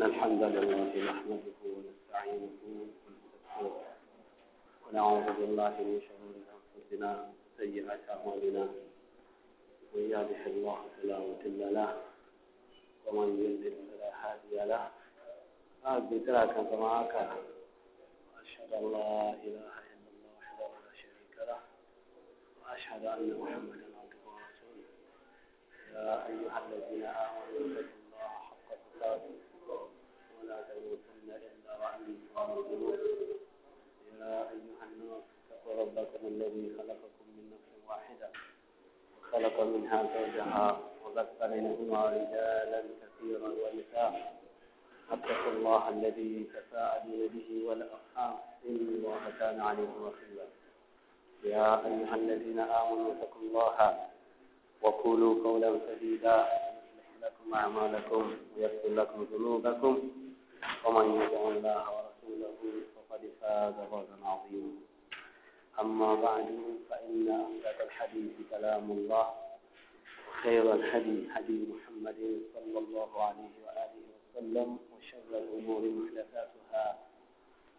إن الحمد لله نحمده ونستعينه ونستغفره ونعوذ بالله من شرور أنفسنا وسيئات أعمالنا من يهده الله فلا مضل له ومن يضلل فلا هادي له هذه ترك كما وأشهد أن لا إله إلا الله وحده لا شريك له وأشهد أن محمدا عبده ورسوله يا أيها الذين آمنوا يا أيها الناس اتقوا ربكم الذي خلقكم من نفس واحدة وخلق منها زوجها وبث منهما رجالا كثيرا ونساء اتقوا الله الذي تساءلون به والأرحام إن الله كان عليكم رقيبا يا أيها الذين آمنوا اتقوا الله وقولوا قولا سديدا يصلح لكم أعمالكم ويغفر لكم ذنوبكم ومن يطع الله ورسوله له فقد فاز فوزا عظيما أما بعد فإن أصدق الحديث كلام الله خير الحديث حديث محمد صلى الله عليه وآله وسلم وشر الأمور محدثاتها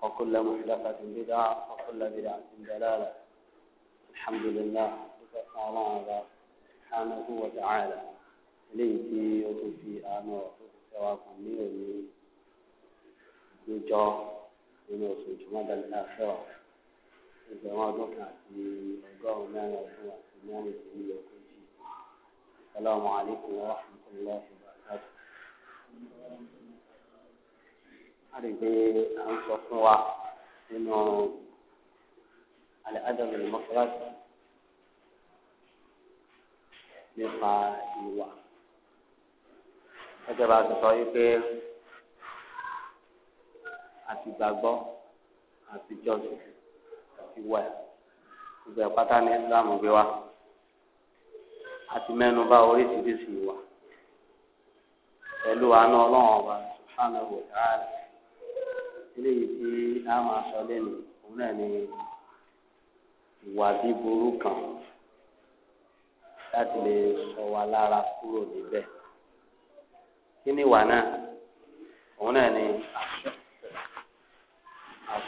وكل محدثة بدعة وكل بدعة دلالة الحمد لله الله سبحانه وتعالى eléyìí tí ó tún fi àánú ọ̀tún وكفي انا tun سواكم aanu nínú oṣù jùmọ́dà ní àṣọ ẹgbẹ̀rún ọdún kan àti ọgọ́rùn-ún mẹ́rin ọdún àti mẹ́rin tó ní ogójì Assalamu alaikum wa rahmatullahi wa barakatuh. a lè gbé à ń sọ fún wa nínú al-adab nípa ìwà. gẹ́gẹ́ bá a sọ yìí pé àti gbàgbọ́ àti jọ́sìn àti wẹ̀ gbogbo ẹ̀pátá ní ìsìlámù gbé wa àti mẹ́nu bà oríṣiríṣi ìwà pẹ̀lú àánú ọlọ́run ọba subhanahu wa ta'ala eléyìí tí a máa sọ lẹ́nu òun náà ni ìwà bíburú kan láti lè sọ wa lára kúrò níbẹ̀ kí ni ìwà náà òun náà ni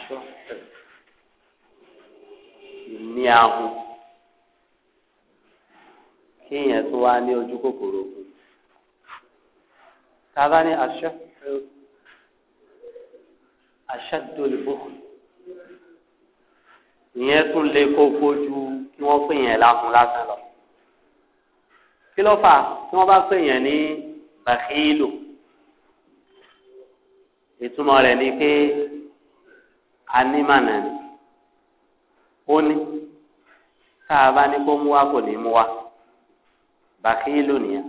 àṣọ́fẹ̀ ìní ahun kéèyàn tó wá ní ojú kòkòrò ògùn tábà ní àṣọ́fẹ̀ àṣàdólébókù ìyẹn tún lè kókó ju kí wọ́n pè yẹn láhùn lásán lọ kí ló fà tí wọ́n bá pè yẹn ní bàkílò ìtumọ̀ rẹ̀ ni pé anímànà ni ó ní tá a bá ní kó mú wa kò ní mú wa bàkílù nìyẹn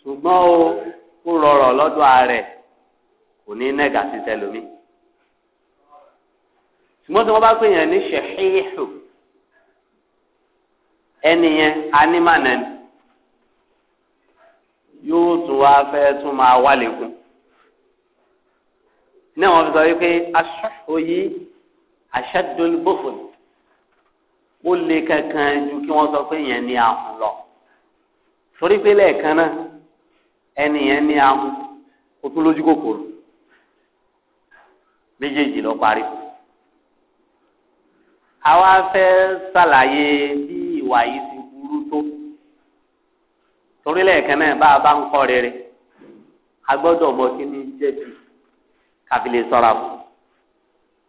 ṣùgbọ́n o kó rọrọ̀ lọ́dọ̀ ààrẹ kò ní nẹ́gà sí tẹlomi ṣùgbọ́n tí wọ́n bá pè yẹn ní ṣèṣìṣù ẹni yẹn anímànà ni yóò tún wá fẹ́ tún máa wá lékún náà wọ́n fi sọ wípé aṣọ́fò yìí aṣẹ́dọ́lbófò ó lè kankan ju kí wọ́n sọ pé yẹn ní ahùn lọ torí pé lẹ́ẹ̀kan náà ẹni yẹn ní ahùn ó tún lójú kòkòrò méjèèjì lọ parí àwa fẹ́ ṣàlàyé bí ìwà yìí ti burú tó torí lẹ́ẹ̀kan náà bá a bá ń kọ́ rere a gbọ́dọ̀ mọ kí ni jẹ̀bi káfí lè sọ́ra fún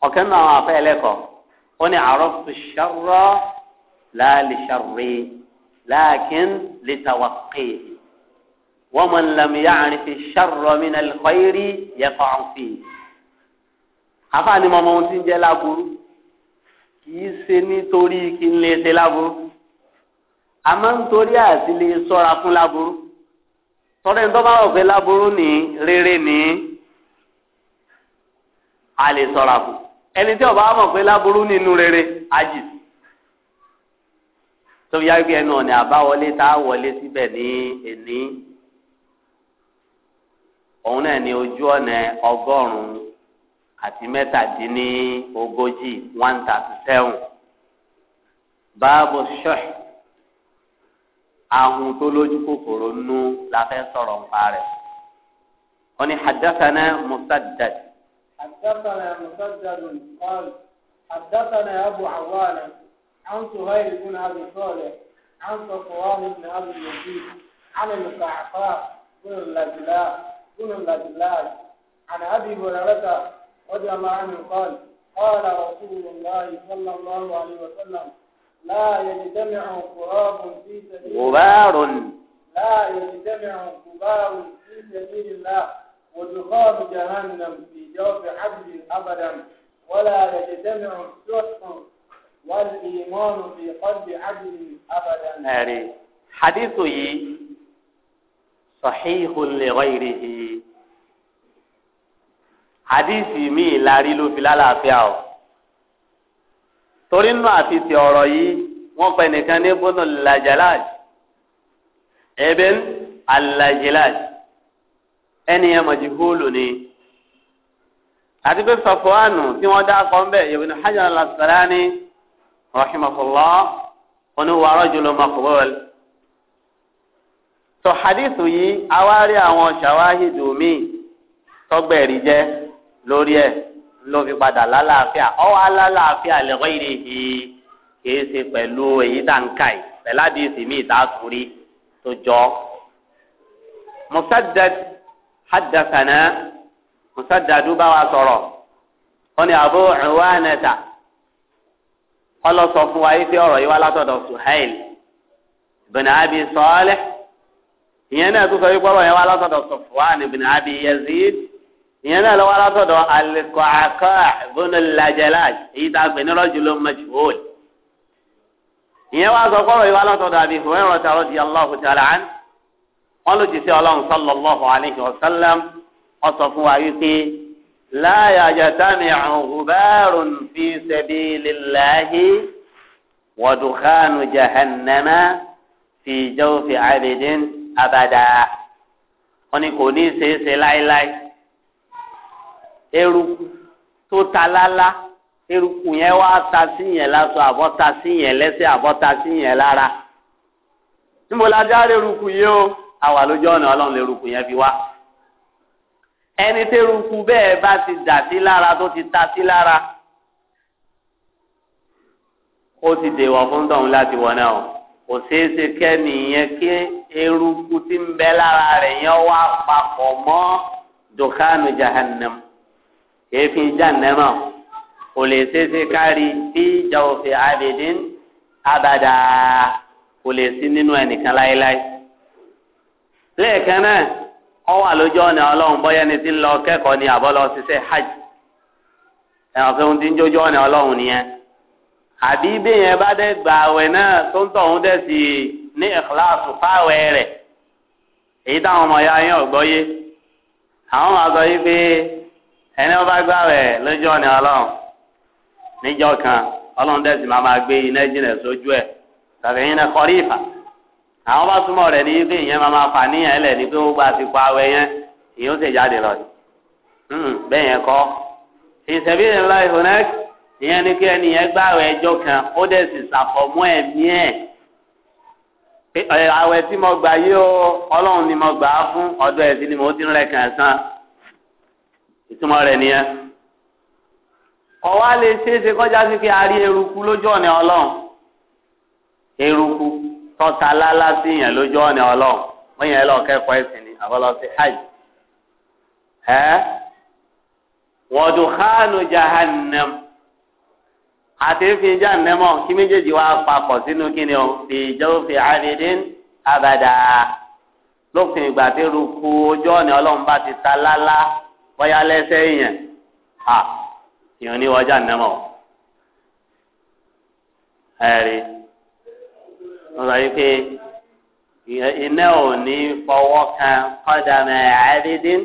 ọ̀kẹ́ nínú àwọn afẹ́ ẹlẹ́kọ̀ọ́ ó ní àrọ́fù ṣàrọ́ láàlì ṣàrẹ́ láàkín lè tàwà pé wọ́n mọ̀ nílẹ̀mú yá àrùn fi ṣàrọ́ mi náà lè kọ́yìrì yẹ fọ́n fi. àfààní mọ́mọ́ ohun tí ń jẹ́ láburú kì ṣe nítorí kí n lè ṣe láburú àmọ́ nítorí àti lè sọ́ra fún láburú tọ́lẹ̀ ń tọ́ bá láburú ní rere nìí a lè sọ̀rọ̀ àkù ẹni tí ọba mọ̀ pé láburú nínú rere ajì tóbi yá wípé ẹnu ọ̀nà àbáwọlé tá a wọlé síbẹ̀ ní èní òun náà ní ojú ọ̀nà ọgọ́rùn-ún àti mẹ́tàdínní ogójì one thirty seven báàbò ṣọ́ọ̀ṣì ahun tó lójú kòkòrò nú la fẹ́ sọ̀rọ̀ nípa rẹ̀ wọ́n ní hadathana musaddad. حدثنا مسدد قال حدثنا أبو عوانة عن سهيل بن أبي صالح عن صفوان بن أبي يزيد عن القعقاع بن اللجلاج بن اللجلاج عن أبي هريرة رضي الله عنه قال قال رسول الله صلى الله عليه وسلم لا يجتمع قراب في سبيل غبار لا يجتمع غبار في سبيل الله ودخان جهنم في جوف عبد أبدا ولا يجتمع السحر والإيمان في قلب عبد أبدا هاري حديثه صحيح لغيره hadisi míì la rí ló fi lálàáfíà o torí nù àfi ti ọ̀rọ̀ yìí wọ́n pẹ nìkan ní bọ́nà làjàláj ẹ̀bẹ̀ ń ẹni yẹn majhulu ni àti pé Safwanu tí wọ́n dá kọ́ mbẹ́ Ibn Hajar al-Asqalani rahimahullah wọn ni wa rajulun maqbul. tó hadithu yìí awárí àwọn ṣàwáhìdù mi tọgbẹ̀rì jẹ́ lórí ẹ̀ ló fi padà lálàáfíà ọwọ́ alálàáfíà li ghayrihi kìí ṣe pẹ̀lú èyí tá yìí pẹ̀lú àdìsí mi ìta sórí tó jọ. musaddad حدثنا مسدد بواسرة أني أبو عوانة قال صفوا في أرى ولا تدع سهيل بن أبي صالح ìyẹn náà tó sọ wípé ọ̀rọ̀ yẹn wá látọ̀dọ̀ Sufwan ibn Abi Yazid ìyẹn náà lọ wá látọ̀dọ̀ Al-Qa'qa' ibn al-Lajlaj èyí tá a gbé ní rajulun majhul ìyẹn wá sọ pé ọ̀rọ̀ yẹn wá látọ̀dọ̀ Abi Hurayrah radiyallahu ta'ala anhu wọn ló jíṣẹ́ Ọlọ́run sallallahu alayhi wa sallam ọsọ fún wa wípé la yajtami'u ghubarun fi sabilillahi wa dukhanu jahannama fi jawfi 'abdin abada wọn ni kò ní ṣeéṣe láéláé eruku tó ta lálá eruku yẹn wá ta sí yẹn lásọ àbọ̀ ta sí yẹn lẹ́sẹ̀ àbọ̀ ta sí yẹn lára níbo la dá eruku yìí o àwa lójú ọ̀nà ọlọ́run lè rúkú yẹn fi wá ẹni tí rúkú bẹ́ẹ̀ bá ti dà sí lára tó ti ta sí lára ó ti dèwọ̀ fún tọ̀hún láti wọ̀ náà kò ṣeé ṣe kẹ́ni yẹn kí eruku ti ń bẹ lára rẹ̀ yẹn wá papọ̀ mọ́ dùkánù jahannam kéfì jahannama kò lè ṣeé ṣe kárí bí ìjà òfin abidin abada kò lè sí nínú ẹnìkan láéláé. lẹ́ẹ̀kan náà ọ wà lójú ọ̀nà ọlọ́run bọ́yá ni ti ń lọ kẹ́kọ̀ọ́ ni àbọ̀ lọ ṣiṣẹ́ hajj ẹ̀wọ̀n tí ń jójú ọ̀nà ọlọ́run nìyẹn àbí bẹ́yẹn bá dẹ́ gbà àwẹ̀ náà tó ń tọ̀hún dẹ̀ sí ní ìkíláàsù fáwẹ̀ rẹ̀ èyí táwọn ọmọ ya yín ọ̀gbọ́ yé sọ yí pé ẹni wọn bá àwẹ̀ lójú ọ̀nà ọlọ́run kan ọlọ́run sì máa máa gbé iná jìnà sójú ẹ̀ tàbí àwọn bá túmọ̀ rẹ̀ ní pé ìyẹn máa máa fà ní ẹlẹ̀ ní pé ó gba àsìkò àwẹ̀ yẹn ìyẹn ó sì jáde lọ sí hmm, bẹ́ẹ̀ yẹn kọ́ ìṣẹ̀bí ńlá ìhùnẹ́ ìyẹn ni kí ẹni yẹn gbá àwẹ̀ ẹjọ kan ó sì tí mo gbà yí o ni mo gbà á fún ni mo ti ń kàn nìyẹn ṣeéṣe kọjá sí pé a rí eruku lójú ọ̀nà ọlọ́run eruku. tọ́ta lálá sí yẹn lójú ọ̀nà ọlọ́run wọ́n yẹn lọ kẹ́kọ̀ọ́ ẹ̀sìn ni àbọ̀lọ́ sí hajj. ẹ́ wọ́n dùn kánú jahannam àti fi jahannamọ̀ kí méjèèjì wá papọ̀ sínú kíni o fi jawfi àdídín abàdà lópin ìgbà tí ruku ojú ọ̀nà ọlọ́run bá ti ta lálá bóyá lẹ́sẹ̀ yẹn à wọ́n wọ́n sọ wípé iná ò ní fọwọ́ kan kọ́dà mẹ́ àdídín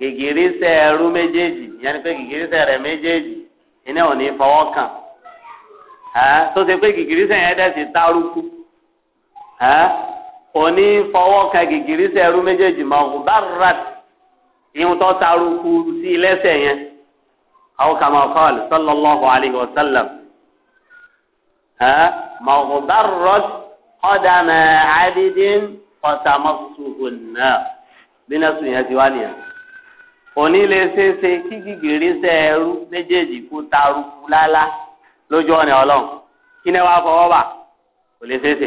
gègérísẹ̀ ẹrú méjèèjì ìyẹn ni pé gègérísẹ̀ rẹ̀ méjèèjì iná ò ní fọwọ́ kan tó ṣe pé yẹn òní fọwọ́ kan gègérísẹ̀ ẹrú méjèèjì mọ́ ọ̀gbárùrà ìhun tó tárúkú sí lẹ́sẹ̀ yẹn àwọn kàmá kọ́ọ̀lù mọ̀gùbárọ̀t ọ̀dàmà àdídín ọ̀tàmọ̀sùhùnà bínú ẹ̀sùn yẹn ti wá nìyẹn. òní lè ṣeéṣe kí gìgìrì sẹ ẹrú méjèèjì kó taruku lálá lójú ọ̀nà ọlọ́run kí ni wàá fọwọ́ bà kò lè ṣeéṣe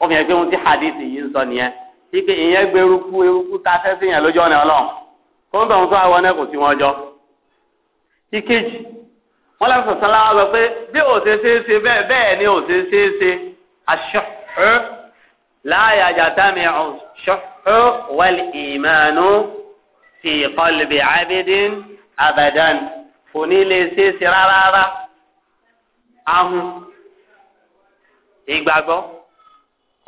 ó fi hàn pé ohun tí hadith yìí ń sọ nìyẹn tí ìyẹn gbé eruku eruku ta fẹ́ sí yẹn lójú ọ̀nà ọlọ́run kó ń bẹ̀ wọn tó àwọn ẹ̀ kò sí jọ. ìkejì wọn lọ sọ sọlá wọn sọ pé bí ò ṣe ṣe ṣe bẹ́ẹ̀ bẹ́ẹ̀ ni ò ṣe ṣe ṣe aṣọ ẹ láàyè àjàtà mi ọṣọ ẹ wẹlì ìmọ̀ọ́nù ti kọlùbì abidin abadan kò ní lè ṣe ṣe rárá ahun ìgbàgbọ́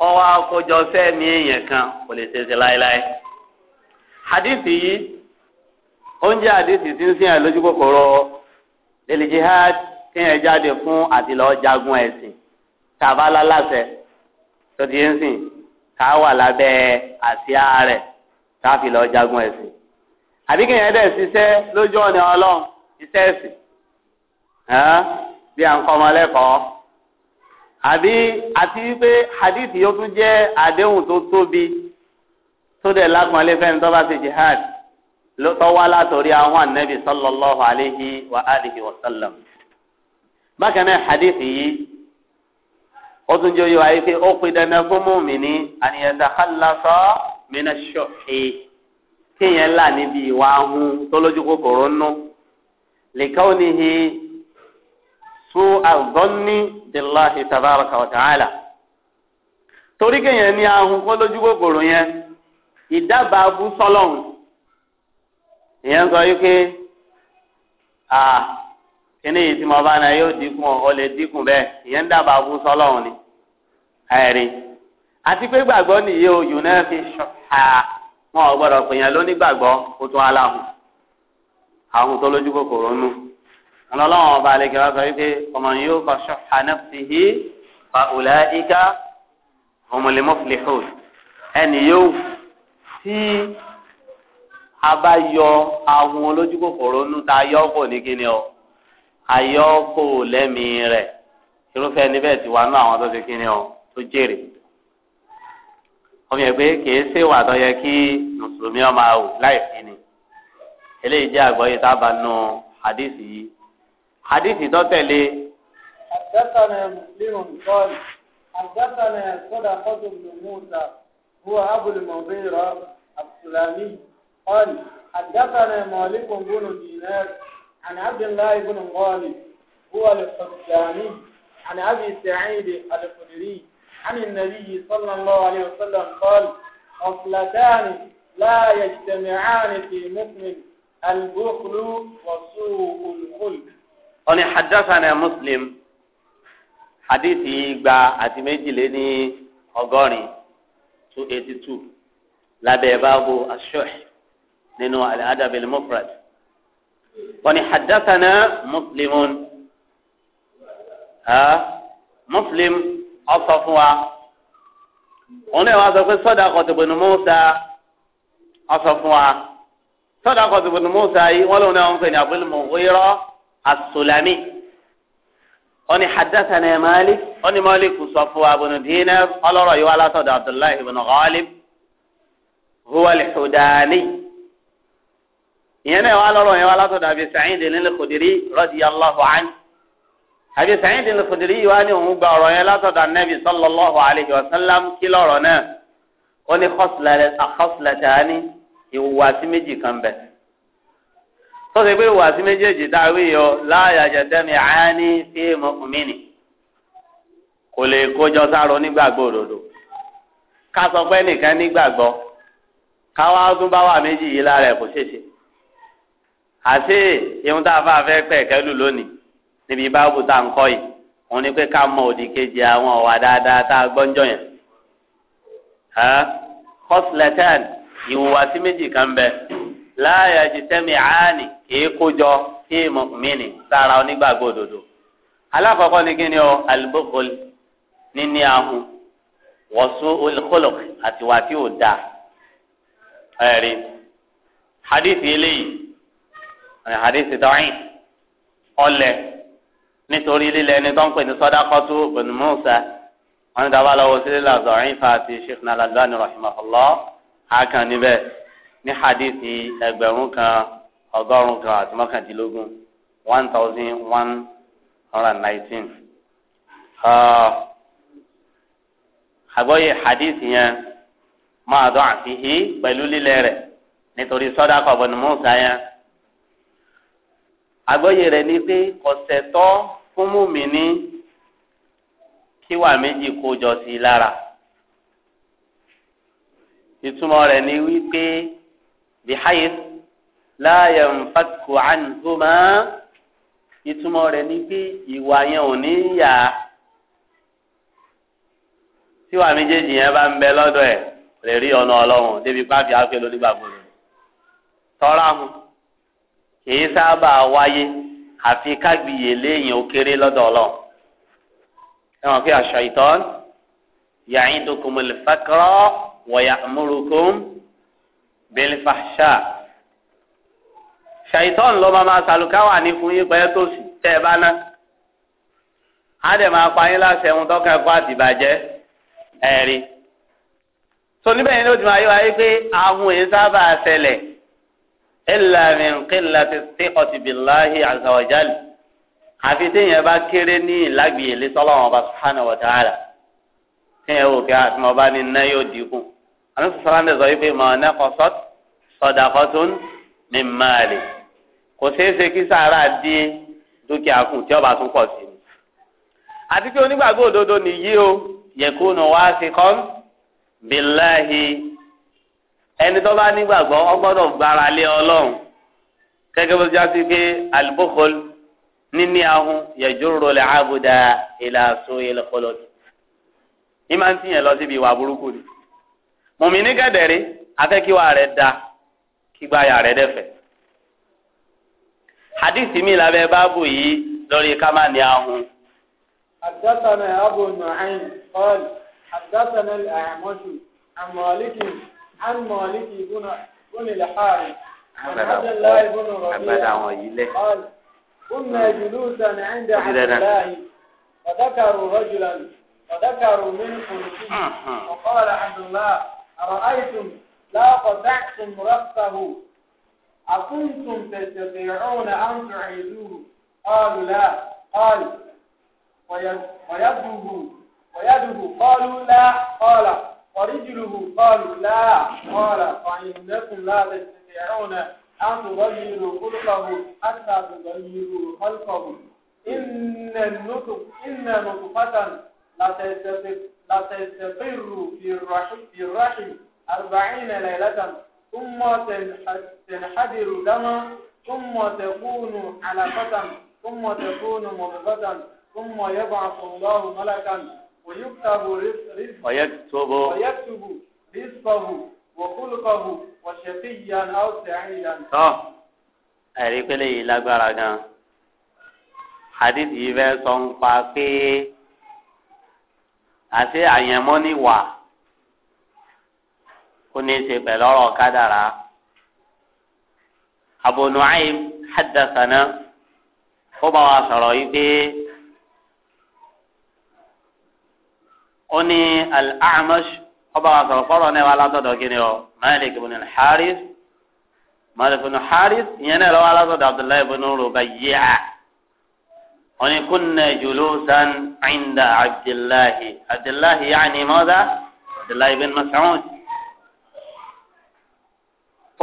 ọwọ́ akójọ fẹ́mi èèyàn kan kò lè ṣe ṣe láéláé hadith yìí oúnjẹ hadith ti ń sìn àlójú lèlè jihad kéèyàn jáde fún àtìlọ́ jagun ẹ̀sìn tàbá lálàsẹ tó ti ń sìn ká wà lábẹ́ àsíá rẹ̀ káfìlọ́ jagun ẹ̀sìn àbí kéèyàn dẹ̀ ṣiṣẹ́ lójú ọ̀nà ọlọ́run iṣẹ́ ẹ̀sìn bí à ń kọ́ ọmọ lẹ́kọ̀ọ́ àbí àti wípé hadith yóò tún jẹ́ àdéhùn tó tóbi tó dẹ̀ lágbọ̀n lẹ́fẹ̀ẹ́ ní tó ṣe jihad lótọ́ wá látọ̀rí àwọn ànábì sallallahu alayhi wa alihi wa sallam. bákan náà hadithi yìí ó tún jẹ́ yóò ayé pé ó pe dandan fún mùmíní an yatakhallasa min ash-shuhhi kéèyàn là níbi ìwà ahun tó lójú kòkòrò nù li kawnihi su'a dhanni billahi tabaraka wa ta'ala. torí kéèyàn ní ahun kó lójú kòkòrò yẹn ìdábàá bú sọ́lọ́hùn ìyẹn sọ yìí pé à kíní yìí tí mo bá náà yóò dínkù ọ lè dínkù bẹ́ẹ̀ ìyẹn ń dábàá fún sọlọ́run ni ẹ̀rí àti pé gbàgbọ́ nìyí o yìí náà fi ṣọ́ha wọn ò gbọ́dọ̀ pè yẹn lóní gbàgbọ́ kó tún aláhùn àwọn tó lójú kòkòrò nù ọlọ́run ọba àlekè wá sọ yìí pé ọmọ yìí ó kọ ṣọ́ha nafsihi fa ulaika humul muflihun ẹnì yóò tí a bá yọ àwọn olójú kòkòrò nù tá a yọ kò ní kíni o a yọ kò lẹ́mìí rẹ̀ irúfẹ́ níbẹ̀ tí wà nù àwọn tó ti kíni o tó jèrè ọmọ yẹn kìí ṣe wà tó yẹ kí mùsùlùmí ọmọ àwò láì fi ni eléyìí jẹ́ àgbọ́yé tá a bá nù hadisi yìí hadisi tó tẹ̀lé. حدثنا مسلم قال حدثنا صدقة بن موسى هو أبو المغيرة السلامي قال حدثنا مالك بن دينار عن عبد الله بن غالب هو الحساني عن أبي سعيد الخدري عن النبي صلى الله عليه وسلم قال خصلتان لا يجتمعان في مسلم البخل وسوء الخلق أنا حدثنا مسلم حديثي gba àti méjìlé ní ọgọ́rin two eighty nínú al-adab al-mufrad wọ́n ní haddathana muslimun muslim ọ̀sọ̀ fún wa òun náà wá sọ pé sadaqat ibn Musa ọ̀sọ̀ fún wa sadaqat ibn Musa yìí wọ́n lóun náà ń pè ní Abul Mughira as-Sulami wọ́n Malik wọ́n Malik sọ fún wa ibn Dinar ọlọ́rọ̀ yìí wá látọ̀dọ̀ Abdullahi ibn Ghalib huwa al ìyẹn náà wà lọ́rọ̀ yẹn wà látọ̀dọ̀ àbí Sa'id al-Khudri radiyallahu anhu àbí Sa'id al-Khudri yìí wà ní òun gba ọ̀rọ̀ yẹn látọ̀dọ̀ anabi sallallahu alayhi wa sallam kí lọ́rọ̀ náà ó ní khaslatani ìhùwàsí méjì kan bẹ̀. sọ́sẹ̀ pé ìhùwàsí méjèèjì dáwé yọ la yajtami'ani fi mu'mini kò lè kójọ sáró nígbàgbọ́ òdodo ká sọ pé nìkan nígbàgbọ́ káwá ọdún bá wà méjì yìí lára ẹ̀ kò ṣeéṣe àti ìhun tá a fà fẹ́ pẹ̀ kẹ́lù lónìí níbi báàbù tá à ń kọ́ yìí òun ni pé ká mọ òdì kejì àwọn ọ̀wà dáadáa tá a gbọ́njọ yẹn. kọ́sìlẹ̀tẹ́n ìhùwàsí méjì kan bẹ láàyè jìtẹ́mi àání kìí kójọ kí mọ̀mìnì sára onígbàgbọ́ òdodo. alákọ̀ọ́kọ́ ni kí ni ọ alibokol níní ahun wọ́sùn olùkọ́lọ̀ àtiwá ò dáa. ẹ̀rí hadith eléyìí àdéhìí dọ́yìn ọlẹ̀ nítorí lílẹ̀ ẹni tó ń pè ní sọ́dákọ́tù bẹ̀nu mọ́ọ̀sá wọn dábà lọ́wọ́ sílẹ̀ làzọ̀rìn fàtí sheikh nalalbani rahimahullah akàn níbẹ̀ ní hadithi ẹgbẹ̀rún kan ọgọ́rùn kan àti mọ́kàndínlógún one thousand one hundred nineteen. Ah. àgbọ̀yé hadithi yẹn máa dọ́ àfihì pẹ̀lú lílẹ̀ rẹ̀ nítorí sọ́dákọ̀ bẹ̀nu mọ́ọ̀sá yẹn àgbọ́yé rẹ̀ ni pé ọ̀sẹ̀ tọ́ fún mùmíní kí wà méjì kó jọ sí i lára ìtumọ̀ rẹ̀ ni wípé bìháyé láàyè nfàkù ànfùmá ìtumọ̀ rẹ̀ ni pé ìwà yẹn ò ní yà tí wà méjèèjì yẹn bá ń bẹ lọ́dọ̀ ẹ̀ lè rí ọ̀nà ọlọ́run débi pàfi àfẹ́ lónígbàgbọ́ rẹ̀ tọ́ra kìí sábà wáyé àfi kágbìyèlé èèyàn ó kéré lọ́dọ̀ ọlọ́run ẹ̀wọ̀n kí aṣọ ìtọ́n yàyín dokumul fakra wa ya'murukum bil fahsha ṣàìtọ́n ló máa ma sàlùkáwà ní fún yín pẹ́ tó sì tẹ́ ẹ bá ná á dẹ̀ máa pa yín láṣẹ ohun tó kẹ́kọ̀ọ́ àtìbàjẹ́ ẹ̀rí. so níbẹ̀ yẹn ló ti máa yọ ayé pé àwọn èyí sábà ṣẹlẹ̀ illa min qillati thiqati billahi azza wa jalla àfi téèyàn bá kéré ní ìlágbìyèlé sọ́lọ́wọ́n ọba subhanahu wa ta'ala téèyàn wò kí àti ọba ní iná yóò dínkù àmì sọ́sọ́láńdé sọ wípé ma naqasat sadaqatun min mali kò ṣeé ṣe kí sàárà dín dúkìá kù tí ọba tún pọ̀ sí i àti pé onígbàgbọ́ òdodo nìyí o yakunu wasiqan billahi ẹni tó bá nígbàgbọ́ ọ gbọ́dọ̀ gbára lé ọlọ́run gẹ́gẹ́ bó jásí pé alibokol níní ahun yẹjúrò lè àbúdá ìlàsó ìlẹkọlọdún ní máa ń tiyàn lọ síbi ìwà burúkú ni mùmíní gẹ̀dẹ̀rẹ́ afẹ́kíwá rẹ̀ da kígbáyà rẹ̀ dẹ̀fẹ̀ hadith mi lábẹ́ báàbù yìí lórí ká ahun. حدثنا أبو نعيم قال حدثنا الأعمش عن عن مالك بن بن الحارث عن عبد الله بن ربيعة قال كنا جلوسا عند عبد الله فذكروا رجلا فذكروا من خلقه فقال عبد الله أرأيتم لا قطعتم رأسه أكنتم تستطيعون أن تعيدوه قالوا لا قال ويده ويده قالوا لا قال ورجله قالوا لا قال فإنكم لا تستطيعون أن تغيروا خلقه حتى تغيروا خلقه إن النطق إن نطقة لتستقر في الرحم في الرحم أربعين ليلة ثم تنحدر دما ثم تكون علقة ثم تكون مضغة ثم يبعث الله ملكا ويكتب ويكتب رزقه وخلقه وشقيا أو سعيدا. ẹ̀rí pélé yìí lágbára gan-an hadith yìí fẹ́ sọ ń pa pé àti àyẹ̀mọ́ ní wà ó ní í ṣe pẹ̀lú ọ̀rọ̀ kádàrá. Abu Nu'aym haddathana ó bá wa sọ̀rọ̀ yìí pé. ó ní al-A'mash ọba wa sọ̀rọ̀ fọ́rọ̀ náà wà látọ̀dọ̀ kíni ọ Malik ibn al-Harith Malik ibn al-Harith ìyẹn náà lọ́wọ́ látọ̀dọ̀ Abdullahi ibn Rubayya ó ní kunna julusan 'inda Abdullahi Abdullahi yaani mọ́dá Abdullahi ibn Mas'ud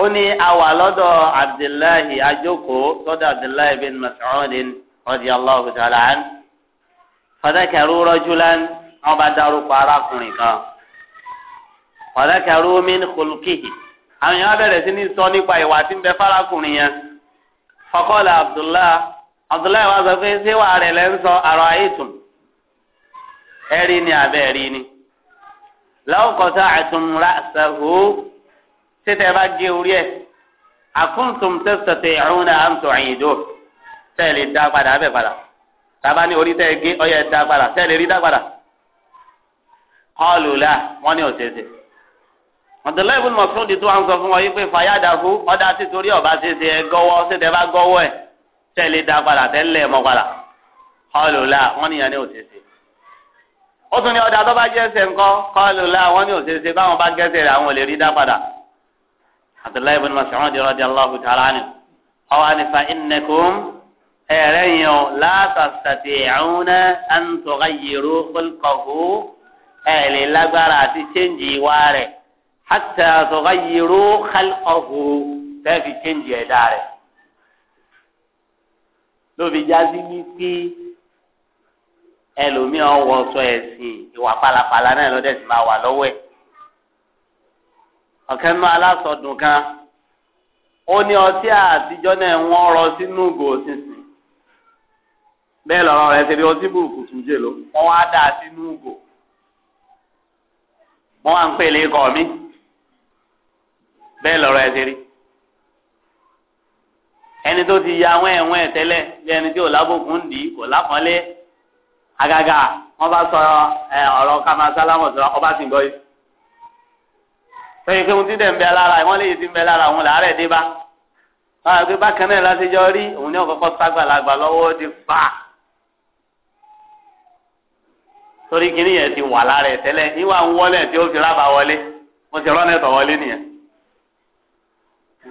ó ní àwa lọ́dọ̀ Abdullahi ajókòó lọ́dọ̀ Abdullahi ibn Mas'ud radiyallahu ta'ala anhu fadakaru rajulan. wọ́n bá dárúkọ arákùnrin kan ọ̀dẹ́kẹ̀rú mi ń kolùkìhì àwọn èèyàn bẹ̀rẹ̀ sí ní sọ nípa ìwà tí ń bẹ fárákùnrin yẹn fọkọ́lá abdullahi abdullahi wa sọ pé ṣé wàá rẹ̀ lẹ́ ń sọ àìtùn ẹ̀rí ni àbẹ́ rí ni lọ́kọ̀tà àtúnra ṣàhó títẹ̀ bá gé orí ẹ̀ àkúntùm ìrún náà ń tọ̀ ẹ̀yìn dò tẹ́lẹ̀ dá padà abẹ́ padà tàbá ní orí tẹ́ gé ọyẹ dá ọlùlà wọn ní òṣèṣe ọ̀dọ̀lá ìbùn mọ̀sùn ti tó à ń sọ fún wọn yìí pé fàyàdàfú ọ̀dà tí torí ọ̀bá ṣeṣe ẹ gọ́wọ́ ṣẹ̀dẹ̀ bá gọ́wọ́ ẹ̀ tẹ̀lé da padà tẹ́lẹ̀ mọ́ padà ọlùlà wọn níyàn ní òṣèṣe ó tún ní ọ̀dà tó bá jẹ́sẹ̀ ńkọ́ ọlùlà wọn ní òṣèṣe báwọn bá gẹ́sẹ̀ rẹ̀ àwọn ò lè rí dá padà ọ̀dọ̀lá ìbùn mọ̀sùn radiyallahu ta'ala anhu ọwọ́ ni fa innakum ẹ̀rẹ́yìn ọ̀ látàṣàtì àwọn àǹtọ̀gáyèrò ẹ lè lágbára àti chẹ́ǹjì ìwà rẹ̀ hàtà àtọ̀gá yìíró kálọ̀hù tẹ́ẹ̀fì chẹ́ǹjì ẹ̀dá rẹ̀. lóbi jáde wípé ẹlòmíì ọwọ́ sọ ẹ̀sìn ìwà pálapàla náà lọ́dẹ̀ sì máa wà lọ́wọ́ ẹ̀. ọ̀kẹ́ nínú alásọdùn kan ó ní ọtí àtijọ́ náà wọ́n rọ sínú ìgò sínsìn bẹ́ẹ̀ lọ́rọ̀ rẹ̀ ṣe bí ọtí burúkú tún jè ló wọ́n wá dà sínú ìgò mo wá ń pè lè kọ́ mi bẹ́ẹ̀ lọ́rọ̀ ẹ ti rí ẹni tó ti ya wẹ́ẹ̀wẹ́ẹ̀ tẹ́lẹ̀ bí ẹni tí ò lábòkún ń dì í kò lápọ́nlé àgàgà wọ́n bá sọ ọ̀rọ̀ kama sálámù sọ ọba sì ń gbọ́ yìí pẹ̀lú pé ohun tí dẹ̀ ń bẹ lára ìwọ́n lè ti ń bẹ lára òun làárẹ̀ dé bá báyọ̀ pé bákan náà láti jọ rí òun ní ọ̀kọ́kọ́ ságbàlagbà torí kìnìún yẹn ti wà lára ẹ tẹ́lẹ̀ ìwà ń wọlé tí ó fi rábà wọlé mo ti rán ẹtọ wọlé nìyẹn.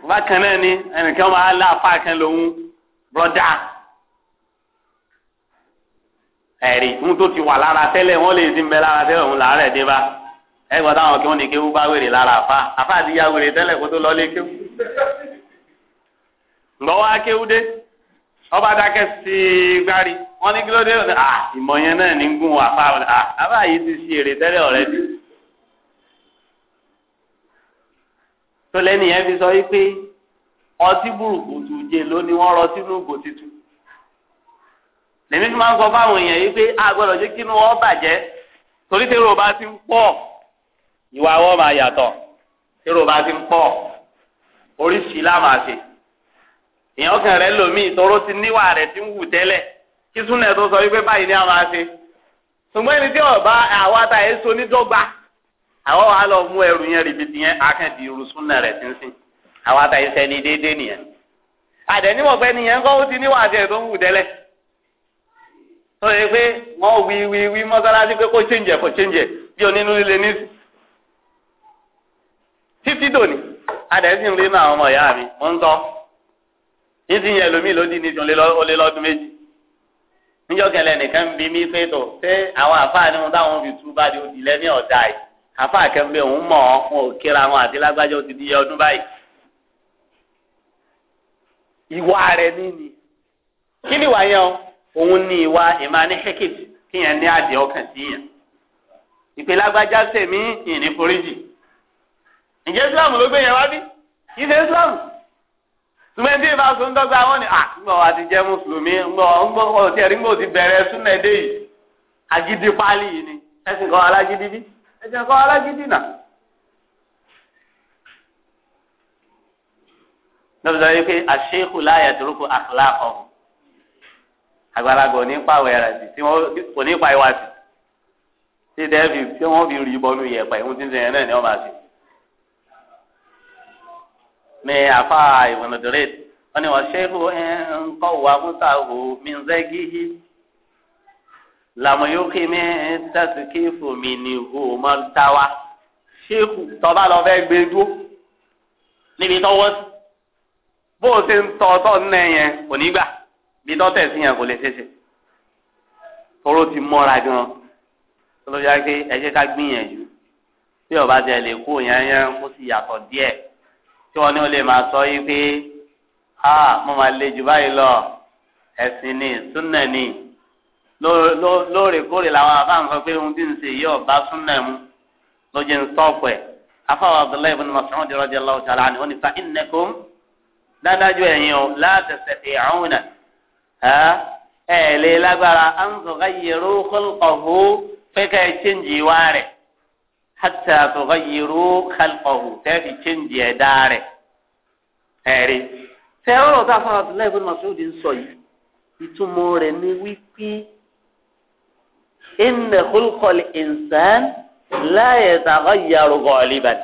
bákan náà ni ẹnìkan máa lá apá kan lòun bọ́dà ẹ̀rí ń tó ti wà lára tẹ́lẹ̀ wọ́n lè ti ń bẹ lára tẹ́lẹ̀ òun làárẹ̀ dé bá ẹ gbọ́dọ̀ àwọn kí wọ́n ní kéwú bá wèrè lára àfa àfa àti ya wèrè tẹ́lẹ̀ kó tó lọ lé kéwú. ǹgbọ́ wá kéwú dé ọba dákẹ́ sí gbárí wọ́n ní kí ló dé ọ̀dọ̀ à ah, ìmọ̀ yẹn náà ní gún wa fa ọ̀dọ̀ à ah, àbá yìí ti ṣe èrè tẹ́lẹ̀ ọ̀rẹ́ bí. tó lẹ́nu yẹn fi sọ wípé ọtí burúkú tù jẹ lónìí wọ́n rọ sínú ògbò titun. lèmi tí máa ń sọ fáwọn èèyàn yìí pé a jẹ́ kí inú wọn bàjẹ́ torí tí èrò bá ti ń pọ̀ ìwà wọn máa yàtọ̀ èrò bá ti ń pọ̀ oríṣìí lámàṣe èèyàn kàn rẹ lòmíì tọrọ ti níwà rẹ ti ń wù tẹ́lẹ̀ kí súnlẹ̀ sọ wípé báyìí ni a máa ṣe ẹni tí ọba àwa ta ẹ̀ so nídọ́gba àwa wàá lọ mú ẹrù yẹn rìbìtì yẹn akẹ́dì irú súnlẹ̀ rẹ̀ sínsìn àwa ta ẹ̀ sẹ́ni déédéé nìyẹn àdẹ̀nímọ̀ pé nìyẹn kọ́ ó ti ń wù tẹ́lẹ̀ tó yẹ pé wọ́n wí wí wí mọ́sálásí pé kó chẹ́ǹjẹ̀ kó chẹ́ǹjẹ̀ bí onínú líle ní títí dòní àdẹ̀sìn rí ọmọ ìyá mi mo ń sọ ní ti yẹn lómi ní ìdúnlélọ́dún níjọ́ kẹlẹ́ nìkan ń bi mí pé tó ṣé àwọn àfáà ni wọn táwọn fi tú bá di òdì lẹ́ni ọ̀dà yìí àfáà kẹ́ńbẹ́ òun mọ̀ ọ́ wọn ò kíra wọn àti lágbájá ó ti di ọdún báyìí. ìwà rẹ̀ ní ni kí ni ìwà yẹn o òun ní ìwà ìmọ̀ ní hekit kí yẹn ní àdìẹ ọkàn sí yẹn. ìpè lágbájá sèmi ìní foríjì ǹjẹ́ Islam ló gbé yẹn wá bí kì í ṣe Islam ṣùgbọ́n tí ìbá sọ ń dọ́gba wọn ni àtúgbọ̀ ah, wa ti jẹ́ mùsùlùmí ńgbọ́ ọ̀tí ẹ̀rí ńgbọ́ ti bẹ̀rẹ̀ súnà èdè yìí agídí pálí yìí ni ẹ̀sìn kan alágídí bí ẹ̀sìn kan alágídí nà. lọ́dọ̀ yìí pé àṣekù láyà tó rúkú àkàlà kan àgbàlagbà òní pàwọ̀ ẹ̀rà sí tí wọ́n kò ní pa ìwà sí tí dẹ́ẹ̀bì tí wọ́n fi rí bọ́ọ̀lù yẹ̀pẹ̀ ìhun tí ń ní afa ìwọ̀nàdúrẹ́t wọ́n ní wọ́n ṣẹ́hu ńkọ́ wà múta hù mí nzẹ́gìhì làmúyókè mi tẹ̀síkì fún mi ní hù mọ́ táwa ṣẹ́hu tọ́ba lọ fẹ́ gbé dúró níbi tọ́wọ́ bó o ṣe ń tọ́ ọtọ́ nínú yẹn kò ní gbà bí tọ́tẹ̀ sí yẹn kò lè ṣeṣe tóró ti mọ́ra gan tó ló yá ẹ jẹ́ ká gbìyànjú bí ọba jẹ lè kó yẹn yẹn kó sì yàtọ̀ díẹ̀ tí wọn ní wọn lè máa sọ yìí pé a mo máa le jù báyìí lọ ẹsìn ni súnà ni lóòrèkóòrè làwọn afáàn sọ pé ohun tí ń ṣe yìí ọba súnà mu ló jẹ ń sọọpù ẹ afáwọn Abdullahi ibn Mas'ud radiyallahu ta'ala anhu wọn ni fa innakum dáadájú ẹ̀yin o la tastati'una ẹ ẹ lè lágbára an tughayyiru khalqahu pé ká ẹ ṣéǹjì wá rẹ̀ hàtà àtọ̀gá yìíró kálọ̀hù tẹ́ẹ̀fì chéǹjì ẹ̀dá rẹ̀ ẹ̀rí. tẹ ọ̀rọ̀ tá a fọ Abdullahi ibn Mas'ud ń sọ yìí ìtumọ̀ rẹ̀ ni wípé inna khulqal insan la yataghayyaru ghaliban.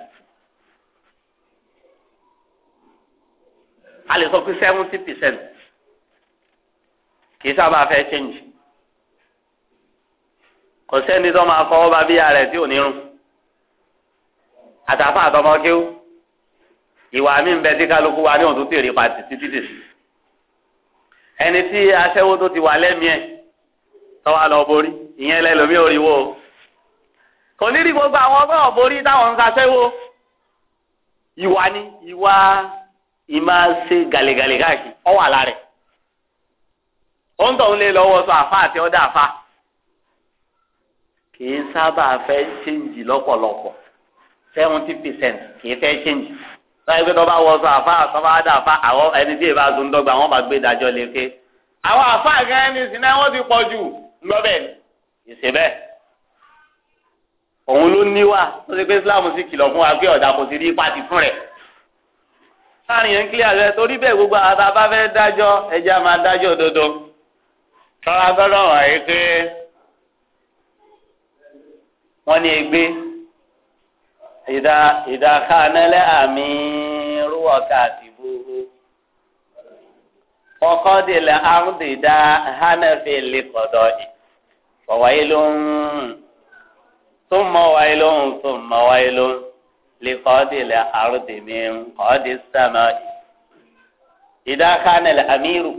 a lè sọ seventy percent kì í sábà fẹ́ chéǹjì kò sẹ́ni tó máa fọwọ́ bá bíyà rẹ̀ tí ò ní àtàfà àtọmọkéw ìwà mi ń bẹ tí kálukú wa ní òtún tèrè pàtì títí tèsí ẹni tí aṣẹ́wó tó ti wà lẹ́mìí ẹ̀ tọ́wọ́ lọ borí ìyẹn lẹ́lòmí òrìwó kò ní rí gbogbo àwọn ọgọ́ borí táwọn ń kaṣẹ́wó ìwà ni ìwà ìmá ṣe gàlẹ́gàlẹ́ káàkiri ọ wà lára ẹ̀ ó ń lé lọ́wọ́ sọ àfa àti ọ̀dà àfa kì í sábà fẹ́ ṣéǹjì lọ́pọ̀lọpọ̀ seventy percent kìí fẹ́ change láyé pé tọ́ba wọ sọ àfa àtọ́ba á dà àfa àwọn ẹni tí èèbá zun dọ́gba wọn bá gbé dájọ́ lé ké àwọn àfa gan ni sinẹ́ wọ́n ti pọ̀ jù lọ́bẹ̀ ìṣe bẹ́ẹ̀ òun ló níwà tó ṣe pé Islam sì kìlọ̀ fún wa pé ọ̀dà kò sí rí pàtì fún rẹ̀ láàrin yẹn ń kílíà rẹ torí bẹ́ẹ̀ gbogbo àtà bá fẹ́ dájọ́ ẹja máa dájọ́ òdodo tọ́lá gbọ́dọ̀ wà yìí pé wọ́n ní egbé. إذا إذا خان الأمير وكاتبه وقد الأرض داهن في القضاء فويل ثم ويل ثم ويل لقاد الأرض من قاد السماء إذا خان الأمير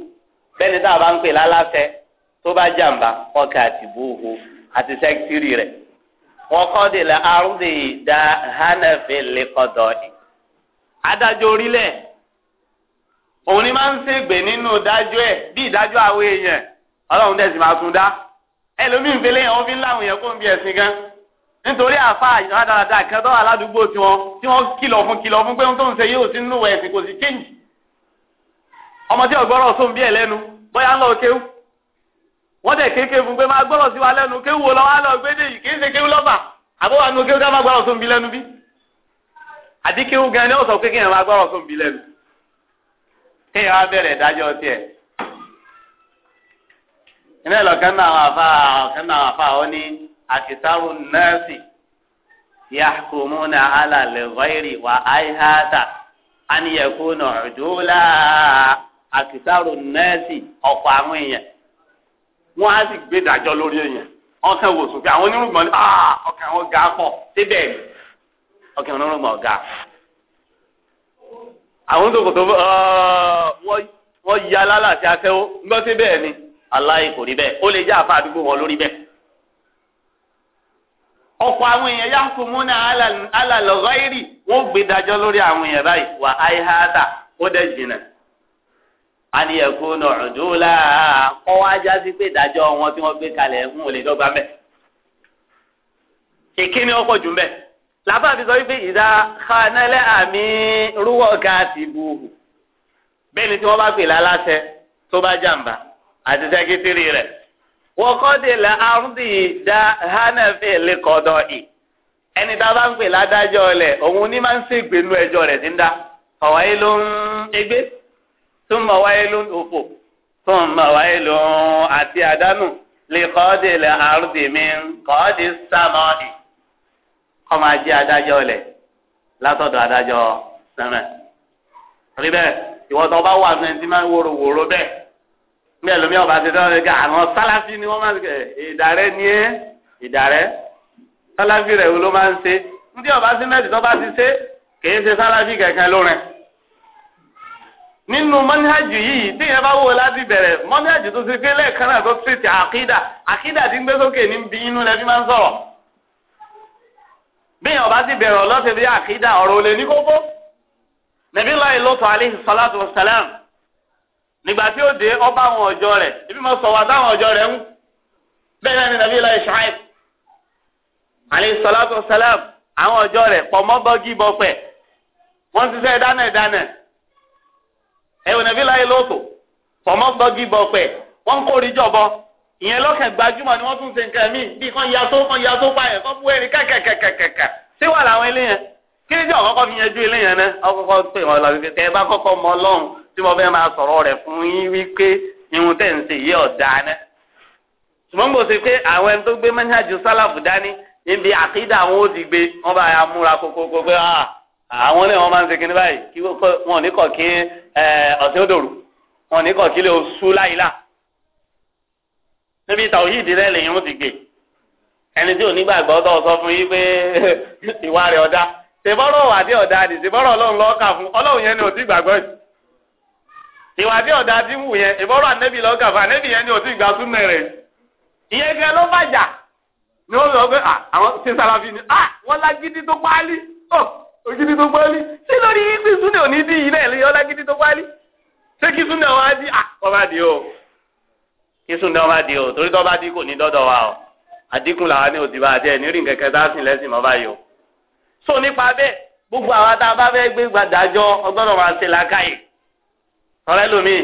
بين دابان في لالاسة تبا جنبا وكاتبوه àti sẹ́kítírì rẹ̀ wọn kọ́ de arúndì da hanafi lẹ́kọ̀dọ̀ yìí. adájọ́ orílẹ̀ ni máa ń ṣègbè nínú dájọ́ ẹ̀ bí ìdájọ́ àwọn èèyàn ọlọ́run tẹ̀sí máa tún dá yẹn wọ́n fi ń láwọn èèyàn kó ń bí ẹ̀sìn gan nítorí àfa kan tó wà ládùúgbò tiwọn tí wọ́n kìlọ̀ fún kìlọ̀ fún pé yóò nínú ẹ̀sìn wọ́n dẹ̀ kéèké fún pé máa gbọ́rọ̀ sí wa lẹ́nu kéwù wo lọ́wọ́ lọ gbé dé yìí kéé ṣe kéwù lọ́fà àbọ̀ wà nù kéwù ká máa gbọ́rọ̀ sóun bí lẹ́nu bí. gan ni ó sọ pé kéèyàn máa gbọ́rọ̀ sóun bí lẹ́nu. kéèyàn wá bẹ̀rẹ̀ tiẹ̀. iná ìlọ̀kẹ́ náà wà fà ọ̀kẹ́ náà wà fà ní nẹ́ẹ̀sì wọ́n á sì gbé lórí èèyàn ah, ọkàn wò sókè àwọn onírúgbọ̀n ní ọkàn wọn ga. àwọn tòkòtò ah, wọ́n ya lálàsí akẹ́wọ́ gbọ́ síbẹ̀ ni aláì kò rí ó lè àfa àdúgbò wọn lórí ọ̀pọ̀ àwọn èèyàn yá kó múná ìrì wọ́n gbé ìdájọ́ lórí àwọn èèyàn báyìí wà ó dẹ̀ aliyẹ̀kọ́ náà ọ̀dọ́ la kọ́ wá jásí pé ìdájọ́ wọn tí wọ́n gbé kalẹ̀ ń wò lè dọ́gba mẹ́. ìkíni ọkọ̀ jù mẹ́ làbá fi sọ wípé ìdá kanẹ́lẹ́ àmì rúwọ́ ga ti buhù bẹ́ẹ̀ ni tí wọ́n bá pè láláṣẹ tó bá jàǹbá àti sẹ́kítírì rẹ̀ wọ́n kọ́ de la arúndì dá hánàfẹ́ lẹ́kọ̀ọ́dọ̀ ì ẹni tá a bá ń pè ládájọ́ rẹ̀ òun ní máa ń ṣègbè nú ẹjọ́ rẹ̀ ti ń dá ọ̀wáyé ló ń ṣègbè. ثم mọ wáyé ثم ń أتي tó mọ wáyé من قاد àti كما جاء kọ́ọ́dì lè àrùdì mi kọ́ọ́dì sàmọ́ọ̀dì kọ́ máa jẹ́ adájọ́ lẹ̀ látọ̀dọ̀ adájọ́ sẹ́mẹ̀. rí bẹ́ẹ̀ ìwọ tó bá wà ní ẹni tí máa ń wòrò wòrò bẹ́ẹ̀ bí ẹlòmíì ọba ti dáná ká àwọn sálàfí ni wọ́n máa ń kẹ́ ìdàrẹ́ ni ẹ́ ìdàrẹ́ sálàfí rẹ̀ wo ló máa ń ṣe ń tí ọba sí mẹ́tì tó bá ti ṣe kì í ṣe sálàfí kẹ̀kẹ́ lórin nínú mọ́níhàjì yìí tí yẹn bá wò láti bẹ̀rẹ̀ mọ́níhàjì tó ti gbé lẹ́ẹ̀kan náà tó tètè àkídà àkídà ti ń gbé sókè ní bí inú lẹ́bí máa ń sọ̀rọ̀ bí yẹn ọba ti bẹ̀rẹ̀ ọlọ́sẹ̀ bí àkídà ọ̀rọ̀ olè ní kókó nàbí láì lọ́tọ̀ alayhi salatu wa salam nígbà tí ó dé ọba àwọn ọjọ́ rẹ̀ ibi mo sọ̀wọ́ àtàwọn ọjọ́ rẹ̀ ń bẹ́ẹ̀ ni nàbí láì ẹ̀wọ̀n nàbí láyé lóko fọmọ́ gbọ́gí bọ̀ pẹ̀ wọ́n kórìí jọ̀bọ ìyẹn lọ́kàn gbajúmọ̀ ni wọ́n tún ṣe nǹkan míì bí kan ya tó kan ya tó pààyàn kan fún ẹni kàkàkàkàkà sí wà láwọn eléyẹn kí ni jọ̀ọ́ kọ́kọ́ fi yanjú eléyẹn náà ọkọ̀kọ́ pè wọ́n lọ wípé tẹ́ ẹ bá kọ́kọ́ mọ ọlọ́run tí mo fẹ́ máa sọ̀rọ̀ rẹ̀ fún yín wípé irun tẹ̀ ń ṣe yé ọ̀dà náà ṣùgbọ́n gbòòsè pé àwọn ẹni tó gbé mẹ́nhàjú sálàfù dání níbi àkídà àwọn ó ti gbé wọ́n bá ya múra kókókó pé ah, àwọn náà wọ́n máa ń ṣe kinní báyìí kí wọ́n ní kọ̀ kí ọ̀sẹ̀ wọn ní kọ̀kílẹ̀ oṣù láìlá níbi tàwíìdì lèyìn ó ti gbè ẹni tí onígbàgbọ́ tó sọ fún yín pé ìwà rẹ̀ ọ̀dá fún ọlọ́run yẹn ni ò ti gbàgbọ́ yìí ìwà dé ọ̀dá ti wù yẹn ìbọ́rọ̀ ànẹ́bí lọ́ọ̀kà fún ànẹ́bí yẹn ni ò ti gbà ìyẹn ló ni pé àwọn ni wọ́n ògidì tó gbálí ṣé lórí kí súnà òní dì yìí náà lóyún ọlágídí tó gbálí ṣé kí súnà wá dì à kọ́ bá dì o kí súnà wá dì o torí tó bá dì kò ní dọ́dọ̀ wa o àdínkù làwọn ní òdìbò àti ẹ̀ nírìn kẹ̀kẹ́ tá a sìn lẹ́sìn mọ́ báyìí o. so nípa bẹ́ẹ̀ gbogbo àwa tá a bá fẹ́ gbé gbàdájọ́ ọgbọ́dọ̀ máa ṣe làákàyè. ọ̀rẹ́ lomi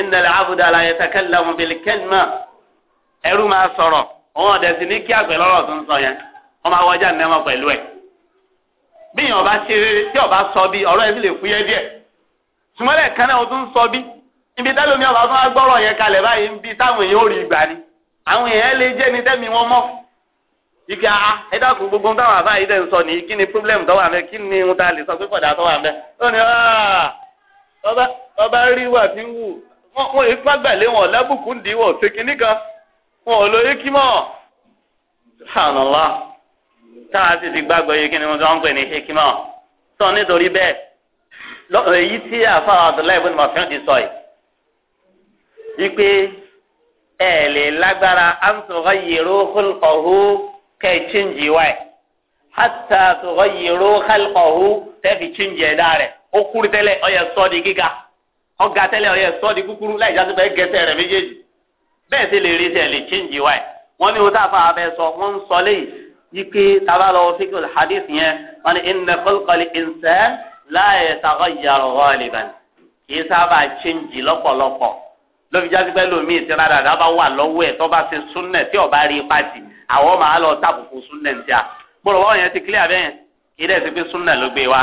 ìnàlẹ̀ àbùdá la yẹ tẹ́kẹ́ lẹ́mu bìlì kẹ́lìmọ̀ ẹrú máa sọ̀rọ̀ òun ọ̀dẹ̀ ní kí àgbẹ̀ lọ́rọ̀ tó ń sọ yẹn wọ́n máa wọjá nẹ́mọ̀ pẹ̀lú ẹ̀ bí yẹn ọba ṣe rere tí ọba sọ bí ọ̀rọ̀ ẹbí lè fúyẹ́ díẹ̀ sùmọ́lẹ̀ kan náà o tún sọ bí ibi tẹ́lẹ̀ omi ọba tún wá gbọ́rọ̀ yẹn kalẹ̀ báyìí ń bi táwọn èèyàn ò rí ìgbà ni àwọn èèyàn lè jẹ́ ni tẹ́mi wọn mọ́ ike a ah, ẹ dákun gbogbo táwọn àbá yìí dẹ̀ ń sọ nìyí kí ni problem tó wà mẹ́ kí ni ohun tá a lè sọ pé kọ̀dà tó wà mẹ́ ó ní ah, ọba rí wà tí ń wù wọn èyí pàgbàlẹ́ wọn lábùkù ń dì wọ̀ ṣèkínní kan wọn ò lo ekimọ̀ sànàlá táwa sì ti gbàgbọ́ yìí kí ni wọ́n ń pè ní hekima sọ nítorí bẹ́ẹ̀ èyí tí àfàwọn àdúrà ìbùn mọ̀fíà ti sọ yìí wípé ẹ lè lágbára àǹtọ̀rọ̀ yìíró kọ̀ọ̀hó kẹ́ ẹ wá ẹ̀ hàtà tọ̀rọ̀ yìíró kọ̀ọ̀hó tẹ́ fi ẹ̀dá rẹ̀ ó kúrú tẹ́lẹ̀ ó yẹ gíga ọ̀gá tẹ́lẹ̀ ó yẹ kúkúrú láì jásí pé gẹ̀ẹ́sẹ̀ rẹ̀ méjèèjì bẹ́ẹ̀ sì lè rí sẹ̀ lè chíǹjì wá ẹ̀ wọ́n ní wọn táfà abẹ́ sọ wọ́n ń sọ léyìí yíké taba lọ fi kò hadith yẹn wọn ni inna kọlkọli ìnsẹ láàyè sàkọ yàrá ghaliban kìí sábà chẹ́ǹjì lọ́pọ̀lọpọ̀ lóbi jáde pẹ́ lómi ìtira dàda bá wà lọ́wọ́ ẹ̀ tó bá ṣe súnnẹ̀ tí ọba rí ipa àwọn máa lọ tàbùkù súnnẹ̀ ní tíya gbọ́dọ̀ wọ́n yẹn ti kílíà bẹ́ẹ̀ kìí dẹ̀ ti pé súnnẹ̀ ló gbé wa.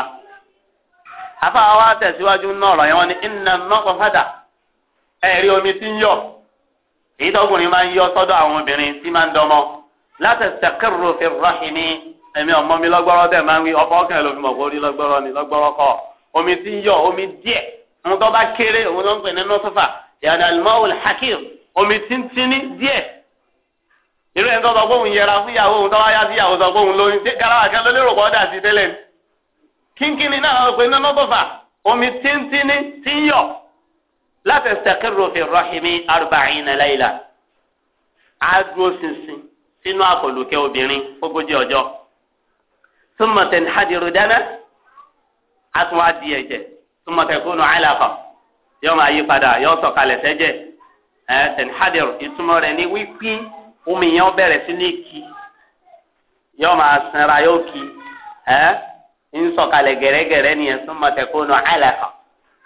afáwa wa tẹ̀síwájú náà ọ̀rọ̀ yẹn wọn ni inna nọ́kọ̀ fàdà ẹ̀rí omi ti ń yọ èyí tọkùnrin máa ń yọ sọ́dọ̀ àwọn obìnrin tí máa ń dọmọ látẹ̀sẹ̀kẹ̀rù fi rọ́ọ̀hìnì ẹ̀mí ọmọ mi lọ́gbọ́rọ́ bẹ́ẹ̀ máa ń wí ọkọ̀ ọkàn ló fi mọ̀ kórí lọ́gbọ́rọ́ ni lọ́gbọ́rọ́ kọ́ omi tí ń yọ omi díẹ̀ òun tó bá kéré òun tó ń pè ní nọ́sọ́fà yàrá alimọ́wòl hakim omi tíntínní díẹ̀ irú ẹni tó sọ pé òun yẹra fún ìyàwó òun tó wáyá sí ìyàwó sọ pé òun lóyún tí garawa kan ló lérò pọ́ọ́dà sí tẹ́lẹ̀ ni kínkínní náà ló pe ní nọ́sọ́fà omi tíntínní tí ń yọ látẹ̀sẹ̀kẹ̀rù fi rọ́ọ̀hìnì arba'ina layla adúró sinsin Inu àkọlùkẹ́ obìnrin ogójì ọjọ́ súnmọ̀tẹ̀ hadiru dáná àtún wá di ẹ̀jẹ̀ súnmọ̀tẹ̀ kúnnù yọ máa yí padà yọ sọ̀kalẹ̀ sẹ́jẹ̀ ẹ̀ tẹ̀ hadiru ìtumọ̀ rẹ̀ ní wípé omi yẹn bẹ̀rẹ̀ sí ní kí yọ máa sanra yóò kí ń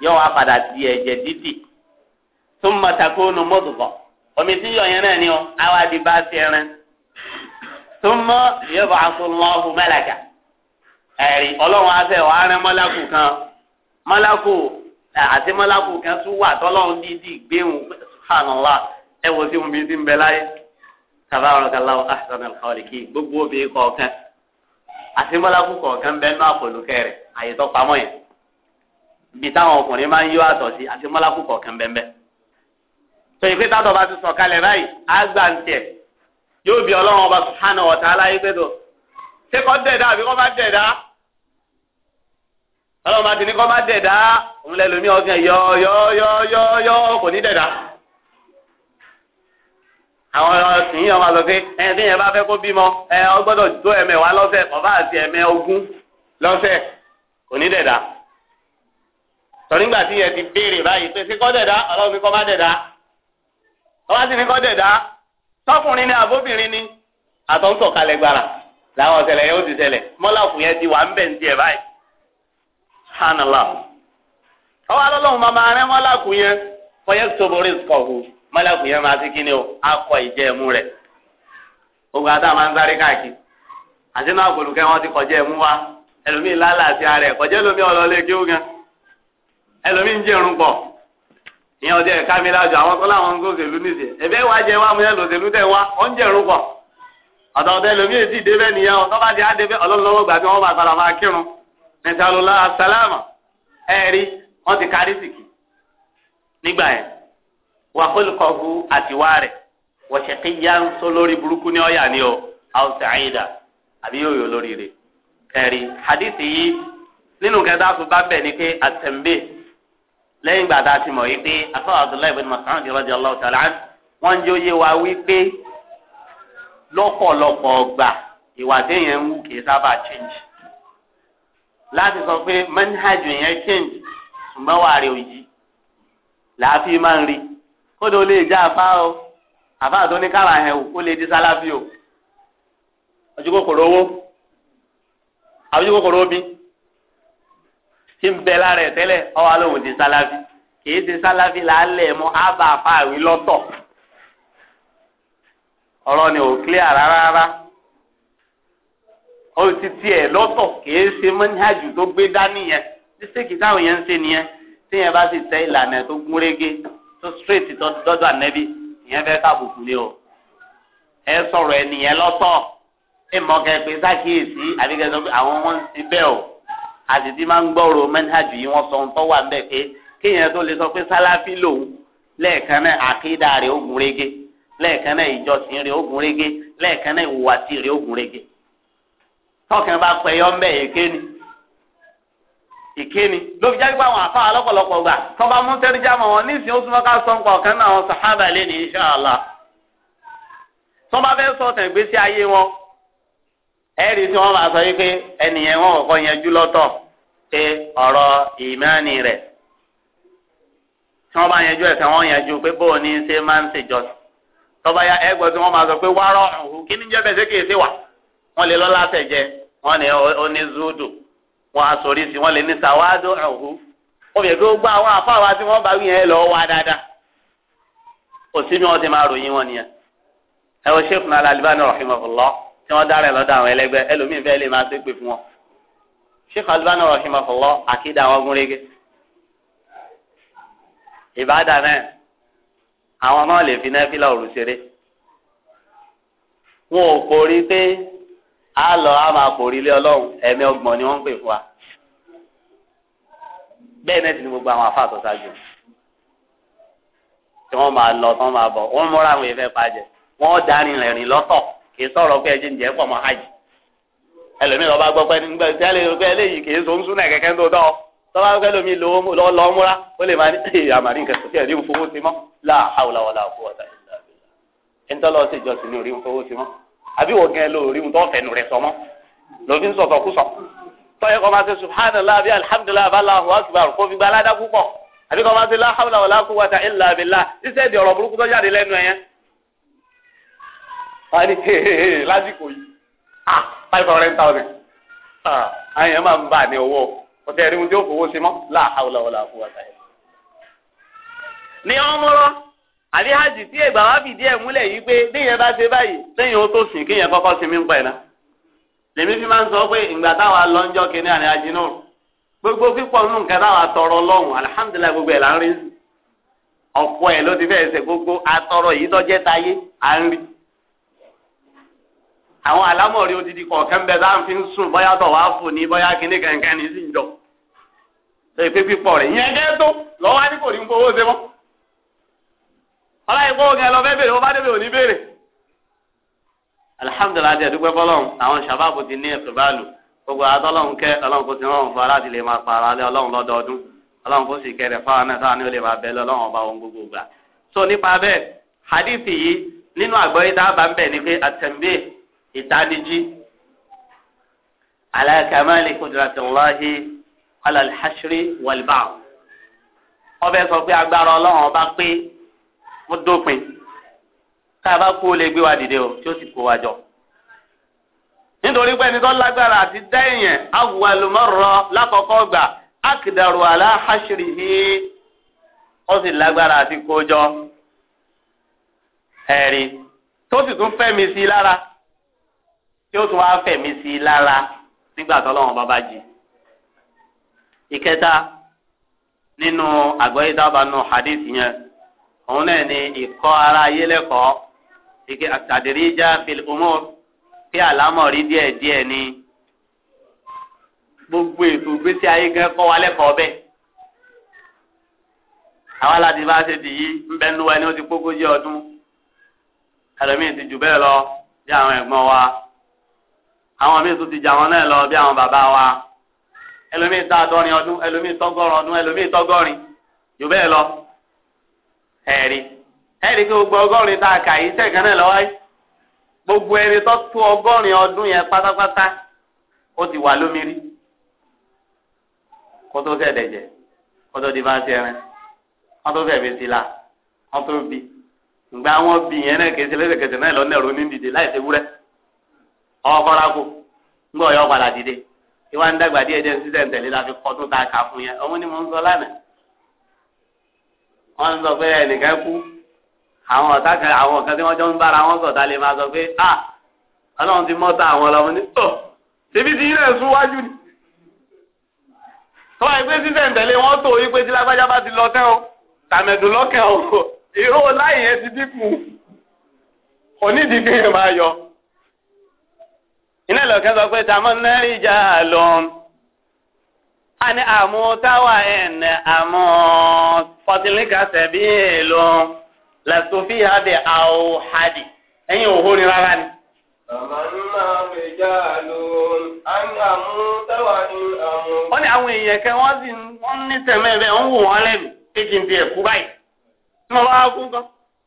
yọ wá padà di ẹ̀jẹ̀ dídì súnmọ̀tẹ̀ kúnnù omi tí ni àwa di bá ti túmọ̀ yẹ́bọ̀ àtúnlọ́hù mẹ́lẹ̀kà ẹ̀rí ọlọ́run afẹ́ wàá rán mọ́lákù kan mọ́lákù àti mọ́lákù kan tún wà tọ́lọ́run dídì gbéhùn subhanallah ẹ wo sí omi tí ń bẹ láyé tabarakallahu ahsan alkhaliki gbogbo obìnrin kọ̀ọ̀kan àti mọ́lákù kọ̀ọ̀kan bẹ́ẹ̀ náà àpòlùkẹ́ rẹ̀ àyè tó pamọ́ yẹn ibi táwọn ọkùnrin máa ń yọ àtọ̀ sí àti mọ́lákù kọ̀ọ̀kan ti sọ̀kalẹ̀ báyìí á gbà yóò bí ọlọ́run ọba subhanahu wa ta'ala yìí pé tó ṣé kọ́ dẹ̀dá àbí kọ́ bá dẹ̀dá ọlọ́run bá ti ní kọ́ bá dẹ̀dá òun lẹ́ lómi ọ̀gbìn yọ yọ yọ yọ yọ kò ní dẹ̀dá. àwọn ọ̀sìn yìí ọmọ àlọ́ pé ẹni tí yẹn bá fẹ́ kó bímọ ẹ ọgbọ́dọ̀ tó ẹ̀mẹ̀ wá lọ́sẹ̀ ọba àti ẹ̀mẹ̀ ogún lọ́sẹ̀ kò ní dẹ̀dá. torí nígbà tí yẹn ti béèrè báyìí pé ṣé kọ́ tọkùnrin ni àbóbìnrin ni àtọ̀ntọ̀ kalẹ̀ gbára làwọn ọ̀sẹ̀lẹ̀ yẹn ó ti ṣẹlẹ̀ mọ́làkù yẹn ti wà ń bẹ̀ ń tiẹ̀ báyìí hànàlá ọwọ́ alọ́lọ́hùn máa máa rẹ́ mọ́làkù yẹn fọyẹ́ sobori kọ̀ọ̀hù mọ́làkù yẹn máa ti ni o akọ rẹ̀ ogun máa ń sáré káàkiri àti wa ẹlòmíì kọjá ẹlòmíì ọlọ́lẹ́ kí ó gan ẹlòmíì ń pọ̀ ìyẹn ọdẹ ẹ̀ka mi lájọ àwọn tó láwọn ń gòkèlú níṣẹ́ ẹ̀fẹ́ wa jẹ wa mú yẹn lòṣèlú tẹ̀ wá oúnjẹ ìrún pọ̀ ọ̀dọ̀ ọ̀dẹ lómi èsì débẹ̀ nìyẹn o tọ́ba ti á débẹ̀ ọlọ́lọ́wọ́ gbà tí wọ́n bá padà máa kírun mẹtàlólá sálámà ẹ̀rí wọ́n ti kárí sìkì nígbà yẹn wà kólùkọ́hu àtiwá rẹ̀ wọ̀ṣẹ̀kíyà ń sọ lórí burúkú ní ọ̀yà ni o àwùsà àyídà àbí yóò hadith yìí nínú kẹta lẹ́yìn ìgbà tá a ti mọ̀ yìí pé afọ abdullahi bin Mas'ud radiyallahu ta'ala anhu wọ́n jẹ́ oyé wa wípé lọ́pọ̀lọpọ̀ ọgbà ìwà téèyàn ń wù kì í sábà change láti sọ pé manhaj yẹn change ṣùgbọ́n wà rí òyì làáfi máa ń rí kódà ó lè jẹ́ àfa o àfa tó ní kára yẹn o ó lè di sálábì o ojú kòkòrò owó àbójú kòkòrò obì tí ń bẹ lára ẹ̀ tẹ́lẹ̀ ọwọ́ alóhùn ti sálábí kì í ti sálábí làálẹ̀ mọ́ ábà fáàrí lọ́tọ̀ ọ̀rọ̀ ni ò clear rárá rárá ó ti tiẹ̀ lọ́tọ̀ kì í ṣe mọ́níhàjù tó gbé dání yẹn sísèkì táwọn yẹn ń ṣe nìyẹn tí yẹn bá sì tẹ ìlànà tó gúnrégé tó straight dọ́dọ̀ ànẹ́bí ìyẹn fẹ́ kábùkù ni o ẹ sọ̀rọ̀ ẹ̀ nìyẹn lọ́tọ̀ ẹ mọ̀ kẹ́ pé sákìyèsí àbíkẹ́ sọ pé àwọn wọn ń ṣe bẹ́ẹ̀ o àtìtì máa ń gbọ́rọ̀ mẹ́nhàjì yìí wọ́n sọ ohun tó wà ń bẹ̀ pé kéèyàn tó lè sọ pé sáláfí lòun lẹ́ẹ̀kan náà àkídà rẹ̀ ogun rege lẹ́ẹ̀kan náà ìjọsìn rẹ̀ ogun rege lẹ́ẹ̀kan náà ìhùwàsí rẹ̀ ogun rege tọ́kàn bá pẹ̀yọ́ ń bẹ̀ èké ni ìkéni ló fi jáde pé àwọn àfa alọ́pọ̀lọpọ̀ gbà tọ́ba mú tẹ́rìjàmọ̀ wọn nísìnyí ó súnmọ́ ká sọ nǹkan ọ̀kan náà àwọn sọ ẹ̀rí tí wọ́n bá sọ yìí pé ẹnìyẹn wọn kọ́kọ́ yanjú lọ́tọ̀ pé ọ̀rọ̀ ìmánì rẹ̀ tí wọ́n bá yanjú ẹ̀sẹ̀ wọn yanjú pé bóun ní ṣe máa ń ṣèjọsìn tọ́ba ya ẹgbẹ́ tí wọ́n máa sọ pé wárọ̀ kí ní jẹ́ ṣé kìí ṣe wà wọ́n lè wọ́n ní oní zúdù wọ́n wọ́n lè ní sàwádò ọ̀hún wọ́n gbogbo àwọn afáwa tí wọ́n bá lọ wá dáadáa mi wọ́n ti máa ròyìn wọn nìyẹn ẹ wọ́n ṣe fún tí wọ́n dára lọ́dọ̀ àwọn ẹlẹgbẹ́ ẹlòmíín fẹ́ẹ́ lè máa ṣe pè fún wọn. sheikh alibana rahimahullah àkídà àwọn ọgbọ́n rege. ìbádà náà àwọn náà lè fi nẹ́fìlà òru ṣeré. wọn ò kórí pé a lọ a máa kórí ilé ọlọ́run ẹ̀mí ọgbọ̀n ni wọ́n ń pè fún wa. bẹ́ẹ̀ náà ti ní gbogbo àwọn afá àtọ́sájú tí wọ́n máa lọ tí wọ́n máa bọ̀ wọ́n múra àwọn ìfẹ́ pàjẹ́ wọ́n dárin rẹ̀ rìn kì í sọ̀rọ̀ pé ẹjẹ́ ǹjẹ́ pọ̀ mọ́ hajj ẹlòmíì lọ́ba gbọ́ pé nígbà tí a lè rò pé eléyìí kì í so ń súnà kẹ̀kẹ́ tó dán ọ tọ́ba gbọ́ ẹlòmíì lọ́ọ́ lọ́ọ́ múra ó lè máa ní ẹ̀ àmàrí nǹkan tó tiẹ̀ rí fowó sí mọ́ la hawla wala quwwata illa billah ẹ̀ ń tọ́ lọ́ọ́ sí ìjọsìn ní orí fowó sí mọ́ àbí wọ́n gan lóò rí mu tó fẹ̀nu rẹ̀ sọmọ́ lòfi ń sọ̀tọ̀ kú sọ wọ́n hehehe ní lásìkò yìí ah five hundred thousand ah àyìn ẹ̀ máa ń bà ní owó ọ̀tẹ̀ ẹ̀rí mu tí ó fowó sí mọ́ láàhàwùlàwùlà fún ọ̀tá yẹn. ní ọmọrọ àbí hajj tí ẹgbàá wá fìdí ẹ̀ múlẹ̀ yìí pé níyẹn bá ṣe báyìí sẹ́yìn ó tó sìn kíyẹn kọ́kọ́ sinmi ń pẹ̀ náà lèmi fi máa ń sọ pé ìgbà táwa lọ́njọ́ kìíní àní ajínú gbogbo pípọ̀ nù nǹkan táwa tọrọ lọ́hùn alihamudulilayi gbogbo ẹ̀ là ń rí ọ̀pọ̀ ẹ̀ ló ti fẹ́ẹ́ ṣe gbogbo atọrọ yìí tọ́jẹ́ táyé à ń rí àwọn àlámọ̀rí odidi kọ̀ọ̀kan bẹ́ẹ̀ dáhùn fi ń sùn bóyá tọ̀ wá fò ní bóyá kíní kankan ní sí ìjọ. ṣe pé pípọ̀ rẹ̀ yẹn kẹ́ tó lọ́wọ́ á ní kò ní gbowó ṣe mọ́. ọlọ́yìn kó kẹ́ lọ fẹ́ béèrè wọ́n bá débi òní béèrè. alihamudulilayi adúgbẹ́ fọlọ́run àwọn sábàbù ti ní ẹ̀sùn báàlù gbogbo adọ́lọ́run kẹ́ ọlọ́run kó ti rọrùn fún aláàtì lè máa para lé ọlọ́run lọ́dọọdún ọlọ́run kó sì kẹrẹ so nípa bẹ́ẹ̀ hadithi yìí nínú àgbọ̀yé dábàá ń bẹ̀ ni pé àtẹ̀mbé ìtanijí alákàmáàlì kudratillahi alàlhásírì wàlbà ọbẹ̀ sọ pé agbára ọlọ́run ọba pé mo dópin tá a bá kú ó lè gbé wa dìde o tí ó sì kó wa jọ nítorí pé ẹni tó lágbára àti dẹ́yìn awùwàlùmọ́rọ̀ lákọ̀ọ́kọ́ gbà ákìdàrú aláhásírì yìí ó sì lágbára àti kójọ ẹ̀rí tó sì tún fẹ́ mi sí lára. tí ó tún wá fẹ̀mí sí lára nígbà tó lọ́wọ́n ìkẹta nínú àgọ́ dábàá nù hadith yẹn òun náà ni ìkọ́ ara ayé lẹ́kọ̀ọ́ ìkẹ́ àtàdéríjà já umur kí àlámọ̀ díẹ̀ díẹ̀ ni gbogbo ètò gbèsè ayé gan kọ́ bẹ́ẹ̀. àwa láti bá ṣe dìyí ń wa ni ó ti kókó wa. àwọn míì tún ti jà wọn náà lọ bí àwọn bàbá wa ẹlòmíì tá àádọ́rin ọdún ẹlòmíì tọ́gọ́rin ọdún ẹlòmíì tọ́gọ́rin jù bẹ́ẹ̀ lọ ẹ̀rí ẹ̀rí kí gbogbo ọgọ́rin tá a kà yìí sẹ́ẹ̀kan náà lọ́wọ́ yìí gbogbo ẹni tó tó ọgọ́rin ọdún yẹn pátápátá ó ti wà lómi rí kó tó fẹ́ dẹ̀jẹ̀ kó tó di bá ń ṣẹrin wọ́n tó fẹ́ fi ti la wọ́n tó bi ìgbà wọn bi yẹn náà kẹsẹ̀ lẹ́sẹ̀kẹsẹ̀ náà lọ́nà ẹ̀rọ ní dìde láì ọkọra kó ńgbọ yọ padà dìde ìwà ń dàgbà díẹ̀ díẹ̀ la fi kọtún ta kà fún yẹn òun ni mò ń sọ lánàá wọn ń sọ pé àwọn ọ̀tá kan àwọn ọ̀kan tí jọ ń bára wọn sọ̀tà lè máa sọ pé a ah, ọlọ́run ti mọ́ta àwọn ọlọ́run ní tò síbi tí ilé ẹ̀sùn wájú ni tọ́wọ́ ìpè sísẹ̀ ntẹ̀lé wọn tó ìpè tí lágbájá bá ti lọ tẹ́ o tàmẹ̀dùn lọ́kàn o ìró láyé yẹn ti dínkù onídìí kéèyàn máa yọ iná lọ́kẹ́ sọ pé tàmọ́ náírà ìjà lòun a ní àmú táwa ẹ̀ẹ́nì àmú fọtílíkàsẹ̀ bí èèlò lẹ́sọ̀fì àbẹ̀ àwòhádì ẹ̀yìn òhórin rárá ni. wọ́n ní àwọn èèyàn kẹ́ wọ́n sì ń ní tẹ̀mẹ́ bẹ́ẹ̀ ń wò wọ́n lẹ́nu pé kí n ẹ̀kú báyìí tí bá kú gan.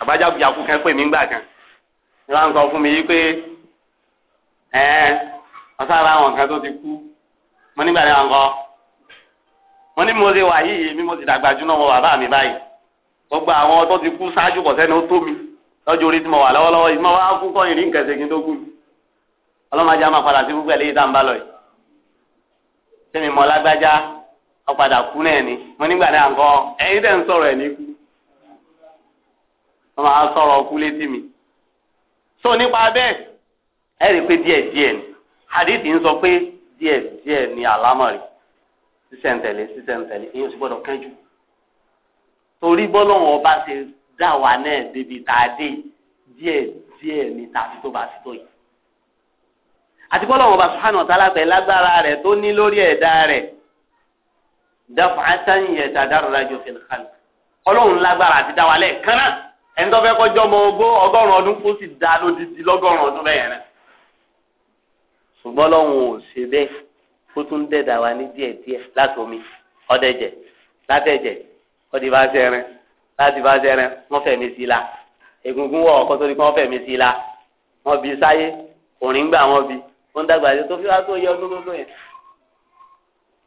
àbájáfíàkú kan pè mí gbà kan ni wọn sọ fún mi yí pé ẹ ọsàn ara àwọn kan tó ti kú mo nígbà yẹn wọn mo ní mo wà yìí mi mo ti dàgbà jù náà mo bá mi báyìí àwọn tó wà yìí mo wá kú n tó kú máa padà sí gbogbo tá n bá lọ yìí lágbájá kú náà ni mo nígbà yẹn ní wọ́n máa sọ̀rọ̀ ọkú létí mi. so nípa bẹ́ẹ̀ ẹ rí i pé díẹ̀ díẹ̀ ni hadithi ń sọ pé díẹ̀ díẹ̀ ni àlámọ̀rí sísẹ̀ntẹ̀lé sísẹ̀ntẹ̀lé èyí ò sì gbọ́dọ̀ kánjú. torí bọ́lọ́wọ́n ọba ṣe dá wa náà débi tá a dé díẹ̀ díẹ̀ ni tàbí tó bá ti tó yìí. àti bọ́lọ́wọ́n ọba subhanahu wa ta'ala lágbára rẹ̀ tó ní lórí ẹ̀dá rẹ̀ daf'atan yatadarraju fil khalq ọlọ́run lágbára àti dáwalẹ̀ kan náà ẹni tó fẹ́ kọjọ́ ọmọ ogó ọgọ́rùn-ún ọdún kó sì dá lódìdí lọ́gọ́rùn-ún ọdún bẹ́yẹn rẹ̀ ṣùgbọ́n lọ́hùn ò ṣe bẹ́ẹ̀ ó tún dẹ̀dà wa ní díẹ̀ láti omi ọ̀dẹ̀jẹ̀ látẹ̀jẹ̀ ọdí bá sẹ́rin láti bá sẹ́rin wọ́n fẹ̀mí sí la egungun wọ̀ ọ̀kọ́ torí wọ́n fẹ̀mí sí la wọ́n bí sáyé òrìn gbà wọ́n bí wọ́n dàgbà tó fi wá tó yẹ ọdún gbogbo yẹn.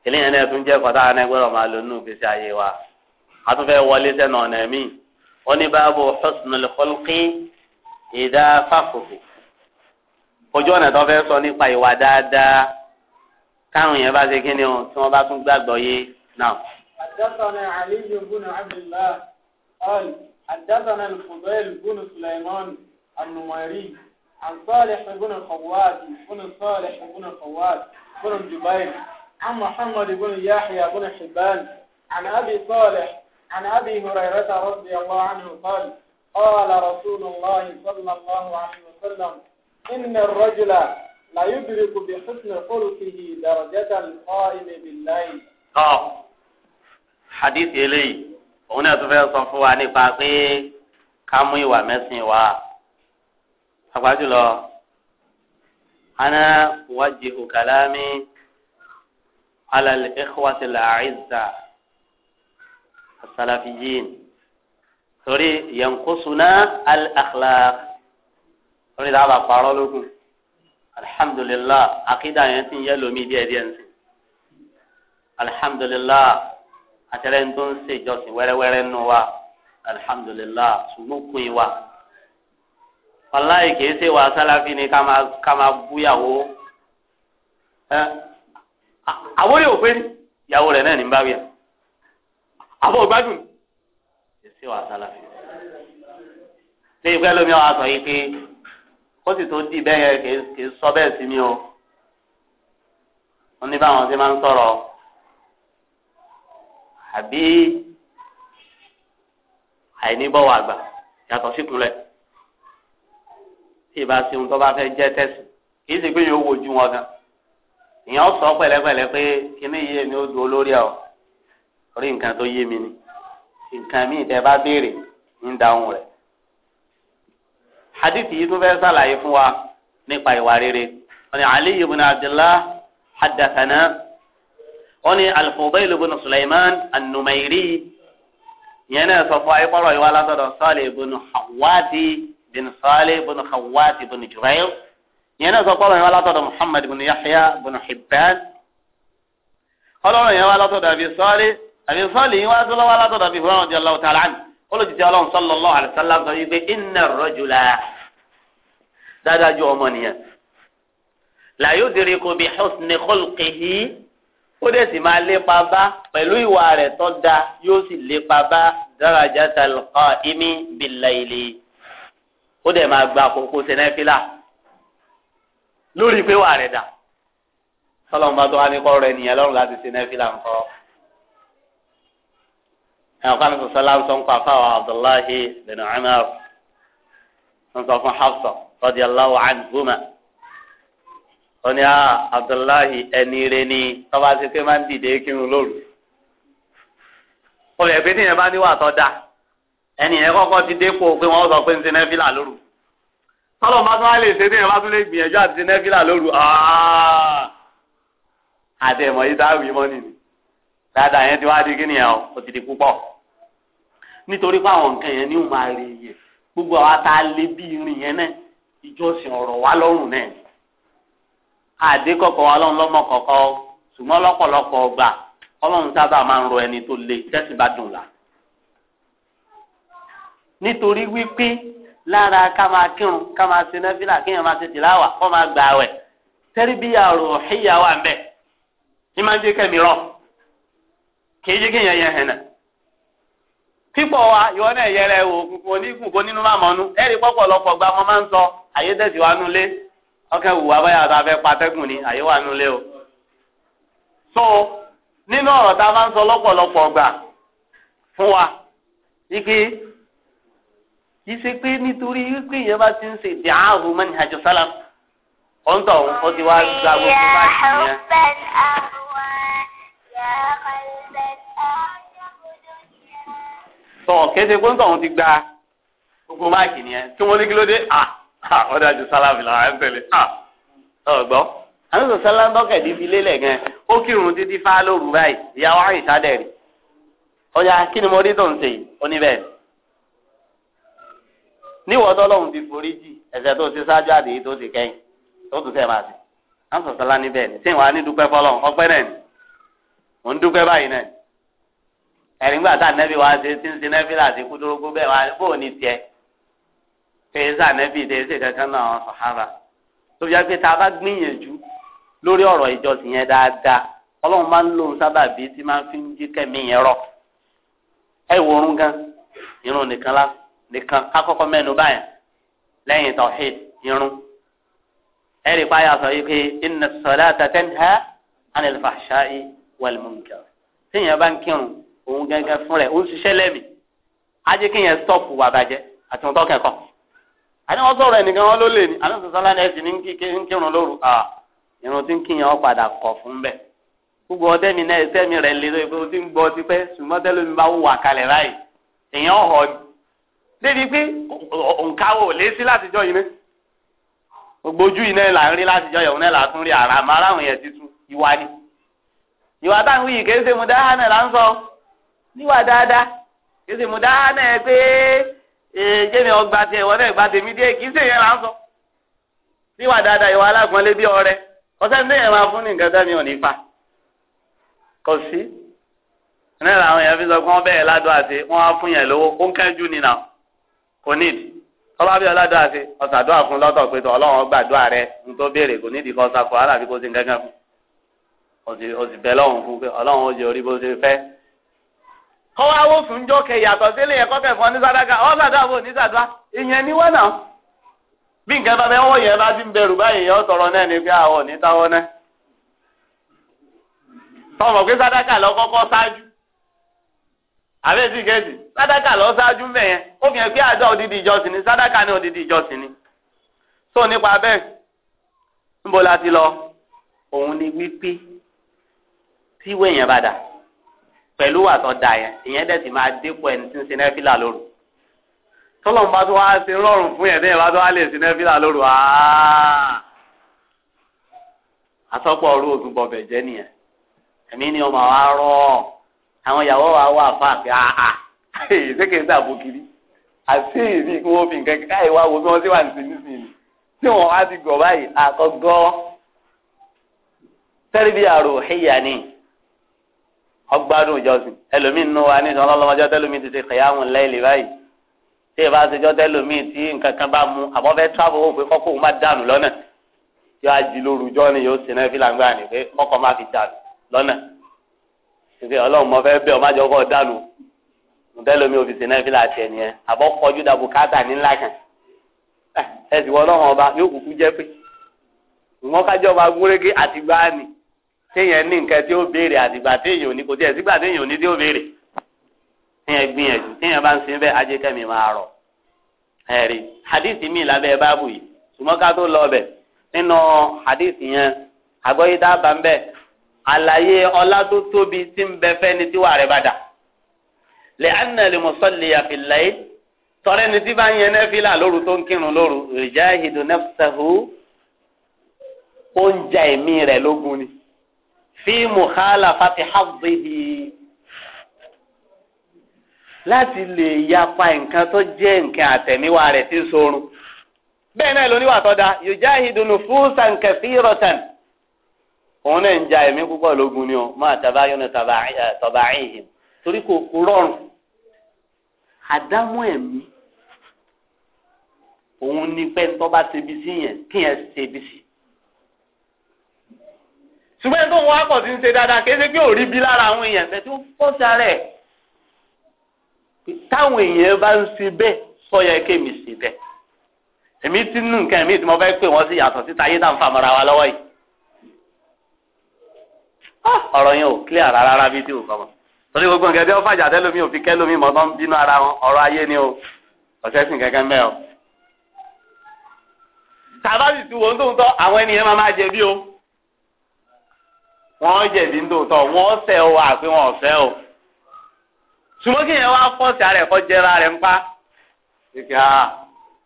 eléyàn náà tún jẹ́ kọ́tà náà gbọ́dọ̀ máa lò wọ́n ní báàbò husnul khulqi ìdá fáfòfò ojú ọ̀nà tó fẹ́ sọ nípa ìwà dáadáa káwọn yẹn bá ṣe kí ni o tí wọ́n bá tún gbàgbọ́ yé náà. حدثنا علي بن عبد الله قال حدثنا الفضيل بن سليمان النميري عن صالح بن خوات بن صالح بن خوات بن جبير عن محمد بن يحيى بن حبان عن ابي صالح عن أبي هريرة رضي الله عنه قال قال رسول الله صلى الله عليه وسلم إن الرجل لا يدرك بحسن خلقه درجة القائم بالليل طب حديث إلي هنا تفعل صنفوا عن فاقي كامي ومسني و أقول أنا أوجه كلامي على الإخوة الأعزة asalafiyin torí yankosuna al-akhlaq torí dábàá parọ́ lókun alhamdulilah akida yẹn ti ń yẹ lomi díẹ̀ díẹ̀ nsì alhamdulilah àtẹlẹ́yìn tó ń ṣe ìjọsìn wẹ́rẹ́wẹ́rẹ́ nù wa alhamdulilah ṣùgbọ́n kún in wa wàláyé kìí ṣe wà ni ká máa ká máa àwọn yóò pé yàwó rẹ náà ní bá wíyà àbọ̀ gbádùn ṣe wà sálàfì ṣé ìfẹ́ lómi ọ̀ àtọ̀ yìí pé ó sì tó dì bẹ́ẹ̀ kì í sọ bẹ́ẹ̀ sí mi o wọ́n ní báwọn ṣe máa ń sọ̀rọ̀ àbí àìníbọ̀wọ̀ àgbà yàtọ̀ síkúnlẹ̀ tí ìbá sí ohun tó bá fẹ́ jẹ́ tẹ̀sí kì í sì pé yóò wojú wọn gan ìyẹn ó sọ pẹ̀lẹ́pẹ̀lẹ́ pé kíní yìí ni ó du olórí ọ̀ orí nǹkan tó yé mi ni nǹkan míì tẹ́ bá béèrè ń dáhùn rẹ̀. hadith yìí tún fẹ́ sàlàyé fún wa nípa ìwà rere wọ́n ní ali ibn abdullah hadathana wọ́n ní al-Fudayl ibn suleiman an-numairi yẹn náà sọ fún ayípọ̀rọ̀ ìwà látọ̀dọ̀ sọ́ọ̀lì ibn hawadi bin sọ́ọ̀lì ibn hawadi ibn jurail yẹn náà sọ fún ayípọ̀rọ̀ ìwà látọ̀dọ̀ muhammad ibn yahya ibn hibban ọlọ́run yẹn wà látọ̀dọ̀ àbí àbí sọ́ọ̀lì yìí wá tó lọ́wọ́ látọ̀dọ̀ àbí ìwé ọ̀dì ọlọ́wọ́ tààlà ní olùjíjẹ́ ọlọ́run sallallahu alaihi wasallam sọ wípé inna rajula dáadáa ju ọmọnìyàn la yudriku bi husni khulqihi ó dẹ̀ sì máa lépa bá pẹ̀lú ìwà rẹ̀ tó da yóò sì lépa bá darajatal qaimi bil layli ó dẹ̀ máa gba àkókò sẹ́nẹ́fílà lórí pé wà rẹ̀ dà sọlọ́n tó wá ní kọ́ rẹ̀ nìyẹn lọ́rùn láti sẹ́nẹ́fílà ńkọ́ ẹnìkan ní sọsọlá ń sọ ń kọ afáwà abdullahi bin umar ń sọ fún hafsa radiyallahu anhuma wọn ni ah, abdullahi ẹni rẹ ni tọ́ba ṣe pé máa ń dìde kírun lóru olè pé tíyẹn bá níwà tó dáa ẹni yẹn kọ́kọ́ ti dépò pé wọ́n sọ pé ń ṣe nẹ́fìlà lóru tọ́lọ̀ bá tún wá lè ṣe tíyẹn bá tún lè gbìyànjú àti ṣe nẹ́fìlà lóru ah! àti ẹ̀mọ́ yìí dáhùn mọ́ nìyí dáadáa yẹn ti wá di kíni ẹ̀ o ti di púpọ̀ nítorí pé àwọn nǹkan yẹn ní ò máa rí iye gbogbo àwa tá a lé bí irin yẹn náà ìjọsìn ọ̀rọ̀ wa lọ́rùn náà ni àdé kọ̀kọ̀ wa lọ́mọ kọ̀kọ́ ṣùgbọ́n lọ́pọ̀lọpọ̀ ọgbà ọlọ́run sábà máa ń rọ ẹni tó le tẹ́sí bá dùn la nítorí wípé lára ká máa kírun ká máa ṣe nẹ́fílà kéèyàn máa ṣe tìláwà kó máa gbà wẹ̀ tẹ́rìbíyà ọ̀rọ̀ ìyá wa ń máa ń jẹ́ kẹ́mi rọ̀ kì í jẹ́ kéèyàn yẹn hẹ̀ náà pípọ̀ wa ìwọ náà yẹrẹ wò onígun kó nínú máa mọ́nú ẹ̀rí pọ̀pọ̀lọpọ̀ gba ọmọ máa ń sọ àyè tẹ̀sí wa nulẹ̀ ọkẹ́ wù wá báyà tá a fẹ́ patẹ́gùn ni àyè wà nulẹ̀ o. so nínú ọ̀rọ̀ tá a máa ń sọ lọ́pọ̀lọpọ̀ gbà fún wa ike yìí ṣe pé nítorí wípé ìyẹn bá ti ń ṣe ìdí ààrùn mọ́ni àjọ sálà ọ̀ǹtọ̀ ọ̀hún ó ti wá gba gbogbo bá ti yẹn. sọ kéde gbóńtọ̀ òun ti gba gbogbo máàkì nìyẹn tí wọ́n ní kí ló dé à ah, ah, ó dájú sálámì làwọn ń tẹ̀lé à ah, ọ̀gbọ́. àlùsọ sálámbọ́kẹ̀dì fi lélẹ̀ gan ó kírun títí fá lóru báyìí ìyàwó àyíṣà dẹ̀rì ọjà kí ni mo rí tó ń ṣe yìí ó ní bẹ́ẹ̀ níwọ̀n tọ́lọ́hún ti forí jì ẹ̀ṣẹ̀ tó ti ṣáájú àdéhìí tó ti kẹ́yìn tó tún fẹ́ máa ṣe àlùsọ sálámbọ́kẹ̀dì bẹ́ẹ̀ ni tí ìwà ní dúpẹ́ fọlọ́ ọpẹ́ náà ẹ̀rìngbà tá nẹ́bí wa ṣe ti ń ṣe nẹ́bí láti kú dúró gbọ́ bẹ́ẹ̀ wá bó o ní tiẹ̀ fèésà nẹ́bí tẹ̀sí kankan náà àwọn sàhábà tó fi jẹ́ pé tá a bá gbìyànjú lórí ọ̀rọ̀ ìjọsìn yẹn dáadáa ọlọ́run máa ń lò ó sábà bíi tí máa fi ń jí kẹ́mi yẹn rọ̀ ẹ wo orun gan irun nìkan lá nìkan kákọ́kọ́ mẹ́nu báyẹn lẹ́yìn tawhid irun ẹ rí páyà sọ yìí pé inna salata tanha anil fahsha'i wal munkar bá ń kírun òun gẹ́gẹ́ fún rẹ̀ òun ṣiṣẹ́ lẹ́mìí ajé kí yẹn stọ́ọ̀pù wà bàjẹ́ àti wọn tọ́kẹ̀ kọ́ àní wọn sọ̀rọ̀ ẹnìkan wọn ló lè ní àní sọ̀sọ́ lánàá ẹ̀sìn ní kírun lóru irun tí ń kí yẹn padà kọ̀ fún bẹ́ẹ̀ gbogbo ọdẹ mi náà ẹsẹ mi rẹ lé lórí pé o ti ń gbọ́ ti pẹ́ ṣùgbọ́n tẹ́lómi bá wà kalẹ̀ báyìí èèyàn ọ̀họ́ débi pé òǹkàwò lé sí látijọ́ yìí náà gbogbo ojú yìí náà là ń rí látijọ́ yìí òun náà là tún rí ìwà táwọn yìí kì í mu dáhà náà là ń sọ níwà dáadáa kí sì mú dáná ẹ pé jẹ́mi ọgbà tiẹ̀ wọ́n náà gbà tèmi díẹ̀ kì í sì yẹn là ń sọ. níwà dáadáa ìwà alágbọ̀nlé bí ọrẹ ọsẹ ní yẹn máa fún ní nǹkan tẹ́mi ò ní pa kò sí. ní làwọn yẹn fi sọ pé wọ́n bẹ̀rẹ̀ ládùn àti wọ́n á fún yẹn lówó ó ń kẹ́jú ni nà kò nídìí tọ́lá bí ọlá dùn àti ọ̀sàdúrà fún lọ́tọ̀ pé ọlọ́run gbàdúrà rẹ ń tó béèrè kò nídìí kan sàkó aláàbí kó ti ń gángan fún òsì bẹ́ẹ̀ lọ́hùn fún pé ọlọ́run ó jẹ orí bó ṣe fẹ́ kọ́wá wò fún jọ́kẹ́ yàtọ̀ sílé yẹn kọ́kẹ́ fún ọ ní sàdáká ọ sàdúrà fún ní sàdúrà ìyẹn ni wọ́n náà bí nǹkan bá bẹ́ẹ̀ wọ́n yẹn bá ti ń bẹ̀rù báyìí yẹn ó tọrọ náà ní pé àwọn ò ní táwọn náà tọmọ pé sàdáká lọ kọ́kọ́ ṣáájú àbẹ́ sì kẹ́sì sàdáká lọ ṣáájú mbẹ̀ yẹn ó fi hàn pé àdó odidi ìjọsìn ni sàdáká ní odidi ìjọsìn ni tó nípa bẹ́ẹ̀ níbo la ti lọ òun ni wípé tíwé yẹn bá dáa pẹ̀lú wà tó da yẹn ìyẹn dẹ̀ sì máa dínkù ẹni tí ń sin nẹ́fìlà lóru tọ́lọ̀ bá tó wá ṣe rọrùn fún yẹn bẹ́ẹ̀ bá tó wá lè sin nẹ́fìlà lóru àsọpọ̀ ọ̀rú òtún bọ̀ bẹ̀jẹ́ nìyẹn ẹ̀mí ni ọmọ wa rọ̀ àwọn ìyàwó wa wà fáàfì àà ṣéke ń dàbò kiri àti èyí kí wọ́n fi nǹkan kíkà ìwà wo bí wọ́n ti wà ní tí wọ́n ọgbádùn ìjọsìn ẹlòmíín nínú wa ní ìsọlọ lọmọjọ tẹlòmíín ti ṣe kẹyàmù lẹ́yìn báyìí tí ìbá ṣèjọ tẹlòmíín tí nǹkan kan bá mu àbọ̀fẹ́ travel ó pé kọ́kọ́ òun má dànù lọ́nà yóò ají lórúkọ ni yóò sì náà fi làǹgbà ni pé kọ́kọ́ má fi dànù lọ́nà ṣe ọlọ́run mọ fẹ́ bẹ́ẹ̀ ọmájọ kọ́ dànù tẹlòmíín ò fi ṣe náà fi làtì ẹ̀ nìyẹn dàbò káàtà ní ńlá kan ẹ̀ téèyàn ní nǹkan tí ó béèrè àtìgbà téèyàn ò ní kò tiẹ̀ sígbà téèyàn ò ní tí ó béèrè téèyàn gbìyànjú téèyàn bá ń sin bẹ́ẹ̀ ajé kẹ́mi máa rọ̀ ẹ̀rí hadith mi lábẹ́ báàbù yìí ṣùgbọ́n ká tó lọ bẹ̀ nínú hadith yẹn àgbọ̀yé dábà ń bẹ̀ àlàyé ọlá tó tóbi tí ń bẹ fẹ́ ni tí wàá rẹ̀ bá dà lẹ́ ànà lè mọ̀sọ́lì àfìlàyé tọrẹ ni tí bá ń yẹn nẹ́fìlà lóru tó ń kírun lóru rìjáhìdù nẹ́fṣahu ó ń ja ẹ̀mí rẹ̀ lógun ni fi mukhalafati hadhihi láti lè yapa nǹkan tó jẹ́ nǹkan àtẹ̀míwá rẹ̀ tí ń sorun. bẹ́ẹ̀ náà lóníwà tó da yujahidu nufusan kathiratan. òun náà ń ja ẹ̀mí púpọ̀ lógun ni o máa tabayọ́nù eh, tabaihim torí kò rọrùn. àdámọ́ ẹ̀mí òun ni pé bá ṣe bí sí yẹn kí yẹn ṣe bí sí ṣùgbọ́n tó ń wá pọ̀ sí ń ṣe dáadáa kì í ṣe pé ò rí bí lára àwọn èèyàn bẹ́ẹ̀ tí ó pọ̀ sára ẹ̀ táwọn èèyàn bá ń ṣe bẹ́ẹ̀ sọ̀yà kémi ṣe bẹ́ẹ̀ èmi ti nù nǹkan èmi tí mo fẹ́ pè wọ́n sí yàtọ̀ síta ayé náà ń famara wa lọ́wọ́ yìí ah, ọ̀rọ̀ yẹn ò clear rárá rárá bíi tí ò sọmọ torí gbogbo nǹkan tí wọ́n fàjà tẹ́lómi ò fi kẹ́lómi mọ́ tán bínú ara wọn ọ̀rọ̀ ayé ni o ọ̀sẹ̀ sìn kankan mẹ́ o tàbá sì tu wọn tó ń tọ́ àwọn ènìyàn máa máa jẹ bí o. wọn jẹ̀bi ń dòótọ́ wọ́n sẹ́ o àfi wọn ọ̀fẹ́ o kí yẹn wá ara ń pa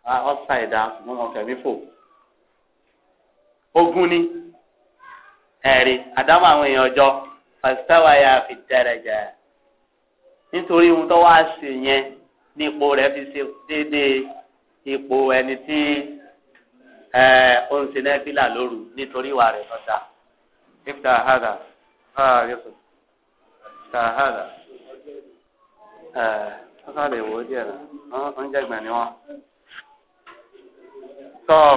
a ọ̀sà wọn fẹ̀mí fò ogun ni ẹ̀rí àdámọ̀ àwọn èèyàn ọjọ́ pàṣípàwà yà fi daraja nítorí ohun tó wá ṣe yẹn ní ipò fi ṣe déédéé ابدا هذا خالص هذا ọ̀sánlẹ̀ ìwò díẹ̀ rẹ̀ wọ́n jẹ́ ìgbà ni wọ́n. tọ́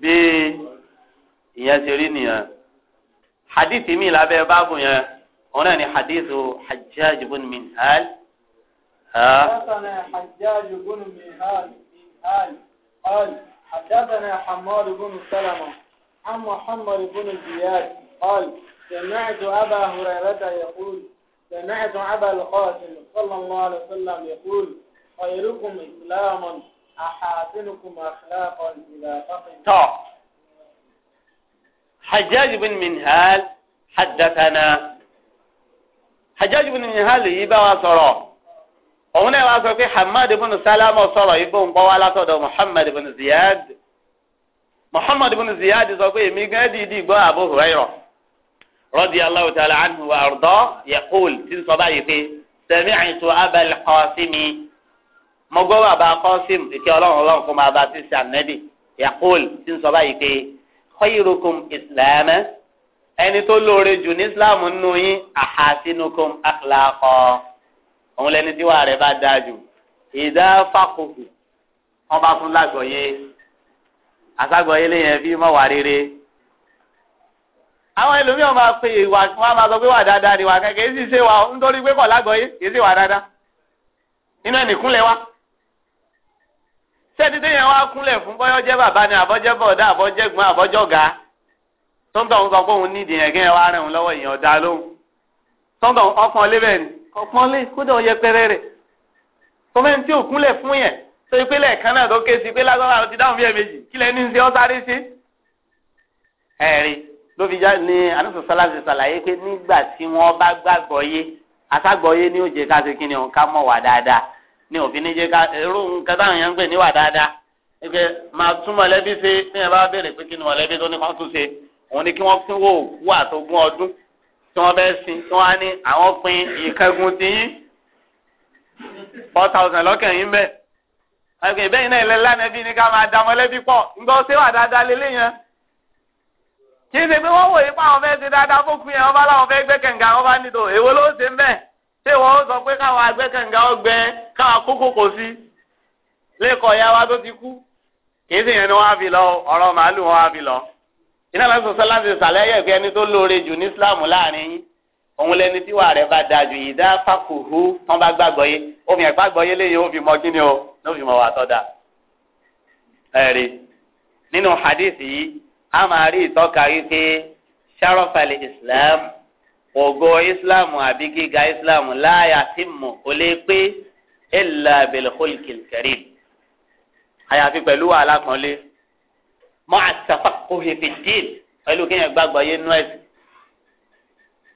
bí ìyẹn ṣe rí nìyẹn hadith mi lábẹ́ báàbù yẹn òun náà ni hadith hajjaj bun minhal. حدثنا حجاج بن منهال منهال قال حدثنا حماد بن سلمه عن محمد بن زياد قال سمعت أبا هريرة يقول سمعت أبا القاسم صلى الله عليه وسلم يقول خيركم إسلاما أحاسنكم أخلاقا إذا فقد حجاج بن منهال حدثنا حجاج بن منهال يبا وصرا òun náà wá sọ بن hamad ibn salama sọ̀rọ̀ محمد بن زياد Muhammad bin Ziyad sọ pé èmi gan dìídì gbọ́ Abu Hurairah radiyallahu ta'ala anhu wa arda yaqul tí ń sọ báyìí pé sami'tu Abal Qasimi mo gbọ́ bàbá Qasim ìkẹ́ ọlọ́run ọlọ́run kó máa bá ti ṣe ànẹ́bì yaqul tí ń sọ báyìí pé khayrukum islaman ẹni tó lóore jù ní islamu nínú yín ahasinukum akhlaqa òun lẹni tí wàá rẹ bá dáa jù ìdá fàkùkù wọn bá fún lágbọ̀ọ́yé asagbọ yẹlẹ yẹn fi mọ wà rere àwọn ẹlòmíràn máa pe ìwà wọn máa sọ pé wà dáadáa ni wà kẹkẹ èyí sì ṣe wà nítorí pé kọ̀ lágbọ̀ọ́yé èyí sì wà dáadáa inú ẹnì kúnlẹ̀ wa ṣé títí yẹn wá kúnlẹ̀ fún bọ́yọ́ jẹ́ bàbá ni àbọ́jẹ́ bọ̀dá àbọ́jẹ́ gbọ́n àbọ́jẹ́ ọ̀gá tọ́ńtọ̀ ń sọ pé òun nídìí yẹn kí yẹn wá rìn òun lọ́wọ́ ìyẹn ọ̀dà lóhùn tọ́ńtọ̀ ọkàn lé bẹ́ẹ̀ ni ọkàn lé kódà ó yẹ pẹrẹ rẹ̀ tọ́mẹ́ni tí ò fún yẹn tó yí pé lẹ́ẹ̀kan náà tó ké sí pé lágbára ló ti dáhùn bí ẹ̀mejì kí lẹ́ni ń ṣe ọ́ sáré sí. ẹ̀rí ló fi já ní anúsọ̀sọ́lá ti ṣàlàyé pé nígbà tí wọ́n bá gbàgbọ́ yé aṣágbọ́ yé ní òjè ká ṣe kí ni òun ká mọ̀ wà dáadáa ní òfin ní jẹ́ ká irú nǹkan táwọn èèyàn ń pè ní wà dáadáa pé máa tún mọ̀lẹ́bí ṣe tí yẹn bá béèrè pé kí ni mọ̀lẹ́bí tó ní kan tún ṣe òun ni kí wọ́n pín wò wà tó gún ọdún tí wọ́n bẹ́ẹ̀ sin tí wọ́n á ní àwọn pin ìkẹ́gun tiyín four thousand lọ́kàn yín bẹ́ẹ̀ àgbẹ̀ bẹ́ẹ̀ náà ilẹ̀ lánàbí ni ká máa dàmọ́lẹ́bí pọ̀ ńgbọ́ ṣé wà dáadáa lélẹ̀ yẹn. kì í ṣe pé wọ́n wòye pa àwọn fẹ́ ṣe dáadáa fókun yẹn wọ́n bá láwọn fẹ́ gbẹ́ kànga wọ́n bá nílò èwo ló ṣe ń bẹ̀ ṣé wọ́n sọ pé káwọn àgbẹ̀ kànga ọgbẹ́ káwọn kókó kò sí lẹ́kọ̀ọ́ ya wa tó ti kú kì í ṣe yẹn ni wọ́n á fi lọ ọ̀rọ̀ màálù wọn á òun lẹni tí wàá rẹ bá dáa yìí dá fàkùhù tán bá gbàgbọ́ yé omi ẹ̀ gbàgbọ́ yé léyìn ó mọ kí ni o lóun fi mọ wà tọ́da ẹ̀rí nínú hadithi yìí a máa rí ìtọ́ka wípé sharafali islam ògo islam àbí gíga islam láàyà tí mò ó lè pé illa bil khulqil karim àyàfi pẹ̀lú wàhálà kan lé mọ́ àtàfàkóhe fi dín pẹ̀lú kéèyàn gbàgbọ́ yé nínú ẹ̀sìn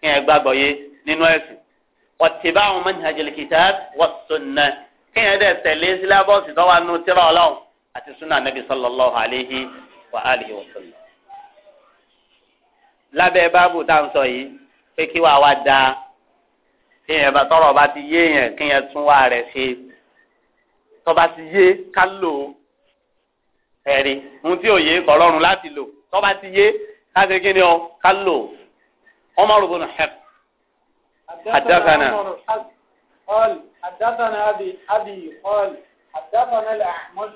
kéèyàn gbàgbọ́ yé nínú ẹ̀sìn wàtí báwọn manhajil kitab was sunnah kéèyàn dẹ̀ tẹ̀lé sílábọ̀sì tó wà nù tírà ọlọ́run àti súnà nàbì sallallahu alaihi wa alihi wa sallam. lábẹ́ báàbù tá à ń sọ yìí pé kí wàá wá da kéèyàn bá tọrọ bá ti yé yẹn kéèyàn tún wà rẹ̀ ṣe tọba ti yé ká lò ó ẹ̀rí ohun tí ò yé kọ̀ láti lò tọba ti yé ká ṣe kí ni ọ ká lò ó. Umar ibn Hafs. حدثنا حدثنا أبي أبي قال حدثنا الأعمش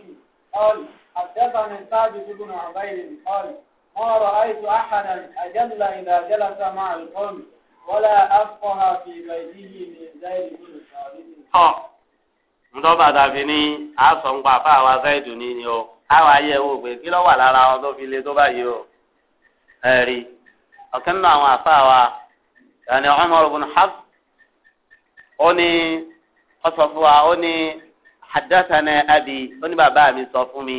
قال حدثنا سعد بن عبيد قال ما رأيت أحدا أجل إذا جلس مع القوم ولا أفقه في بيته من زيد بن ثابت ntọ́ba tàbí ní asọ̀npa fáwa zaidu ní ni o káwa yẹ wo pé kí ló wà lára wọn tó fi lé tó báyìí o ẹ̀rí ọ̀kan náà àwọn àfáwa yàní Umar ibn Hafs ó ní ọsọ fún wa ó ní hadathana abi ó ní bàbá mi sọ fún mi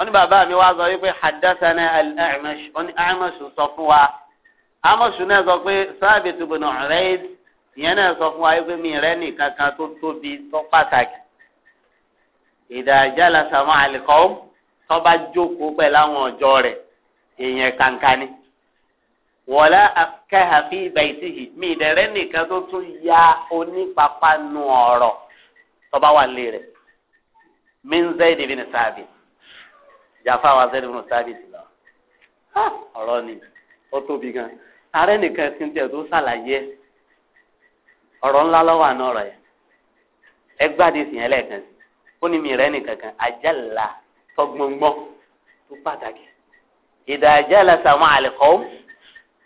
ó ní bàbá mi wá sọ wípé hadathana al-A'mash ó ní A'mash sọ fún wa A'mash náà sọ pé Thabit ibn Urayd ìyẹn náà sọ fún wa wípé mi rẹ nìkan kan tó tóbi tó pàtàkì idha jalasa tó bá jókòó pẹ̀lú àwọn ọ̀jọ́ rẹ̀ èèyàn kankan ni wọlé afikahafi baitihi mi ìdẹ̀rẹ́ nìkan tó tún ya onípapánu ọ̀rọ̀ tọ́ba wà lé rẹ̀ min zayidi bin sábì jàfa wa zayidi bin sábì ti lọ ọ̀rọ̀ ni ó tóbi gan ààrẹ nìkan ti ń tẹ̀ tó ṣàlàyé ọ̀rọ̀ ńlá lọ́wọ́ àná ọ̀rọ̀ yẹn ẹgbàdì sì yẹn sí ó ní mi rẹ̀ nìkan kan àjàlá tọgbọngbọn tó pàtàkì ìdá àjàlá sàmú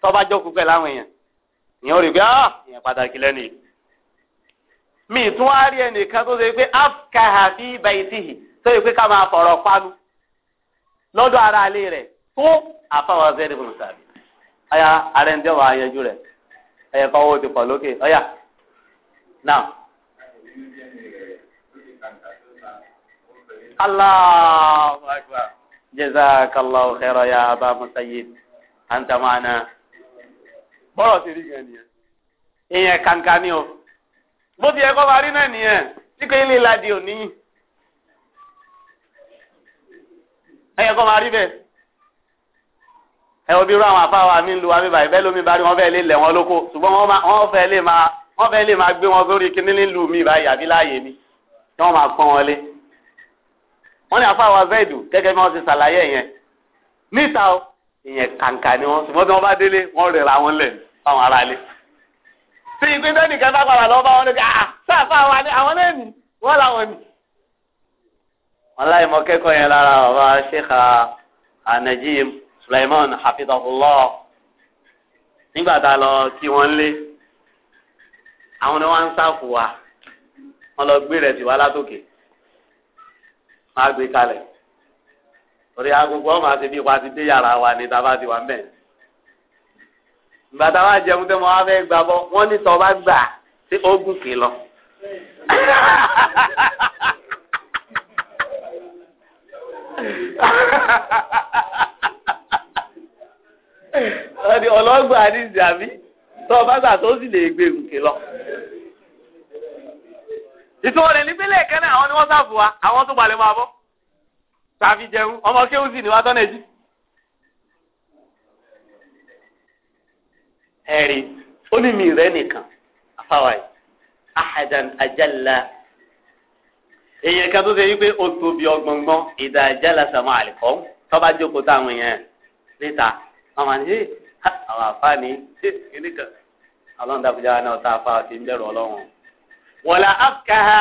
tọ́ba jókòó pẹ̀lú àwọn èèyàn ìyẹn ò rí pé ah ìyẹn pàtàkì lẹ́nu yìí mi tún wá rí ẹnìkan tó ṣe pé afkaha fi baitihi tó yẹ pé ká máa fọ̀rọ̀ panu lọ́dọ̀ ara alẹ́ rẹ̀ fún àfàwọn ọ̀sẹ̀ ẹ̀dínkù sàbí ọ̀yà ara ẹni tí wọ́n máa yanjú rẹ̀ ẹ̀yẹ kan owó ti pọ̀ lókè ọ̀yà náà. Allahu akbar jazakallahu khairan ya aba musayyid anta ma'ana bọ́rọ̀ ti rí gan nìyẹn èèyàn kàǹkà ni o bó ti yẹ kó parí náà nìyẹn tí kò ilé ìlàdí ò níyìn ẹ̀yẹ kó máa rí bẹ́ẹ̀ ẹ wo bí irú àwọn afáwa mi ń lu wa mi báyìí bẹ́ẹ̀ lómi bá rí wọ́n fẹ́ lé lẹ̀ wọ́n lóko ṣùgbọ́n wọ́n fẹ́ lè máa wọ́n fẹ́ lè máa gbé wọn sórí kíní nílùú mi báyìí àbí láàyè mi kí wọ́n máa pọ́n wọn lé wọ́n ní afáwa zaidu gẹ́gẹ́ bí wọ́n ti ṣàlàyé yẹn níta o ìyẹn kàǹkà ni wọn ṣùgbọ́n tí wọ́n bá délé wọ́n rẹ̀ ra wọn lẹ̀ fáwọn ará ilé. sí ìpín tẹ́nì kan dápàdà lọ́wọ́ bá wọn lókè àá sáfà wa ni àwọn náà wọ́n làwọn nì. wọn láì mọ kẹ́kọ̀ọ́ yẹn lára bàbá ṣèkà anajim Suleiman hafidahullah nígbà tá a lọ kí wọ́n lé àwọn ni wọ́n ń sáfù wa wọ́n lọ gbé rẹ̀ sí wa látòkè wọ́n á gbé kalẹ̀ torí agogo ọmọ àti bí ipa ti dé yàrá wa ni tá a bá ti wà mẹ bàtà wa jẹun tẹ mọ wa fẹ gbà bọ wọn ní sọ bá gbà sí ogun kì lọ. ọdí ọlọ́gbọ́n àdìsí àbí o bá gbà tó sì lè gbé gòkè lọ. ìtumọ̀ rẹ̀ ní àwọn ni wọ́n sáfù àwọn tó balẹ̀ máa bọ́ tàbí jẹun ọmọ kéwù sì ni wàá tọ́nà ẹjí. ẹ̀rí ó ní mi rẹ nìkan afáwáyé ahadan ajala èèyàn kan tó ṣe wípé ó tóbi ọgbọ̀ngbọ́n ìdá ajala sàmú àlìkọ́ tọ́ba jókòó táwọn èèyàn níta wọn máa ní àwọn àfáàní ṣe kìnnìkan ọlọ́run dàbíjà náà tá a fa àti ń bẹ̀rù ọlọ́run. wọ́lá afkaha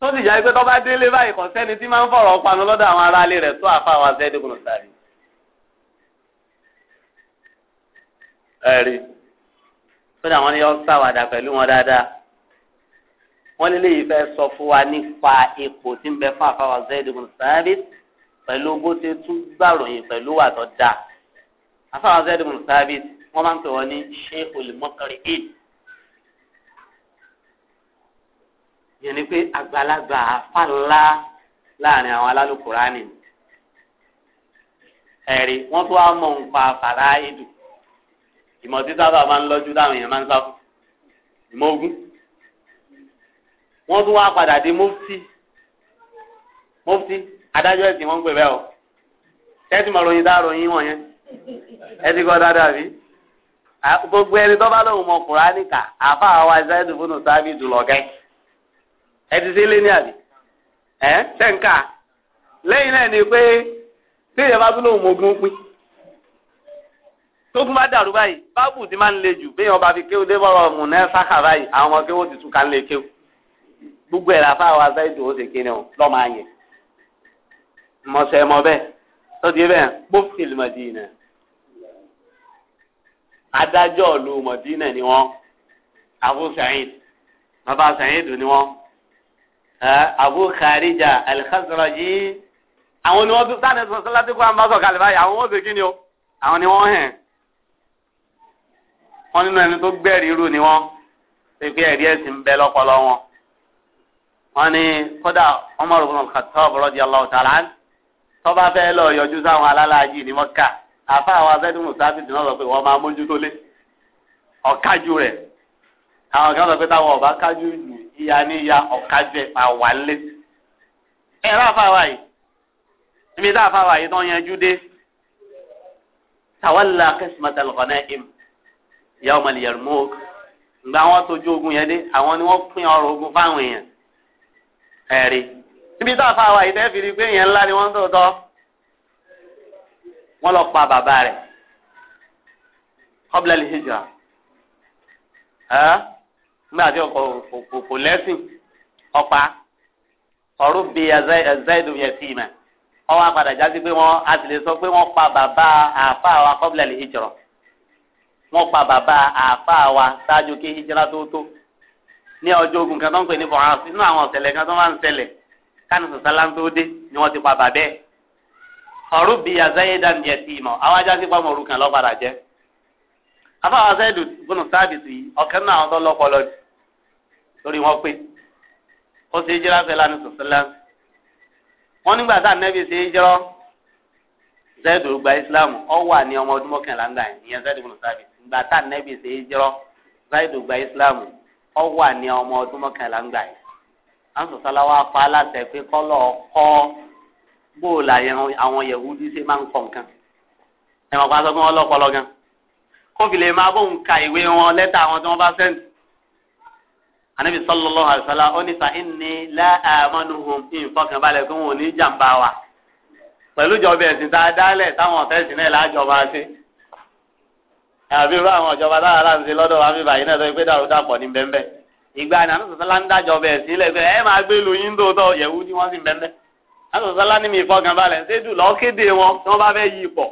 tó sì já pé tó bá délé báyìí kò sẹ́ni tí máa ń fọ̀rọ̀ panu lọ́dọ̀ àwọn aráalé rẹ̀ tó àfa àwọn azẹ́dẹ́gùn sáré. ẹ̀rí sọ́dọ̀ àwọn ni yọ ń ṣàwàdà pẹ̀lú wọn dáadáa wọ́n lé léyìí fẹ́ sọ fún wa nípa ipò tí ń bẹ fún àfa àwọn azẹ́dẹ́gùn sáré pẹ̀lú bó ṣe tún gbàròyìn pẹ̀lú wà tó dáa àfa àwọn azẹ́dẹ́gùn sáré wọ́n máa ń pè wọ́n ní ṣé olùmọ́kànrin yẹn ni pé àgbàlagbà afáńlá láàrin àwọn alálùkùránì ẹ̀rí wọ́n tó wá mọ̀ ń pa fàrà ìdù ìmọ̀ tí sábà máa ń lọ́jú láwọn èèyàn máa ń sá fún ìmọ̀ ogun wọ́n tún wá padà dé mufti mufti adájọ́ ẹ̀sìn wọ́n ń pè bẹ́ẹ̀ o tẹ́sí mọ̀ ròyìn dáa ròyìn wọ̀n yẹn ẹtì kọ́ dáadáa bí gbogbo ẹni tó bá lóun mọ̀ Kùránì kà àfa àwa Zaid fúnù sábì jùlọ gẹ́gẹ́ ẹ ti délé ní àbí ẹ sẹ́ǹkà lẹ́yìn náà ni pé tí ìjọba tún lòun mogun pín tó tún bá dàrú báyìí báàbù ti máa ń le jù bí ìyọba fi kéwú dé bọ́rọ̀ mùnẹ́ sáka báyìí àwọn ọmọ kéwú ti tún ká ń lè kéwú gbogbo ẹ̀ làfa àwọn azáìdù ó ṣe kéne o lọ́ọ́ máa mọ̀ọ́sẹ̀ mọ́ bẹ́ẹ̀ tó di bẹ́ẹ̀ bófìlì mọ̀dínà adájọ́ ìlú mọ̀dínà ni wọ́n àbú sẹ́yìn bàbá sẹ́yìn dùn ni wọ́n abu kharija al-khazraji àwọn ni wọn tún sáni sọ sọlá tí kò àwọn bá sọ kalẹ̀ báyìí àwọn wọn ṣe kí ni o àwọn ni wọn hẹn wọn nínú ẹni tó gbẹrì irú ni wọn ṣe pé ẹ̀rí ẹ̀sìn ń bẹ lọ́pọlọ wọn wọn ni kódà Umar ibn al-Khattab radiyallahu ta'ala tọba fẹ́ lọ yọjú sáwọn alálàájì ni wọn kà àfa àwọn afẹnumọ sábìtì náà pé wọn máa mójútó lé ọkájú rẹ àwọn kan sọ pé táwọn ọba kájú ìyá ní ìyá ọ̀kájú ẹ̀pà wà lé ẹ̀rọ àfàwà yìí níbi tá àfàwà yìí tó yanjú dé tàwálà kẹsìmọ́tà lọ́kọ̀ọ́nà im ìyá ọmọ ìyẹ̀rù mọ́ọ́k ìgbà wọn tójú ogun yẹn dé àwọn ni wọ́n pín ọrọ̀ ogun fáwọn èèyàn ẹ̀rí níbi tá àfàwà yìí tẹ́ fi rí pé èèyàn ńlá ni wọ́n tó tọ́ wọ́n lọ pa bàbá rẹ̀ kọ́bílẹ̀ lè hijra. Huh? nígbà tí ọkọ kò lẹ́sìn ọ̀pá ọ̀rọ̀ bí Zaid yatima ọwọ́ apàdà jáde pé wọ́n a sì lè sọ pé wọ́n pa bàbá àáfà wa qabla al-hijra wọ́n pa bàbá àáfà wa ṣáájú kí hijra tó tó ní ọjọ́ ogun kan tó ń pè ní bọ̀hán sínú àwọn ọ̀sẹ̀lẹ̀ kan tó máa ń ṣẹlẹ̀ kánú sọ̀sálà tó dé ni wọ́n ti pa bàbá ẹ̀ ọ̀rọ̀ bí Zaidan yatima àwọn ajá sí pàmò orúkàn lọ́padà jẹ́ afáwọn Zaid bùnú sáàbìsì ọ̀kẹ́ náà àwọn tó lọ́pọ̀ lọ́dún torí wọn pè ó ṣe jẹ́rọ fẹ́ lánàá sọ̀sọ́lá wọn nígbà tá nẹ́bí ṣe jẹ́rọ zaidu gba islam ó wà ní ọmọ ọdún mọ́kànlá ńgbà ìyẹn zaidu bin sabit ìgbà tá nẹ́bí ṣe jẹ́rọ zaidu gba islam ó wà ní ọmọ ọdún mọ́kànlá ńgbà yìí ansọ̀sọ́lá wa fa aláṣẹ pé kọ́lọ̀ kọ́ bóòlù àwọn yahudi ṣe máa ń kọ̀ nǹkan ẹ̀wọ̀n pa sọ́kún ọlọ́pọ̀lọ́ gan kófìlè máa bóun ka ìwé wọn lẹ́tà àwọn tí wọ́n bá sẹ́ǹtì anabi sallallahu alaihi wasallam ó ní sa inni la amanuhum ìfọkànbalẹ̀ pé wọn ò ní jàǹbá wa pẹ̀lú ìjọba ẹ̀sìn tá a dálẹ̀ táwọn ọ̀tẹ́ ìsìn náà lájọba ṣe àbí bá àwọn ìjọba táwọn ará ń ṣe lọ́dọ̀ wa bíbá yìí náà sọ pé dàrú dàpọ̀ ní bẹ́ńbẹ́ ìgbà ni àwọn sọ̀tọ́lá ń dájọba ẹ̀sìn lẹ́gbẹ́ ẹ máa gbé lu yín dòótọ́ yẹ̀wù tí wọ́n sì bẹ́ńbẹ́ àwọn sọ̀tọ́lá ní mi ìfọkànbalẹ̀ ṣé dùn lọ́ọ́ kéde wọn tí wọ́n bá fẹ́ yí ipò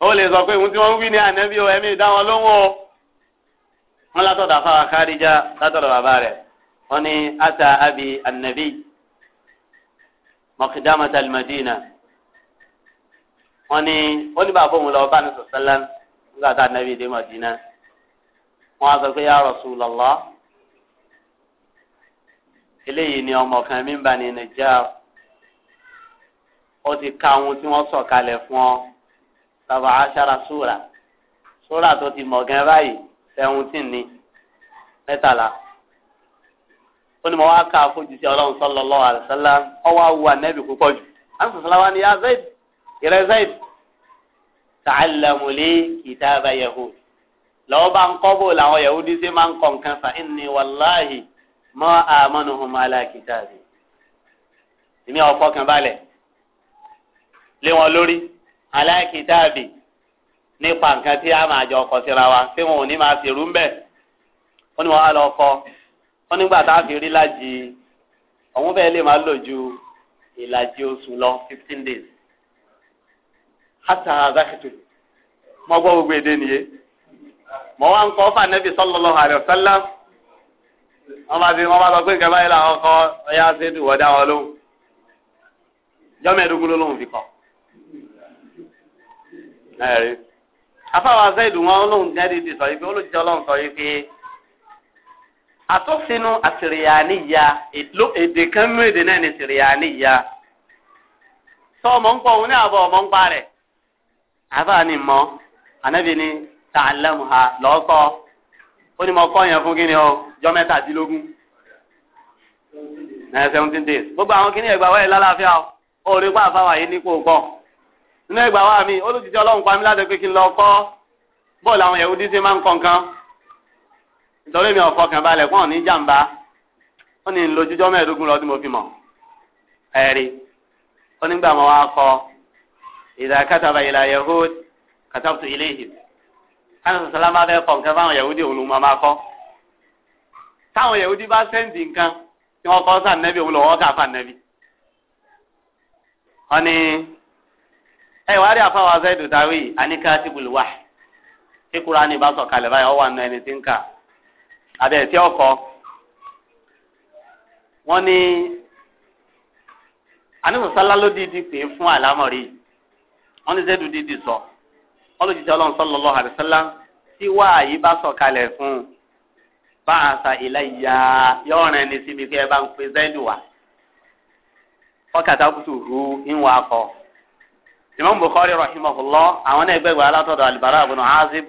ó lè sọ pé ohun tí wọ́n ń wí ní ànẹ́bí o ẹ̀mí ìdáwọn lóhùn o wọn látọ̀dọ̀ afáwa kárìjà látọ̀dọ̀ bàbá rẹ̀ wọn ni ata abi anabi mọ̀kìdámọ́tà alimadina wọn ni wọn ní bàbá òun lọ bá ní sọ̀sálà nígbà tá anabi dé madina wọn á sọ pé ya Rasulullah eléyìí ni ọmọ kan mi ń bá ní nàìjíríà ó ti ka ohun tí wọ́n sọ kalẹ̀ fún ọ sábà aṣára sóra sóra tó ti mọ̀ gan báyìí seventeen ní mẹ́tàlá ó ní mo wá ká àfojúsí ọlọ́run sallallahu alaihi wasallam ọwọ́ awo ànẹ́bì púpọ̀ jù àwọn sọ̀sọ́lá wa ni ya Zaid ìrẹ́ Zaid ta'allamu li kitaba yahud lọ́wọ́ bá ń kọ́ bò làwọn yahudi ṣe máa ń kọ́ nǹkan fa inni wàláhì mọ́ àmọ́nuhùn aláàkìtàbí ìmí ọ̀fọ́ kan balẹ̀ lé wọn lórí aláàkìtàbí nípa nǹkan tí a máa jọ ọkọ̀ síra wa tí wọn ò ní máa ṣèrú ńbẹ̀ wọ́n ní wọ́n á lọ kọ́ wọ́n nígbà tá a fi rí lájì ọ̀hún bẹ́ẹ̀ lè máa lò ju ìlàjì oṣù lọ fifteen days hata azakitu mọ gbọ́ gbogbo èdè nìyé mọ wá ń kọ́ fún anabi sallallahu alaihi wasallam wọ́n bá ti wọ́n bá lọ pé nǹkan báyìí làwọn kọ́ ọyá ṣe é dùwọ́ wọn lóhùn jọ́mẹ̀ẹ́dógún ló lóhùn fi kọ́ afáwọn azẹ́ẹ̀dù wọn olóhùn gẹ́rì ti sọ yìí pé olójijì ọlọ́run sọ yìí pé àtọ́sínú àsìrìyàníyà èdè kan nú èdè náà ní sìrìyàníyà sọ ọmọ ń pọ̀ òun ní àbọ̀ ọmọ ń pa rẹ̀ àbá ni mọ́ ànábì ni tààlẹ́mù ha lọ́kọ́ ó ní mo kọ́ yẹn fún kíni o jọ mẹ́tàdínlógún ẹ̀ seventeen days gbogbo àwọn kíni ẹ̀gbà wáyé lálàáfíà ó rí pàfáwà yìí nípò pọ̀ nínú ìgbà wa mi olùjíjẹ ọlọ́run pa mí láti pé kí n lọ kọ́ bọ́ọ̀lù àwọn yẹ̀wò dídí máa ń kọ́ nǹkan nítorí mi ọ̀fọ̀ kàn balẹ̀ fún ọ̀ní jàǹbá ó ní lójújọ́ mẹ́ẹ̀ẹ́dógún lọ tí mo fi mọ̀ ẹ̀rí ó nígbà wọn wá kọ ìdá kátàbà ìlà yahud kàtàbùtù ilé ìhìb káyọ̀ sọ̀sọ́lá máa fẹ́ kọ̀ nǹkan fáwọn yahudi òun ló máa kọ́ táwọn yahudi bá sẹ́ǹdì nǹkan tí wọ́n kọ́ sàn nẹ́bí òun lọ́wọ́ kà fà nẹ́bí. wọ́n ní ẹ wá rí àfáwà zaidu dawi anikatibul wah tí kurani bá sọ kalẹ̀ báyìí ọwọ́ àna ẹni tí ń kà abẹ́ tí ọkọ wọn ní anisọsálá ló dìídì pé fún àlámọ̀rí wọn ní zaidu sọ wọn ọlọ́run tí bá sọ kalẹ̀ fún bá a sa ìlàyà yọ̀ọ̀rìn ẹni síbi kí ẹ bá ń pe zaidu wá wọ́n hu ń wà kọ́. imam bukhari rahimahullah àwọn náà gbẹgbẹ alátọdọ alibara abunu azib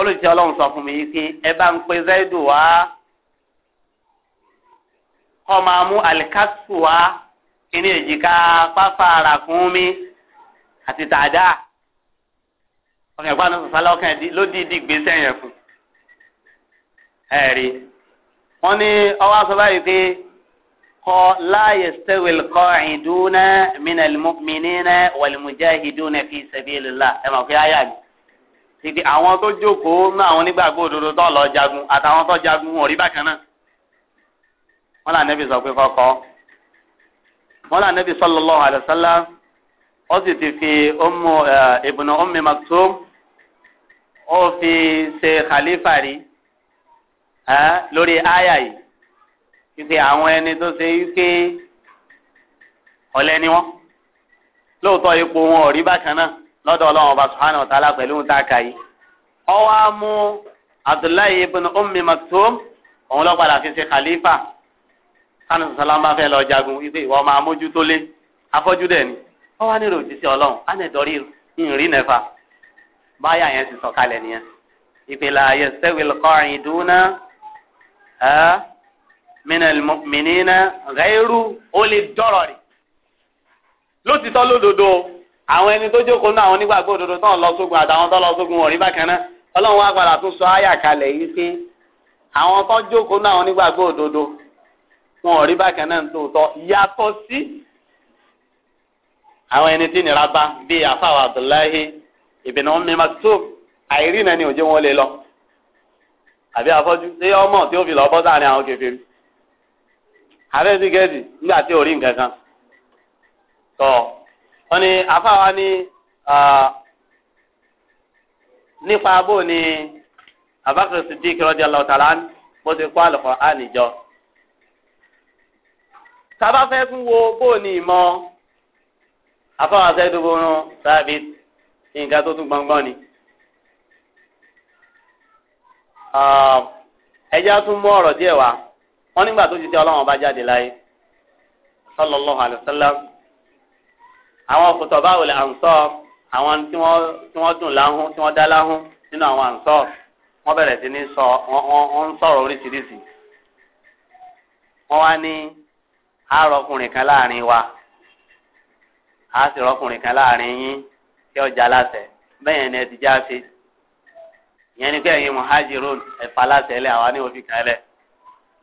olùsí Ọlọ́run sọ fún mi yìí pé ẹ bá ń pe zaidu wá kọ máa mú alikasu wá kíní èjìká pápára fún mi àti tàdá ọkàn ìpanu sọsálà ọkàn ló dìídì gbèsè yẹn fún ẹ rí wọn ní ọwọ́ aṣọ báyìí pé kọ láàyè stewil qa'iduna minal mu'minina wal mujahiduna fi sabilillah ẹ mọ̀ pé àyà ni. Ibi àwọn tó jókòó ní àwọn onígbàgbọ́ òdodo tó lọ jagun àtàwọn tó jagun wọn rí bákan náà. Wọ́n là nẹ́bí sọ pé kọ́kọ́. Wọ́n là nẹ́bí sallallahu alaihi wasallam. Ó sì ti fi Ummu Ibnu Ummi Maktum. Ó fi ṣe khalifa rí lórí àyà yìí ìpè àwọn ẹni tó ṣe wípé ọ̀lẹ ni wọ́n lóòótọ́ ipò wọn ò rí bákan náà lọ́dọ̀ ọlọ́run ọba subhanahu wa ta'ala pẹ̀lú ohun tá a kà yìí. ọwọ́ á mú abdullahi ibn ummi maktum òun lọ́ padà fi ṣe khalifa kánú sàlámà fẹ́ lọ jagun wípé ìwọ máa mójútó lé afọ́jú dẹ̀ ni wọ́n wá nílò òjíṣẹ́ ọlọ́run á nẹ̀ dọ́rí ìrìn nẹ́fà báyà yẹn ti sọ̀kalẹ̀ nìyẹn ìpìlẹ̀ àyẹ̀sẹ̀wìl kọrin dúnà ẹ́ minal mu'minina ghayru ulid darari lótìtọ́ lódodo àwọn ẹni tó jókòó náà àwọn onígbàgbọ́ òdodo tán lọ sógun àtàwọn tó lọ sógun wọ̀nyí bákan náà ọlọ́run wá padà tún sọ áyà kalẹ̀ yìí pé àwọn tó jókòó náà àwọn onígbàgbọ́ òdodo wọn ò rí bákan náà tòótọ́ yàtọ̀ sí àwọn ẹni tí nira bá bíi àfàwọ̀ Abdullahi ibn Ummi Maktum àìrí náà òjò wọn lè lọ àbí afọ́jú ṣé ọmọ tí ó fi lọ bọ́ sáàrin àwọn kèfèrí ààrẹ ti gẹ́ẹ̀dì nígbà tí ò rí nǹkan kan tọ wọn ni afáwa ni nípa bó ni Abubakar Siddiq radiyallahu ta'ala bó ti kó Al-Qur'an jọ sábà fẹ́ tún wo bó ni ìmọ̀ afáwa sẹ́dúgbò rún sábì nǹkan tó tún gbọ̀ngbọ̀n ni ẹja tún mú ọ̀rọ̀ díẹ̀ wá. wọn nígbà tó ti tẹ ọlọ́wọ́n bá jáde láyé sallallahu alayhi àwọn kòtò báwo lè àwọn tí wọ́n tí wọ́n dùn láhùn tí nínú àwọn ansọ wọn bẹ̀rẹ̀ sí ní sọ wọ́n ń sọ̀rọ̀ oríṣiríṣi wọn wá ní àárọ̀kùnrin kan láàrin wa a kan láàrin yín kí ọjà aláṣẹ ni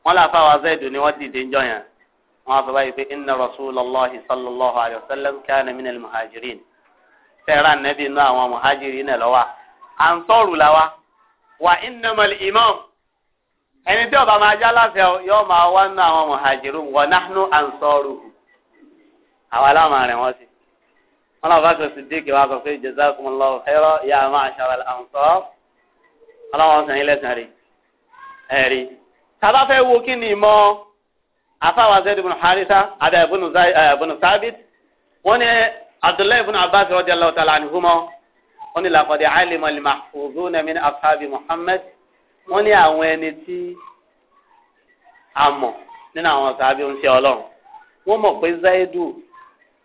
wọn là fáwọn azẹ́dù ni wọ́n ti dé njọ́ yẹn wọn sọ báyìí pé inna rasulallah sallallahu alayhi wa sallam kana min almuhajirin tẹ́ra nẹ́bí inú àwọn muhajirin náà lọ́wọ́ à ń sọ̀rù la wa wa innamal imam ẹni tí ọba máa já láfẹ́ yóò máa wá nínú àwọn muhajirun wa nahnu ansaruhu àwọn aláàmàrin wọn sí wọn làwọn fàkìrì sídìkì wa sọ pé jazakumullahu khairan ya ma'shara al-ansar ọlọ́wọ́n sàn ilẹ̀ sàn rí ẹ̀rí tàbá fẹ́ wo kí ni ìmọ̀ afáwa zayd ibn harisa abẹ́ ibn sabit wọ́n ní abdullahi ibn abbas radiyallahu ta'ala anhuma wọ́n ní laqad alima al-mahfuzuna min ashabi muhammad wọ́n ní àwọn ẹni tí a mọ̀ nínú àwọn sàábí ń ṣe ọlọ́run wọ́n mọ̀ pé zaidu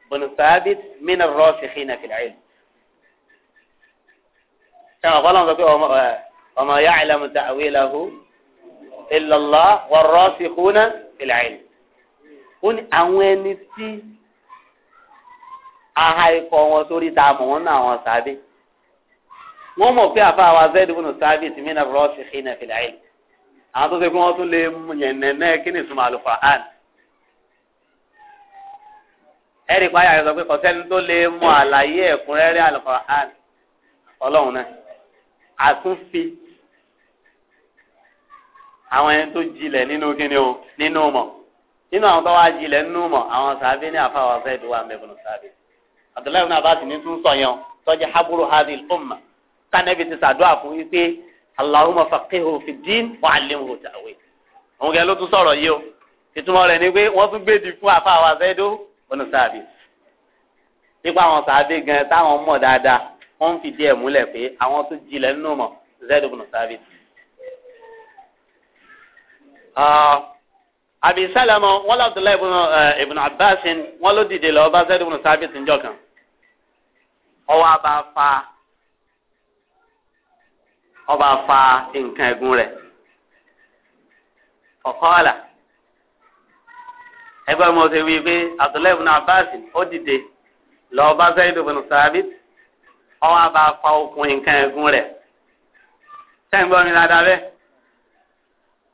ibn sabit min ar-rasikhina fil ṣe àwọn ọ̀pọ̀lọpọ̀ pé ọmọ eh, ya'lamu ta'wilahu illallah warrasikhuna fil ilm ó ní àwọn ẹni tí aha ikọ̀ wọn sórí tá a mọ̀ wọn náà wọn sábẹ́ wọ́n mọ̀ pé àfa àwọn azẹ́ẹ̀dì bùnú sábẹ́ ti mìíràn rasikhuna fil ilm àwọn tó ṣe pé wọ́n tún lè yẹ̀nẹ̀nẹ́ kí ni ìtumọ̀ al-Qur'an ẹ̀rí pa sọ pé kọ̀sẹ́ni tó lè mọ àlàyé ẹ̀kúnrẹ́rẹ́ al-Qur'an ọlọ́run náà àtúnfi àwọn ẹni tó jilẹ̀ nínú kíni o nínú mọ̀ nínú àwọn tó wá jilẹ̀ nínú mọ̀ àwọn sàbí ní àfàwọn fẹ́ tó wà mẹ́fọ̀nù sàbí Abdullahi ibn Abbas ní tún sọ yẹn tọ́jú haburu hadil umma kánẹ́bí ti sàdúrà fún yí pé Allahumma faqihu fi din wa allimhu ta'wil òun kẹ́ ló tún sọ̀rọ̀ yìí o ìtumọ̀ rẹ̀ ni pé wọ́n tún gbèdì fún àfàwọn fẹ́ tó mẹ́fọ̀nù sàbí nípa àwọn sàbí gan táwọn mọ̀ dáadáa wọ́n fìdí ẹ̀ múlẹ̀ pé àwọn tó jilẹ̀ nínú mọ̀ Zaid ibn Thabit àbí uh, sálẹmọ wọn lọdọlá ibùnà uh, abásin wọn ló dìde lọ bá sẹdùn ibùnà sábẹ tí ń jọ kan ọwọ abá fa ọba fa nǹkan ẹ̀gún rẹ̀ ọ̀kọ́ọ̀là ẹgbẹ́ mi ò ti wí pé Abdullahi ibn Abbas ó dìde lọ bá Zaid ibn Sabit ọwọ́ bá fa okùn nǹkan ẹ̀gún rẹ̀ sẹ́yìn gbọ́ mi dáadáa bẹ́ẹ̀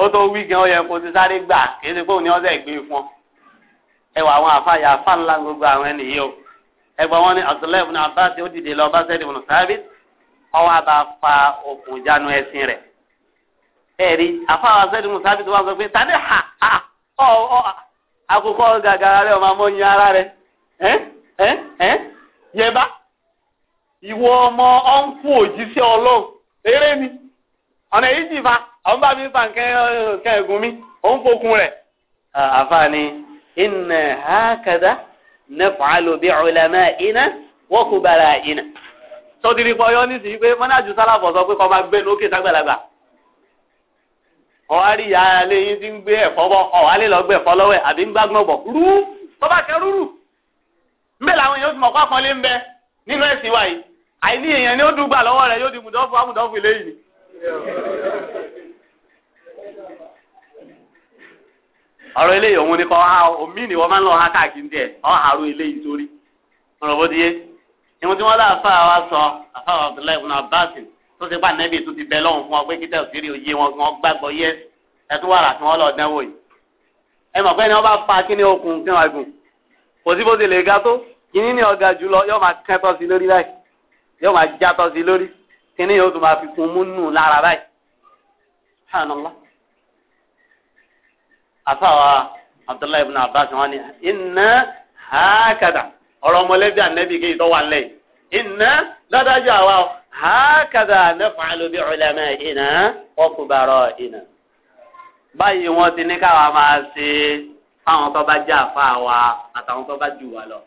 ó tó wí gan ọyẹ kó ti sáré gbà kí ẹsẹ fóun ni gbé e fún ọ àwọn àfa afá ńlá gbogbo àwọn o ẹ wọn ni Abdullahi ibn Abbas ó dìde lọ bá sẹ́ni ibn Sabit ọwọ́ àbá fa wà ha ha ọ ọ rẹ ọmọ ara rẹ ẹ ẹ ẹ ìwọ ọmọ ni ọ̀nà fa. ọ̀n bá mi fà nkẹ́ ẹ̀gún mi òun fokun rẹ̀. àfààní inna hakada naf'alu bi ulama'ina wa kubara'ina. sọdiri kọ yọ nísìnyí pé mọ́nájú sálàfọ̀ sọ pé kọ́ máa gbé lókè sàgbàlagbà. ọ̀hárí ìyá aléyìn ti ń gbé ẹ̀fọ́ bọ́ ọ̀hálé lọ gbé ẹ̀fọ́ lọ́wọ́ ẹ̀ àbí ń gbàgbọ́n bọ̀ rú tọ́ba kẹ rúrù. ńbẹ̀ làwọn èèyàn ti mọ̀ pápánlé ń bẹ nínú ẹ̀sìn wa yìí àìní èèyàn ni ó dùgbà lọ́wọ́ rẹ̀ yóò di mùdọ́fù amùdọ́fù léyìí ọ̀rọ̀ eléyìí òun ni kọ́ ha omi ni wọ́n máa ń lọ ha káàkiri díẹ̀ ọ̀ àrò eléyìí torí ọ̀rọ̀ bó ti yé ìwọ̀n tí wọ́n lọ àfa wa sọ àfa wa sọ lẹ́yìn náà báàsì tó ti pa nẹ́bí tó ti bẹ lọ́hùn fún ọ pé kíta òsèré òye wọn wọn gbàgbọ́ yẹ ẹtún wàrà tí wọ́n lọ dánwò yìí ẹ mọ̀ pé ni wọ́n bá fa kíní okùn kí wọ́n gùn kò sí bó ti lè ga tó kíní ní ọ̀gá jùlọ yóò máa kẹ́ sí lórí báyìí yóò máa já sí lórí kíní yóò tún máa fi kun mú lára báyìí afáwa abdullahi ibn abbas wọn ni iná hákàdà ọ̀rọ̀ mọ̀lẹ́bí ànẹ́bí kì í tọ́ wà lẹ́yìn iná dádájọ́ àwa hákàdà naf'alu bi ulama'ina wa kubara'ina. báyìí wọ́n ti ní káwa máa ṣe fáwọn tó bá jẹ́ àfáà àtàwọn tó bá jù wá lọ.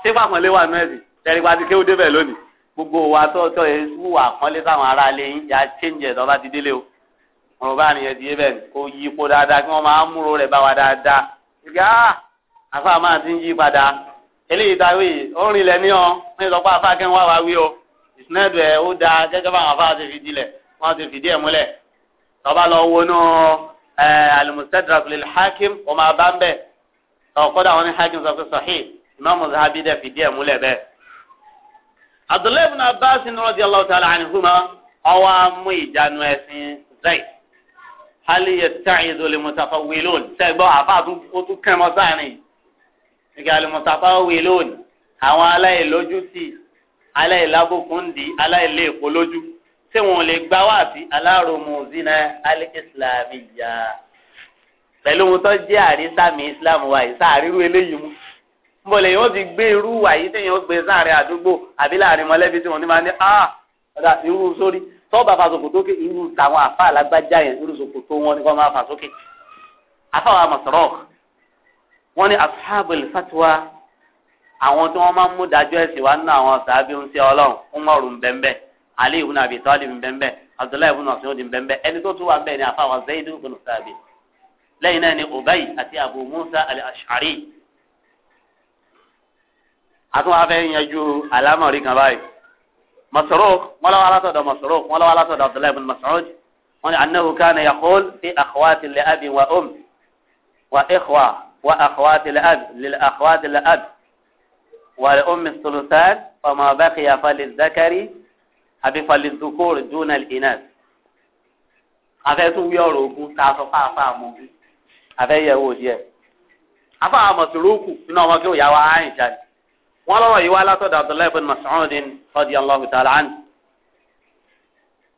ṣé fàkànlé wà nú tẹ̀rípa ti kéwú débẹ̀ lónìí gbogbo wa tọ́tọ́ ẹ̀ wúwà àkànlé sáwọn aráalé yín ya change ẹ̀ tó bá ti délé o wọn bá nìyẹn di ebẹ kó yí ipò dáadáa kí wọn máa múro rẹ bá wa dáadáa ìgbà àfa máa ti ń yí padà eléyìí ta wí ó rìn lẹ ní ọ ní ìsọpá àfa kẹ́ ń wá wa wí o ìsinẹ́dù ẹ̀ ó da gẹ́gẹ́ bá àwọn àfa ti fi dilẹ̀ wọ́n ti fìdí ẹ̀ múlẹ̀ tọ́ba lọ wọnú ẹ̀ al-Mustadrak hakim wọ́n máa bá ń bẹ̀ ọ̀kọ́dà wọn ní Hakim sọ pé sahih Imam Zahabi dẹ̀ fìdí ẹ̀ múlẹ̀ aliyu ta'idu li mutafa wilon sẹgbọn afa tún kẹmọ sáàrin ìgbà li mutafa wilon àwọn aláìlójútì aláìlábòkúndì aláìlèkó lójú tí wọn lè gbá wá sí alárùmù zina alìsìlámìyà pẹ̀lú ohun tó jẹ́ àrísàmì islam wa yìí sáàrírú eléyìí mú mbọ̀lẹ̀ yìí wọ́n ti gbé irú wàyí téèyàn gbé sáàrin àdúgbò àbí láàrin mọ̀lẹ́bí tí wọ́n ní máa ní ah ọ̀dà irú sórí tọ́ bá fa sòkòtò ké irú tàwọn àfa alágbájá yẹn irú sòkòtò wọn ni wọ́n máa fa sókè. àfàwọn àmọ̀sọ̀rọ̀ wọn ni ashabul fatwa àwọn tí wọ́n máa ń mú dájọ́ ẹ̀sìn wá nínú àwọn sàábí ń ṣe ọlọ́run Umaru ń bẹ́ńbẹ́ Ali ibn Abi Talib ń bẹ́ńbẹ́ Abdullahi ibn Mas'ud ń bẹ́ńbẹ́ ẹni tó tún wà ń bẹ́ẹ̀ ni àfàwọn Zaid ibn Thabit lẹ́yìn náà ni Ubay àti Abu Musa al-Ash'ari àtúwọ́n afẹ́ yanjú alámọ̀rí kan báyìí. مسروق ولا على تدا مسروق ولا على تدا عبد الله بن مسعود وأن أنه كان يقول في أخوات لأب وأم وإخوة وأخوات لأب للأخوات لأب والأم الثلثان فما بقي فللذكر àbí falidukor duna inas afẹ́tún wí ọ̀rọ̀ ogun tá a sọ fún afa àmọ́bí afẹ́yẹ̀wò díẹ̀ afa àmọ̀tòrókù nínú ọmọ kí òyàwó àyìnjá ni wọn lọ́rọ̀ yìí wá látọ̀dọ̀ abdullahi bin mas'udin radiyallahu ta'ala anhu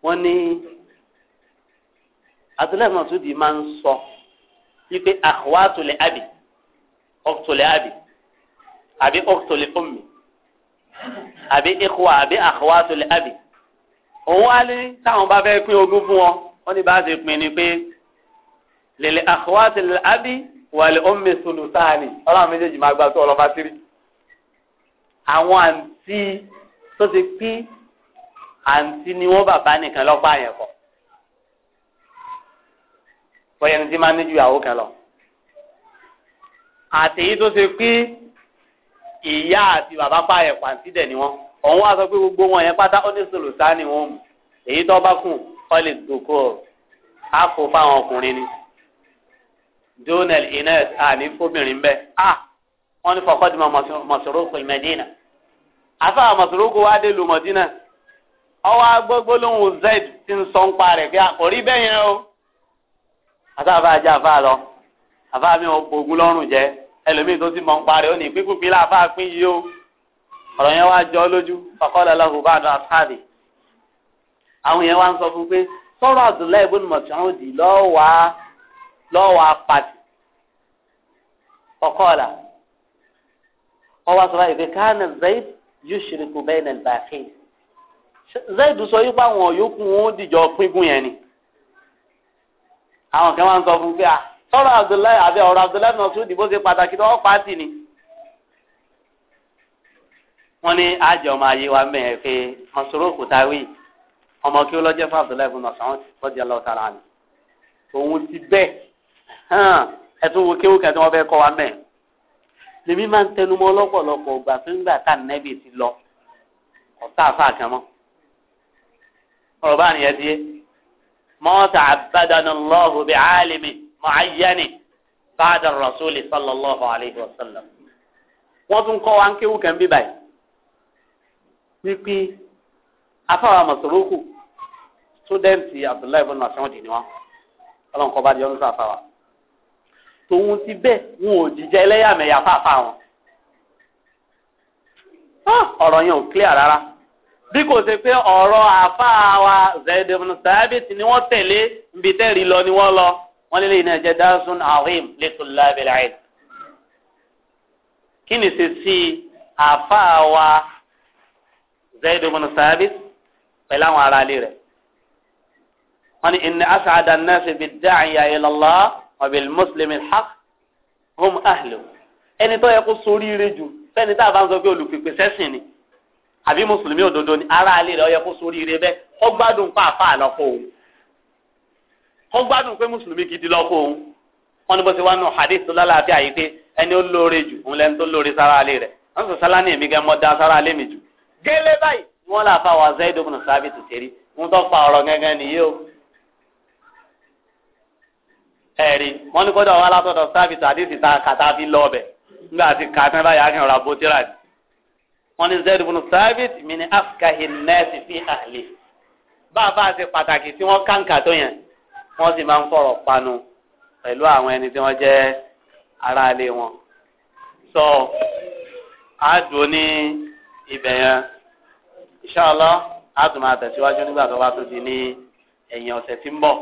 wọn ní abdullahi bin mas'udin máa ń sọ wípé akhwatule abi ọ̀tule abi àbí ọ̀tule ummi àbí ikhwa àbí akhwatule abi òun á lé táwọn bá fẹ́ pín ogún fún wọn wọn ní bá ṣe pín ni pé lèlè akhwatule abi wàlẹ̀ ummi sùlùsáàlì ọlọ́run méjèèjì máa gbà tó ọlọ́ba sírí àwọn àǹtí tó ti pín àǹtí ni wọ́n bàbá nìkan lọ́pọ̀ àyẹ̀ kọ̀ bọ́yá ní ti máa ní ju ìyàwó kan lọ àtẹ̀yí tó ṣe pín ìyá àti bàbá pààyẹ̀ pàǹtí dẹ̀ ni wọ́n òun wá sọ pé gbogbo wọn yẹn pátá ó ní wọn mú èyí tó bá kù ọ lè dòkó ọ á kó fáwọn ọkùnrin ni donald inez àní fóbìnrin bẹ́ẹ̀ ah wọ́n ní fọkọ́dìmọ̀ mọ̀sọ̀rọ̀kọ̀ ìmẹ̀dínà afáà mọ̀sọ̀rọ̀kọ̀ wa dé lu mọ̀dínà ọwọ́ agbógbó lóhùn zed ti ń sọ ń pa rẹ̀ pé àkórí bẹ́ẹ̀ yẹn o àtàwọn ajá afáà lọ afáà mi ò gbógun lọ́rùn jẹ ẹlòmíì tó ti mọ̀ ń pa rẹ̀ ó ní pípípí láàfáà pín yìí o ọ̀rọ̀ yẹn wá jọ lójú fọkọ́dà lọ́hùn bá àdó àfáàdì àwọn yẹn wá ń sọ fún pé sọ́rọ̀ àdúlá ìbọn mọ̀sọ̀rọ̀ ọwọ́ sọ báyìí pé káàna Zaid yushriku bayna al-baqin Zaid sọ yìí pé àwọn yòókù wọn ó dìjọ pínpín yẹn ni àwọn kan máa ń sọ fún pé ah, sọ̀rọ̀ Abdullahi àbí ọ̀rọ̀ Abdullahi náà tún dìbò ṣe pàtàkì tó ọ̀pá tì ní. wọ́n ní àjọ máa yé wa mẹ́ẹ̀ pé mọ̀sọ́rọ́ kò táwí ọmọ kí ó lọ́jọ́ fún Abdullahi ibùdó sàwọn lọ́jọ́ lọ́wọ́ sára ni òun ti bẹ́ẹ̀ ẹ̀ tún wo kéwù kẹ́tọ́ wọn fẹ́ kọ́ wa mẹ́ẹ̀ lèmi máa ń tẹnumọ́ lọ́pọ̀lọpọ̀ ọgbà fún gbà tá nẹ́bì ti lọ ọ̀tá àfa kan mọ́ ọ̀rọ̀ bá nìyẹn ti yé mọ́tà àbádànù lọ́hùn bí àálìmì mọ̀áyánì bàdà rọ̀súlì sọlọ́lọ́hùn àlejò ọ̀sọ́lọ́. wọ́n tún kọ́ wa ń kéwù kan bí báyìí wípé afáwa mọ̀sọ̀rọ̀kù túdẹ̀ǹtì abdullahi bọ́lá ọ̀sán òdì ni wọ́n ọlọ́nkọ́ bá di ọ́nùsọ̀ afáwa tòun ti bẹ́ẹ̀ wọn ò jíjẹ ẹlẹ́yàmẹ̀yà fàáfà wọn. ọ̀rọ̀ yẹn ò clear rárá bí kò ṣe pé ọ̀rọ̀ àáfàá wa Zaid ni wọ́n tẹ̀lé ibi lọ ni wọ́n lọ wọ́n lé lẹ́yìn náà jẹ́ dáhùn ahim lẹ́tọ̀ lábẹ́láì. kí ni ṣe sí àáfàá wa Zaid pẹ̀lú àwọn aráalé rẹ̀ wọ́n ní inna as'ada an-nas bid-da'iya ila Allah ọ̀bìl mùsùlùmí haq hum ahlu ẹni tó yẹ kó soríire jù fẹ́ni tá a bá ń sọ pé olùpèpè sẹ́sìn ni àbí mùsùlùmí òdodo ni ará alẹ́ rẹ̀ ó yẹ kó soríire bẹ́ẹ̀ kó gbádùn pàápàá lọ́kọ̀ òun kó gbádùn pé mùsùlùmí gidi lọ́kọ̀ òun wọn ni bó ṣe wá nù hadith tó lálàáfíà yìí pé ẹni ó lóore jù òun lẹni tó lóore sára alẹ́ rẹ̀ wọn sọ sálá ní èmi gan mọ́ da sára alẹ́ mi jù gẹ́lẹ́ báyìí wọn là fa wàzẹ́ ẹ̀rí wọ́n ní kọ́dọ̀ wọn alátọ́dọ̀ sábìtì àdìsí ta kàtà fi lọ ọbẹ̀ nígbà tí kàtà báyà kí n ra bótírà ni wọ́n ní zed bunu sábìtì mi ní afkahi nẹ́ẹ̀sì fi àlè bàbá àti pàtàkì tí wọ́n kàǹkà tó yẹn wọ́n sì máa ń fọ̀rọ̀ panu pẹ̀lú àwọn ẹni tí wọ́n jẹ́ aráalé wọn sọ àdùn ní ibẹ̀ yẹn inṣàlá àdùn máa tẹ̀síwájú nígbà tó bá tó di ní ẹ̀yìn ọ̀sẹ̀ tí ń bọ̀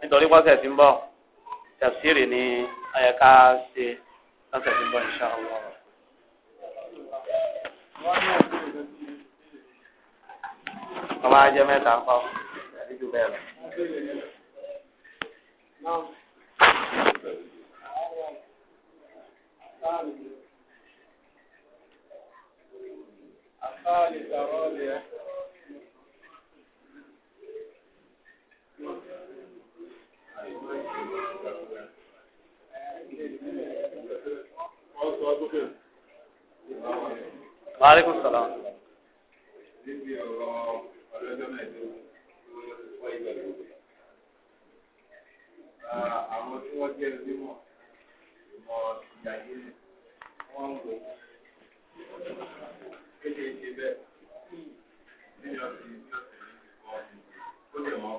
nítorí pọ́sẹ̀ tí ń bọ̀ tafsiri ní ayẹka ṣe lọ́sẹ̀ tó ń bọ̀ insha Allah. ọmọ ajẹ́ mẹ́ta ń pa ọ́ lọ. الثالثة الرابعة Maaleykum salaam. Níbi ọ̀rọ̀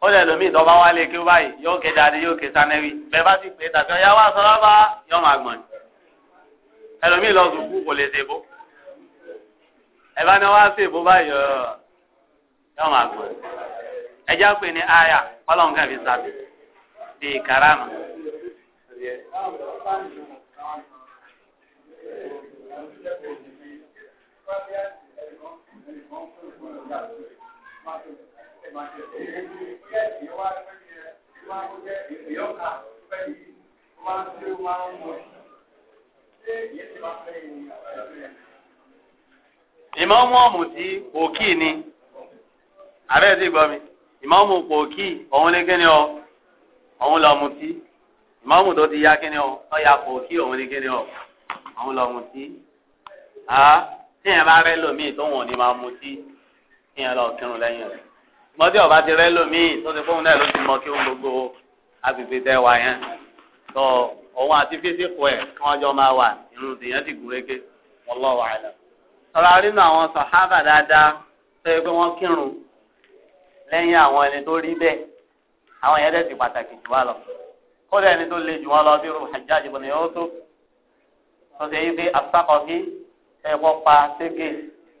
ó lẹ lómi ìdọ́gba wá lé kí ó báyìí yóò ké dáadé yóò ké sanẹ́wì bẹ́ẹ̀ bá ti pè é tàbí ọ̀yá wá sọ́lá bá yọ̀ máa gbọ̀n ẹlòmíì lọ sùkú kò lè ṣèbó ẹ bá ní wá ṣèbó báyìí yọ̀ máa gbọ̀n ẹjá pè ní aya ọlọ́run kan fi sábẹ̀ bíi karama. Thank you ìmọ̀ọ́mù ọ̀mùtí òkì ni àbẹ́ ti gbọ́ mi ìmọ̀ọ́mù pò òkì òun ní kíni ọ òun lọ mùtí ìmọ̀ọ́mù tó ti ya kíni ọ ọ ya pò òkì òun ní kíni ọ òun lọ mùtí á tíyẹn bá rẹ lómi tó wọn ò ní máa mùtí tíyẹn lọ kírun lẹ́yìn rẹ̀ mọ́tí ọba ti rẹ́ lómii tó ti fóun náà ló ti mọ kí ó gbogbo agbègbè tẹ wá yẹn tó òun àti físíkù ẹ̀ kí wọ́n jọ máa wà irun tìyẹn ti gúrégé wallahu a'lam. sọ̀rọ̀ arínú àwọn sàhábà dáadáa tó yẹ pé wọ́n kírun lẹ́yìn àwọn ẹni tó rí bẹ́ẹ̀ àwọn yẹn dẹ̀ ti pàtàkì jù wá lọ kódà ẹni tó le jù wọ́n lọ bí irú Hajjaj ibn Yusuf tó ṣe yí pé àtàkọ́ ẹ̀kọ́ pa ségè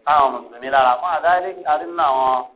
káwọn mùsùlùmí lára fún àdáyé arínú àwọn.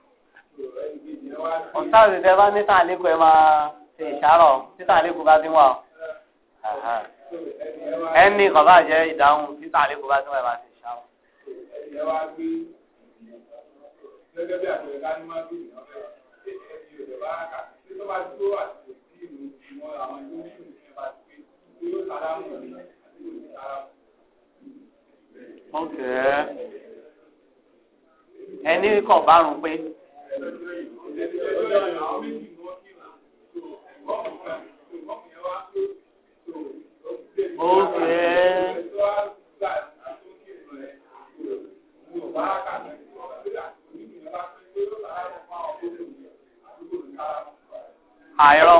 ọ̀sáàzì tẹ bá ní tàn lẹ́kọ̀ọ́ ẹ máa ṣe ìṣàrọ̀ títàn lẹ́kọ̀ọ́ bá ti wà ọ́ ẹni kọ̀ọ̀bá jẹ́ ìdáhùn títàn lẹ́kọ̀ọ́ bá ti wà ẹ ṣe ìṣàrọ̀. Gẹ́gẹ́ bí àpẹẹrẹ bá àkà pé àìrọ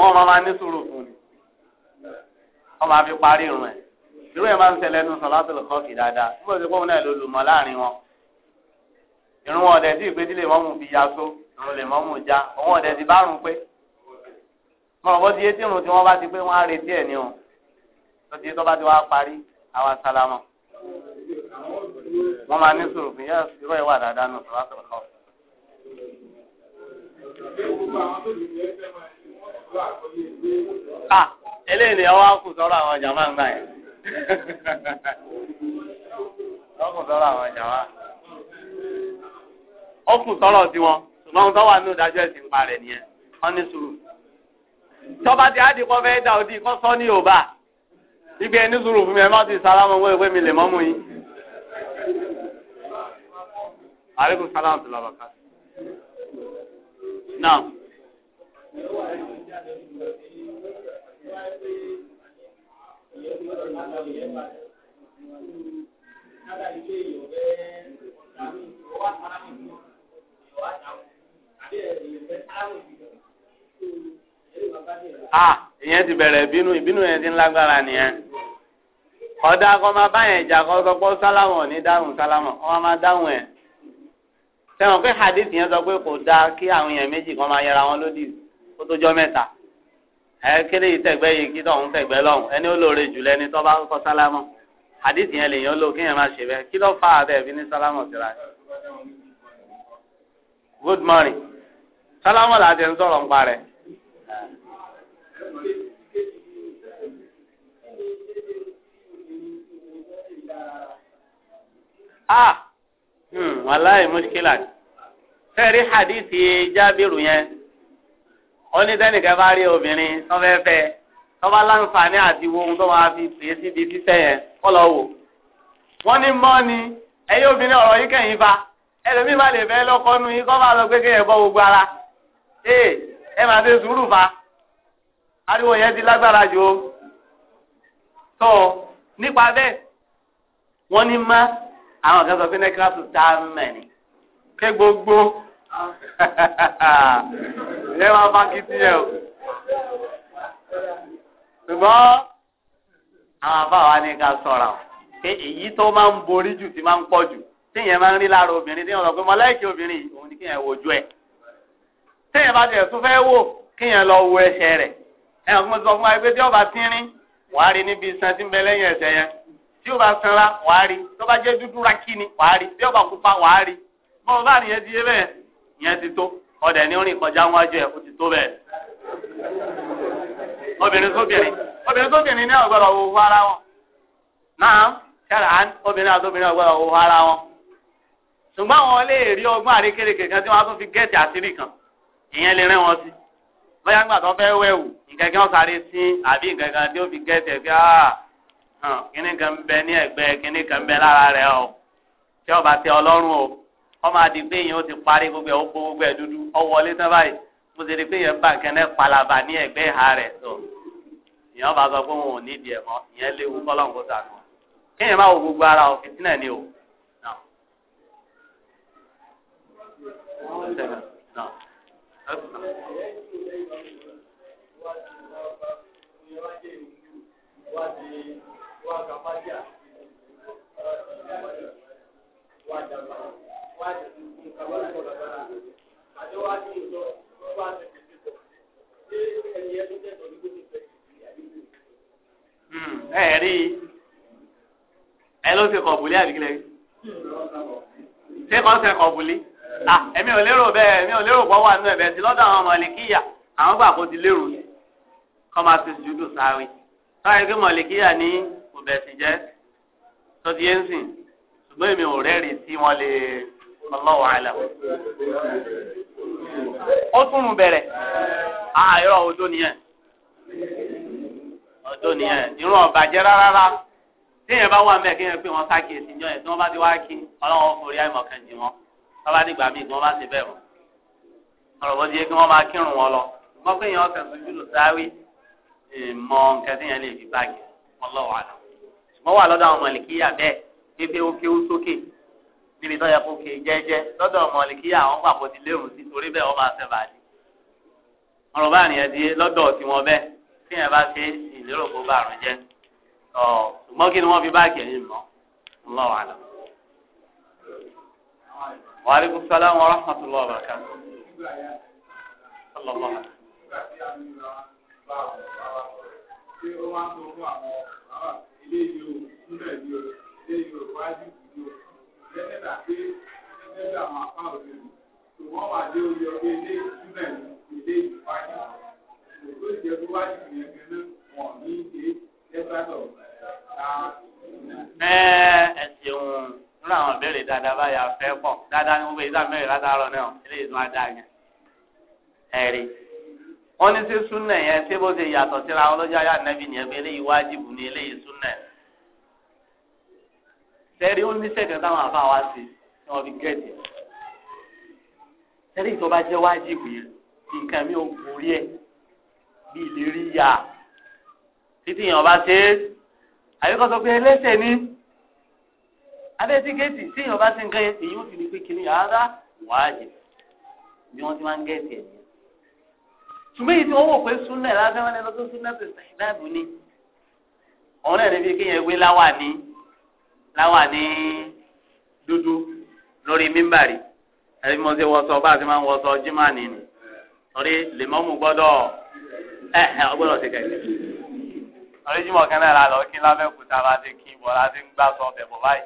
wọn máa ní sùúrù fún ni wọn máa fi parí irun ẹ irú ẹ máa ń tẹlẹ ní sọlá tó lè kọ́ kì dáadáa nígbà tí wọn náà lò lùmọ̀ láàrin wọn irun wọn ọ̀dẹ̀ tí ìpè lè mọ́mù fi ya so irun lè mọ́mù já òun ọ̀dẹ̀ ti bárùn pé mọ̀ bó ti yé tí irun tí wọ́n bá ti pé wọ́n á retí ẹ̀ ní o tó ti yé tó bá ti wá parí àwa sálámọ̀ wọ́n máa ní sùúrù fún yẹ́sì irú ẹ̀ wà dáadáa nù sọ̀rọ̀ sọ̀rọ̀ kọ́. ah eléyìí ni ọwọ́ kù sọ́rọ̀ àwọn jàmáà ń gbà yẹn ọkùn sọ́rọ̀ àwọn jàmáà ọkùn tọrọ sí wọn ṣùgbọ́n ohun tó wà nínú ìdájọ́ ẹ̀sìn pa rẹ̀ nìyẹn wọ́n ní sùúrù. tọ́ba ti àdì kọ́ fẹ́ dà òdì kọ́ sọ ní yorùbá ibi ẹni sùúrù fún mi ẹ má ti sálámù owó ìwé mi lè mọ́mú yín. àríkù sálámù tó lọ́wọ́ ká. náà. Thank you a ah, ìyẹn ti bẹ̀rẹ̀ ìbínú ìbínú yẹn ti ń lágbára nìyẹn ọ̀dà akọ́mọ báyẹn ìjà kan sọ pé sálámọ̀ ní dáhùn sálámọ̀ ọmọ máa dáhùn ẹ̀ sẹ́wọ̀n pé hadith yẹn sọ pé kò dáa kí àwọn èèyàn méjì kan máa yẹra wọn lódì kó tó jọ mẹ́ta ẹ kéde yìí tẹ̀gbẹ́ yìí kí tọ̀hún tẹ̀gbẹ́ lọ́hùn ẹni ó lóore jù lẹ́ni tó bá kọ́ sálámọ̀ hadith yẹn lèèyàn lò kéèyàn máa ṣe bẹ́ẹ̀ kí ló fà á bẹ́ẹ̀ fi ní sálámọ̀ síra yìí good morning sálámù làdé ń sọ̀rọ̀ ń parẹ́. ah wàláì mùsùkìlà fẹ́ẹ̀rí hadithi jábìrù yẹn onídẹ́nìkan bá rí obìnrin tó fẹ́ fẹ́ tó bá láǹfààní àti wo ohun tó máa fi pè é síbi fífẹ́ yẹn kọ́ lọ wọ́n ní mọ́ ni obìnrin ọ̀rọ̀ yìí kẹ́yìn bá ẹlòmíì má lè fẹ́ lọ́kọ́ nu yín kọ́ máa lọ pé kéèyàn bọ́ gbogbo ara ee ẹ máa fi sùúrù fa ariwo yẹn ti lágbára jù o tó nípa bẹ́ẹ̀ wọ́n ní má àwọn kan sọ pé nẹ́kírásù tá a mẹ̀ ni ké gbogbo ẹ máa fa kìtìyàn o ṣùgbọ́n àwọn afáwa ni ká sọ̀rọ̀ pé èyí tó máa ń borí jù ti máa ń pọ̀ jù. téèyàn máa ń rí lára obìnrin téèyàn lọ pé obìnrin òun ni kéèyàn wojú ẹ̀ téèyàn bá tiẹ̀ tún fẹ́ wò kéèyàn lọ wo ẹsẹ̀ rẹ̀ ẹ̀yàn sọ fún wa pé tí ó ti rin wàá rí níbi iṣan tí ń bẹ lẹ́yìn ẹsẹ̀ yẹn tí sanra wàá rí tí ti yé bẹ́ẹ̀ yẹn ti tó ọdẹ ní orin ti tó bẹ́ẹ̀ obìnrin sóbìnrin obìnrin sóbìnrin ṣùgbọ́n àwọn lè rí ọgbọ́n àrékérekè kan tí wọ́n á tún fi gẹ́ẹ̀tì àṣírí kan ìyẹn lè rẹ́ wọn sí bóyá nígbà tó fẹ́ wẹ̀wù nǹkan kí wọ́n sáré sí àbí nǹkan kan tí ó fi gẹ́ẹ̀tì ẹ̀ pé ah, kíní kan bẹ ní ẹ̀gbẹ́ kíní kan bẹ lára rẹ̀ o tí ọba tẹ ọlọ́run o ọmọ àti pé yẹn ó ti parí gbogbo ẹ̀ ó kó gbogbo ẹ̀ dúdú ọ wọlé tán báyìí mo ti rí pé yẹn bá nǹkan palaba ní ẹ̀gbẹ́ ìhà rẹ̀ tó ìyẹn ọba sọ pé òun ò nídìí ẹ̀ mọ́ ìyẹn léwu kọ́lọ́ǹkó kéèyàn má wo gbogbo ara òfin sílẹ̀ ni o. وسلم نعم أسمع ẹ̀rí ẹ ló ṣe kọ̀bùlé àbíkílẹ̀ ṣé kọ́ ṣe kọ̀bùlé. Ah, èmi ò lérò bẹ́ẹ̀ èmi ò lérò pọ́wọ́ àánú ẹ̀bẹ̀ tí lọ́dọ̀ àwọn mọ̀lẹ́kíyà àwọn gbà kó ti lérò yẹn kọ́ máa fi sùúrù sáré sáré pé mọ̀lẹ́kíyà ní kò bẹ̀ sí jẹ́ tọ́tí yẹn ń sìn ṣùgbọ́n èmi ò rẹ́rìí tí wọ́n lè ọlọ́wọ́ àlà. ó tún un bẹ̀rẹ̀ àìrọ̀ ah, ọjọ́ nìyẹn ọjọ́ nìyẹn irun ọ̀bàjẹ́ rárá téèyàn bá wà mẹ́ẹ̀kẹ́yìn pé wọ́n sá kí èsì jọ yẹn tí wọ́n bá ti wá kí ọlọ́wọ́ forí àìmọ̀kànjì wọn bábá dìgbà míì kí wọ́n bá ti bẹ́ẹ̀ mọ́ ọ̀rọ̀bọ̀ jẹ́ kí wọ́n máa kírun wọn lọ wọ́n pé èèyàn ọ̀sẹ̀ tuntun ló sáré mọ nǹkan tí èèyàn lè fi báàgì ọlọ́wà lọ ṣùgbọ́n wà lọ́dọ̀ àwọn mọ̀lìkíyà bẹ́ẹ̀ pépé ó kéwú sókè níbi tó yẹ kó ké jẹ́jẹ́ lọ́dọ̀ mọ̀lìkíyà àwọn pàpọ̀ ti léwu sí torí bẹ́ẹ̀ wọ́n máa sẹ́bàá di ọ̀rọ̀ bá nìyẹn di lọ́dọ̀ tí wọ́n bẹ́ẹ̀ tí yẹn bá ṣe ìlérò kó bá àrùn jẹ́ ṣùgbọ́n kí ni wọ́n fi báàgì ẹ̀yìn mọ́ ọlọ́wà Wa alaikum salaam wa rahmatullahi wa barakatuh. Sallallahu alaihi Ẹ ẹ ṣeun nínú àwọn ìbéèrè dáadáa báyà fẹ́ pọ̀ dáadáa ni wọ́n bẹ ìdá mẹ́rin látàárọ̀ náà eléyìí tó máa dáa yẹn. ẹ̀rí wọ́n ní sí súnà yẹn ṣé bó ṣe yàtọ̀ síra wọn lọ́jọ́ ayé ànábì nìyẹn pé eléyìí wájìbù ni eléyìí súnà. sẹ́rí ó ní sẹ́kẹ̀ táwọn àfa wa sí ni wọ́n fi gẹ̀ẹ́dì. sẹ́rí tó bá jẹ́ wájìbù yẹn nǹkan mi ò borí ẹ̀ bí ìlérí yà títí yẹn ọba ṣe é àyíkọ́ sọ pé ẹlẹ́sẹ̀ ni abẹ́sí géètì tí èèyàn bá ti ń gẹ́ èyí ó ti di pé kìnnì ara wáàjì bí wọ́n ti máa ń gẹ́ẹ̀tì ẹ̀yìn. ṣùgbọ́n èyí tí wọ́n wò pé súnlẹ̀ lábẹ́ wọn lọ́dún súnlẹ̀ tó ṣe ìdáàbò ni ọ̀hún náà níbi kéèyàn wé láwà ní láwà ní dúdú lórí mímbàrí ẹbí mo ṣe wọṣọ bá a ti máa ń wọṣọ jimá ni ni torí lèmọ́mù gbọ́dọ̀ ẹ̀ ẹ̀ ọgbọ́dọ̀ ti kẹ̀kẹ́ torí jimọ̀ kan náà la lọ kí lábẹ́kúta bá ti kí bọ̀ láti ń gbà sọ ọbẹ̀ bọ̀ báyìí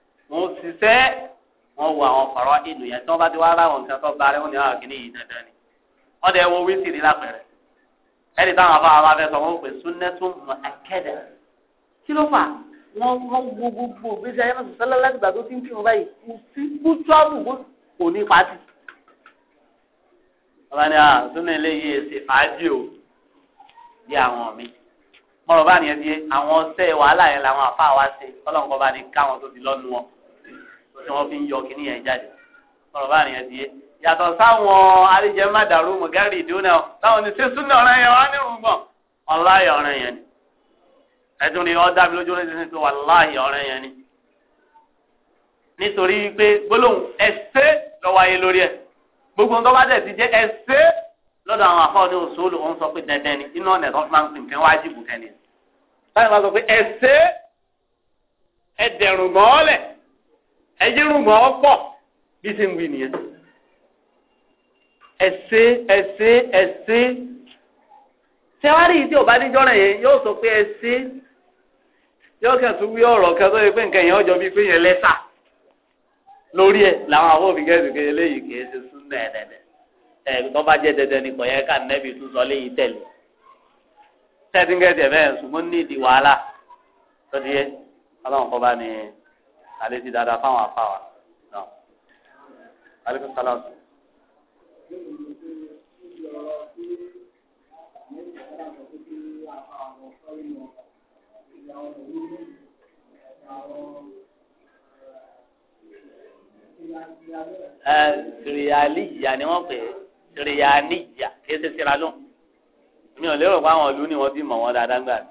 wọn ṣiṣẹ́ wọn wọ àwọn fàrọ ìlú yẹn tí wọn bá ti wá láwọn nǹkan tó bá rẹ wọn ah, ni wọn kì í yìí dandan ni wọn dẹ wo wíṣìrì lápẹrẹ ẹni táwọn afọ àwọn afẹsọ wọn pè súnẹtún mọ akẹdẹ kí ló fà wọn wọn wo gbogbo gbèsè ayé lọsọ sọlá láti gbà tó ti ń kírun báyìí kò sí kútu àbùkù kò ní pàtì. ọba ni àwọn súnmọ eléyìí ṣe fàájì o bí àwọn mi mọ̀rọ̀ bá nìyẹn di àwọn ọ̀sẹ̀ wàhálà yẹn làwọn afọ àwa ṣe ọlọ́nkọ́ bá ní káwọn tó ti lọ́nu wọn tí wọ́n fi ń yọ kíní yẹn jáde ọ̀rọ̀ bá nìyẹn ti yé yàtọ̀ sáwọn alíjẹ má dàrú mùgárì ìdúná táwọn ní sísún náà ọ̀rẹ́ yẹn wá ní rúgbọ̀n ọláyé ọ̀rẹ́ yẹn ni ẹ̀dùn ni ọ̀dà mi lójú lójú tó wà láàyè ọ̀rẹ́ yẹn ni nítorí pé gbólóhùn ẹ̀sẹ̀ lọ́wọ́ ayé lórí ẹ̀ gbogbo ń tọ́ba dẹ̀ ti jẹ́ ẹ̀sẹ̀ lọ́dọ̀ àwọn afọ́ ní oṣù olùkọ́ sọ pé dandan ni iná ọ̀nà ẹ̀dọ́ máa ń pín nǹkan wájú bùkẹ́ báyìí wọ́n sọ pé ẹ̀sẹ̀ ẹ̀dẹ̀rùn gbọ́ọ́lẹ̀ ẹjẹ rúgbọn bí ṣe ń wí nìyẹn ẹsẹ ẹsẹ ẹsẹ sẹwárì tí ò bá níjọ rẹ yẹn yóò sọ pé ẹsẹ yóò kàn tún wí ọ̀rọ̀ kan tó yẹ pé nǹkan yẹn ọjọ́ bíi pé yẹn lẹ́tà lórí ẹ làwọn àwọn òbí gẹ̀ẹ́sì pé eléyìí kì í ṣe súnà ẹ̀ dẹ̀dẹ̀ tó bá jẹ́ dẹ̀dẹ̀ nìkan yẹn ká nẹ́bí tún sọ léyìí tẹ̀lé sẹ́tìngẹ́tì ẹ̀ bẹ́ẹ̀ ṣùgbọ́n ní ìdí wàhálà tó di yẹ ọlọ́run kọ́ bá ní alẹ́ ti dáadáa fáwọn afáwà náà alẹ́kùn sálàtù. siriyaliya ni wọ́n pè é siriyaliya kí ẹ ṣe sira lóhùn mi ò lérò pé àwọn ìlú ni wọ́n bí mọ̀ wọ́n dáadáa gbà mí.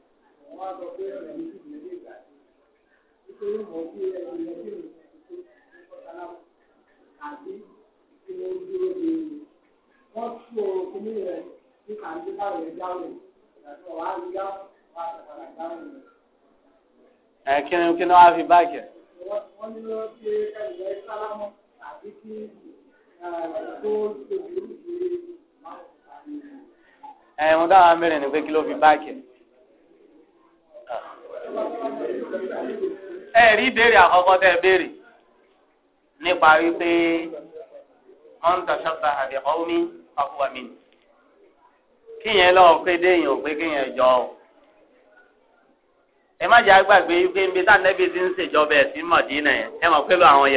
wọ́n á sọ pé ọ̀rẹ́ mi sì lè gbà nítorí mọ̀ sí ẹni ẹgbẹ́ mi àti kí ló dúró de wọ́n tú ọ̀rọ̀ kìíní rẹ̀ ní kàńtí báwo ẹ̀ dáwọ̀ ìgbàgbọ́ wàá rí yá wàá sàkàlà dáwọ̀ rẹ̀. ẹ kí ni kí ni wàá fi báàgì ẹ. wọ́n ní ló ṣe ẹgbẹ́ sálámù àti kí tó tóbi lóṣèlú máa ń sàkàlà. ẹ mo dáhùn amẹ́rin ni pé kí ló fi báàgì ẹ. ẹ rí ìbéèrè àkọ́kọ́ tẹ́ ẹ béèrè nípa wípé wọ́n tàṣàtà àbí ọ̀húnmí ọ̀húnmí kíyẹn lọ́wọ́ pé déèyàn ò pé kíyẹn jọ ọ́ ẹ má jẹ́ àgbàgbé wípé níbi tá nẹ́bí ti ń ṣèjọba ẹ̀ sí mọ̀dínà yẹn ẹ mọ̀ pé lọ àwọn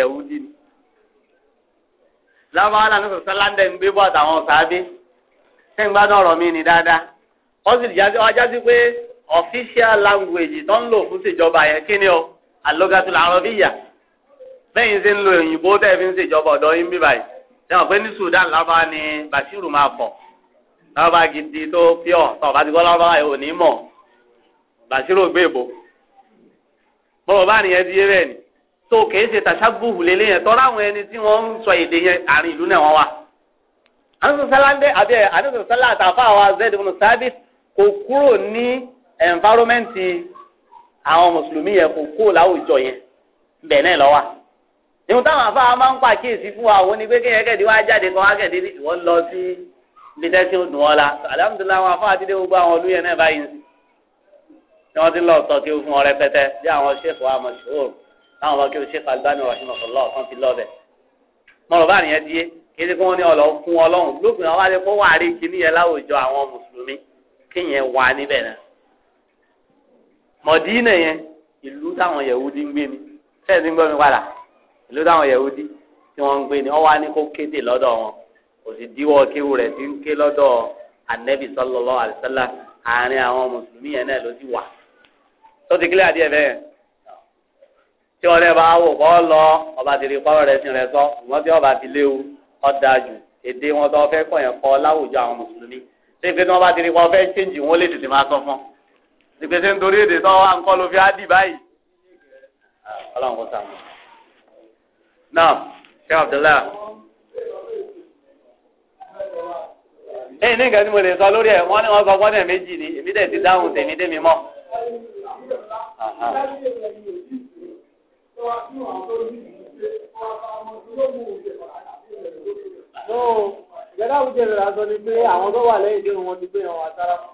lànà láńdẹ̀ ń gbé ni dáadáa sì jáde pé official language tó ń lò fún ìṣèjọba yẹn kí ni o al-lughatul arabiyya lẹ́yìn tí ń lo òyìnbó tẹ́ fi ń ṣèjọba ọ̀dọ́ yín bí báyìí ṣé wọn pé ní Sudan lábá ni Bashiru máa pọ̀ lábá gidi tó pure tó bá ti gbọ́ lábá ò ní mọ̀ Bashiru gbé ìbò bọ́ọ̀ bá nìyẹn ti yé bẹ́ẹ̀ ni tó kèé ṣe tàṣàbùhù lélẹ́ yẹn tọ́ra àwọn ẹni tí wọ́n ń sọ èdè yẹn àárín ìlú náà wọ́n wà. àdúgbò sálá ń dé àbí àdúgbò sálá àtàfà wa zed ẹnfárọ́mẹ́ǹtì àwọn mùsùlùmí yẹn kò kó láwùjọ yẹn bẹ̀ náà lọ́wọ́ nínú táwọn afáwa máa ń pàkíyèsí fún wa òun ni pé kéèyàn kẹ̀dí wá jáde kan wá kẹ̀dí wọ́n lọ sí bíṣẹ́ tí ó dùn ọ́ la alhamdulilayi àwọn afáwa ti dé gbogbo àwọn olóyè náà báyìí ní tí wọ́n ti lọ sọ kí o fún ọ rẹpẹtẹ bí àwọn sheikh wa mọ̀ṣúrù táwọn ọmọ kí o sheikh albani rahimahullah kan ti lọ bẹ̀ nìyẹn díẹ̀ kéde kí wọ́n ní ọlọ́ fún ọlọ́run mọ̀dínà yẹn ìlú táwọn yẹ̀wúdí ń gbé ni fẹ́ẹ̀ ti ń gbọ́ mi padà ìlú táwọn yẹ̀wúdí tí wọ́n ń gbé ni wọ́n wá kéde lọ́dọ̀ wọn kò sì díwọ́ kéwù rẹ̀ ti ń ké lọ́dọ̀ anẹ́bí sallallahu alaihi àárín àwọn mùsùlùmí yẹn náà ló ti wà tó ti kílẹ̀ àdìẹ bẹ́ẹ̀ tí ọ̀rẹ́ bá wò kọ́ lọ ọba ti rí pọ́rọ̀ rẹ̀ sí rẹ̀ sọ ṣùgbọ́n tí ọba ti léwu ó dáa jù èdè wọn tó fẹ́ kọ̀ yẹn kọ́ láwùjọ àwọn mùsùlùmí ṣé ìfẹ́ tí wọ́n bá ti rí pọ́ fẹ́ ṣéǹjì wọn lè tètè máa sọ fún un ìgbésẹ̀ nítorí èdè tó wà ńkọ́ ló fi á dì báyìí. ọlọ́run kò sàmù. náà ṣé abdullahi. ẹ̀yìn ní nǹkan tí mo lè sọ lórí ẹ̀ wọ́n ní wọ́n sọ gbọ́dọ̀ méjì ni èmi dẹ̀ ti dáhùn tèmi dé mi mọ́. ìjọba àwùjọ ìrẹ̀lẹ̀ àzọ ni pé àwọn tó wà lẹ́yìn dé wọn ti gbé wọn wá sára fún.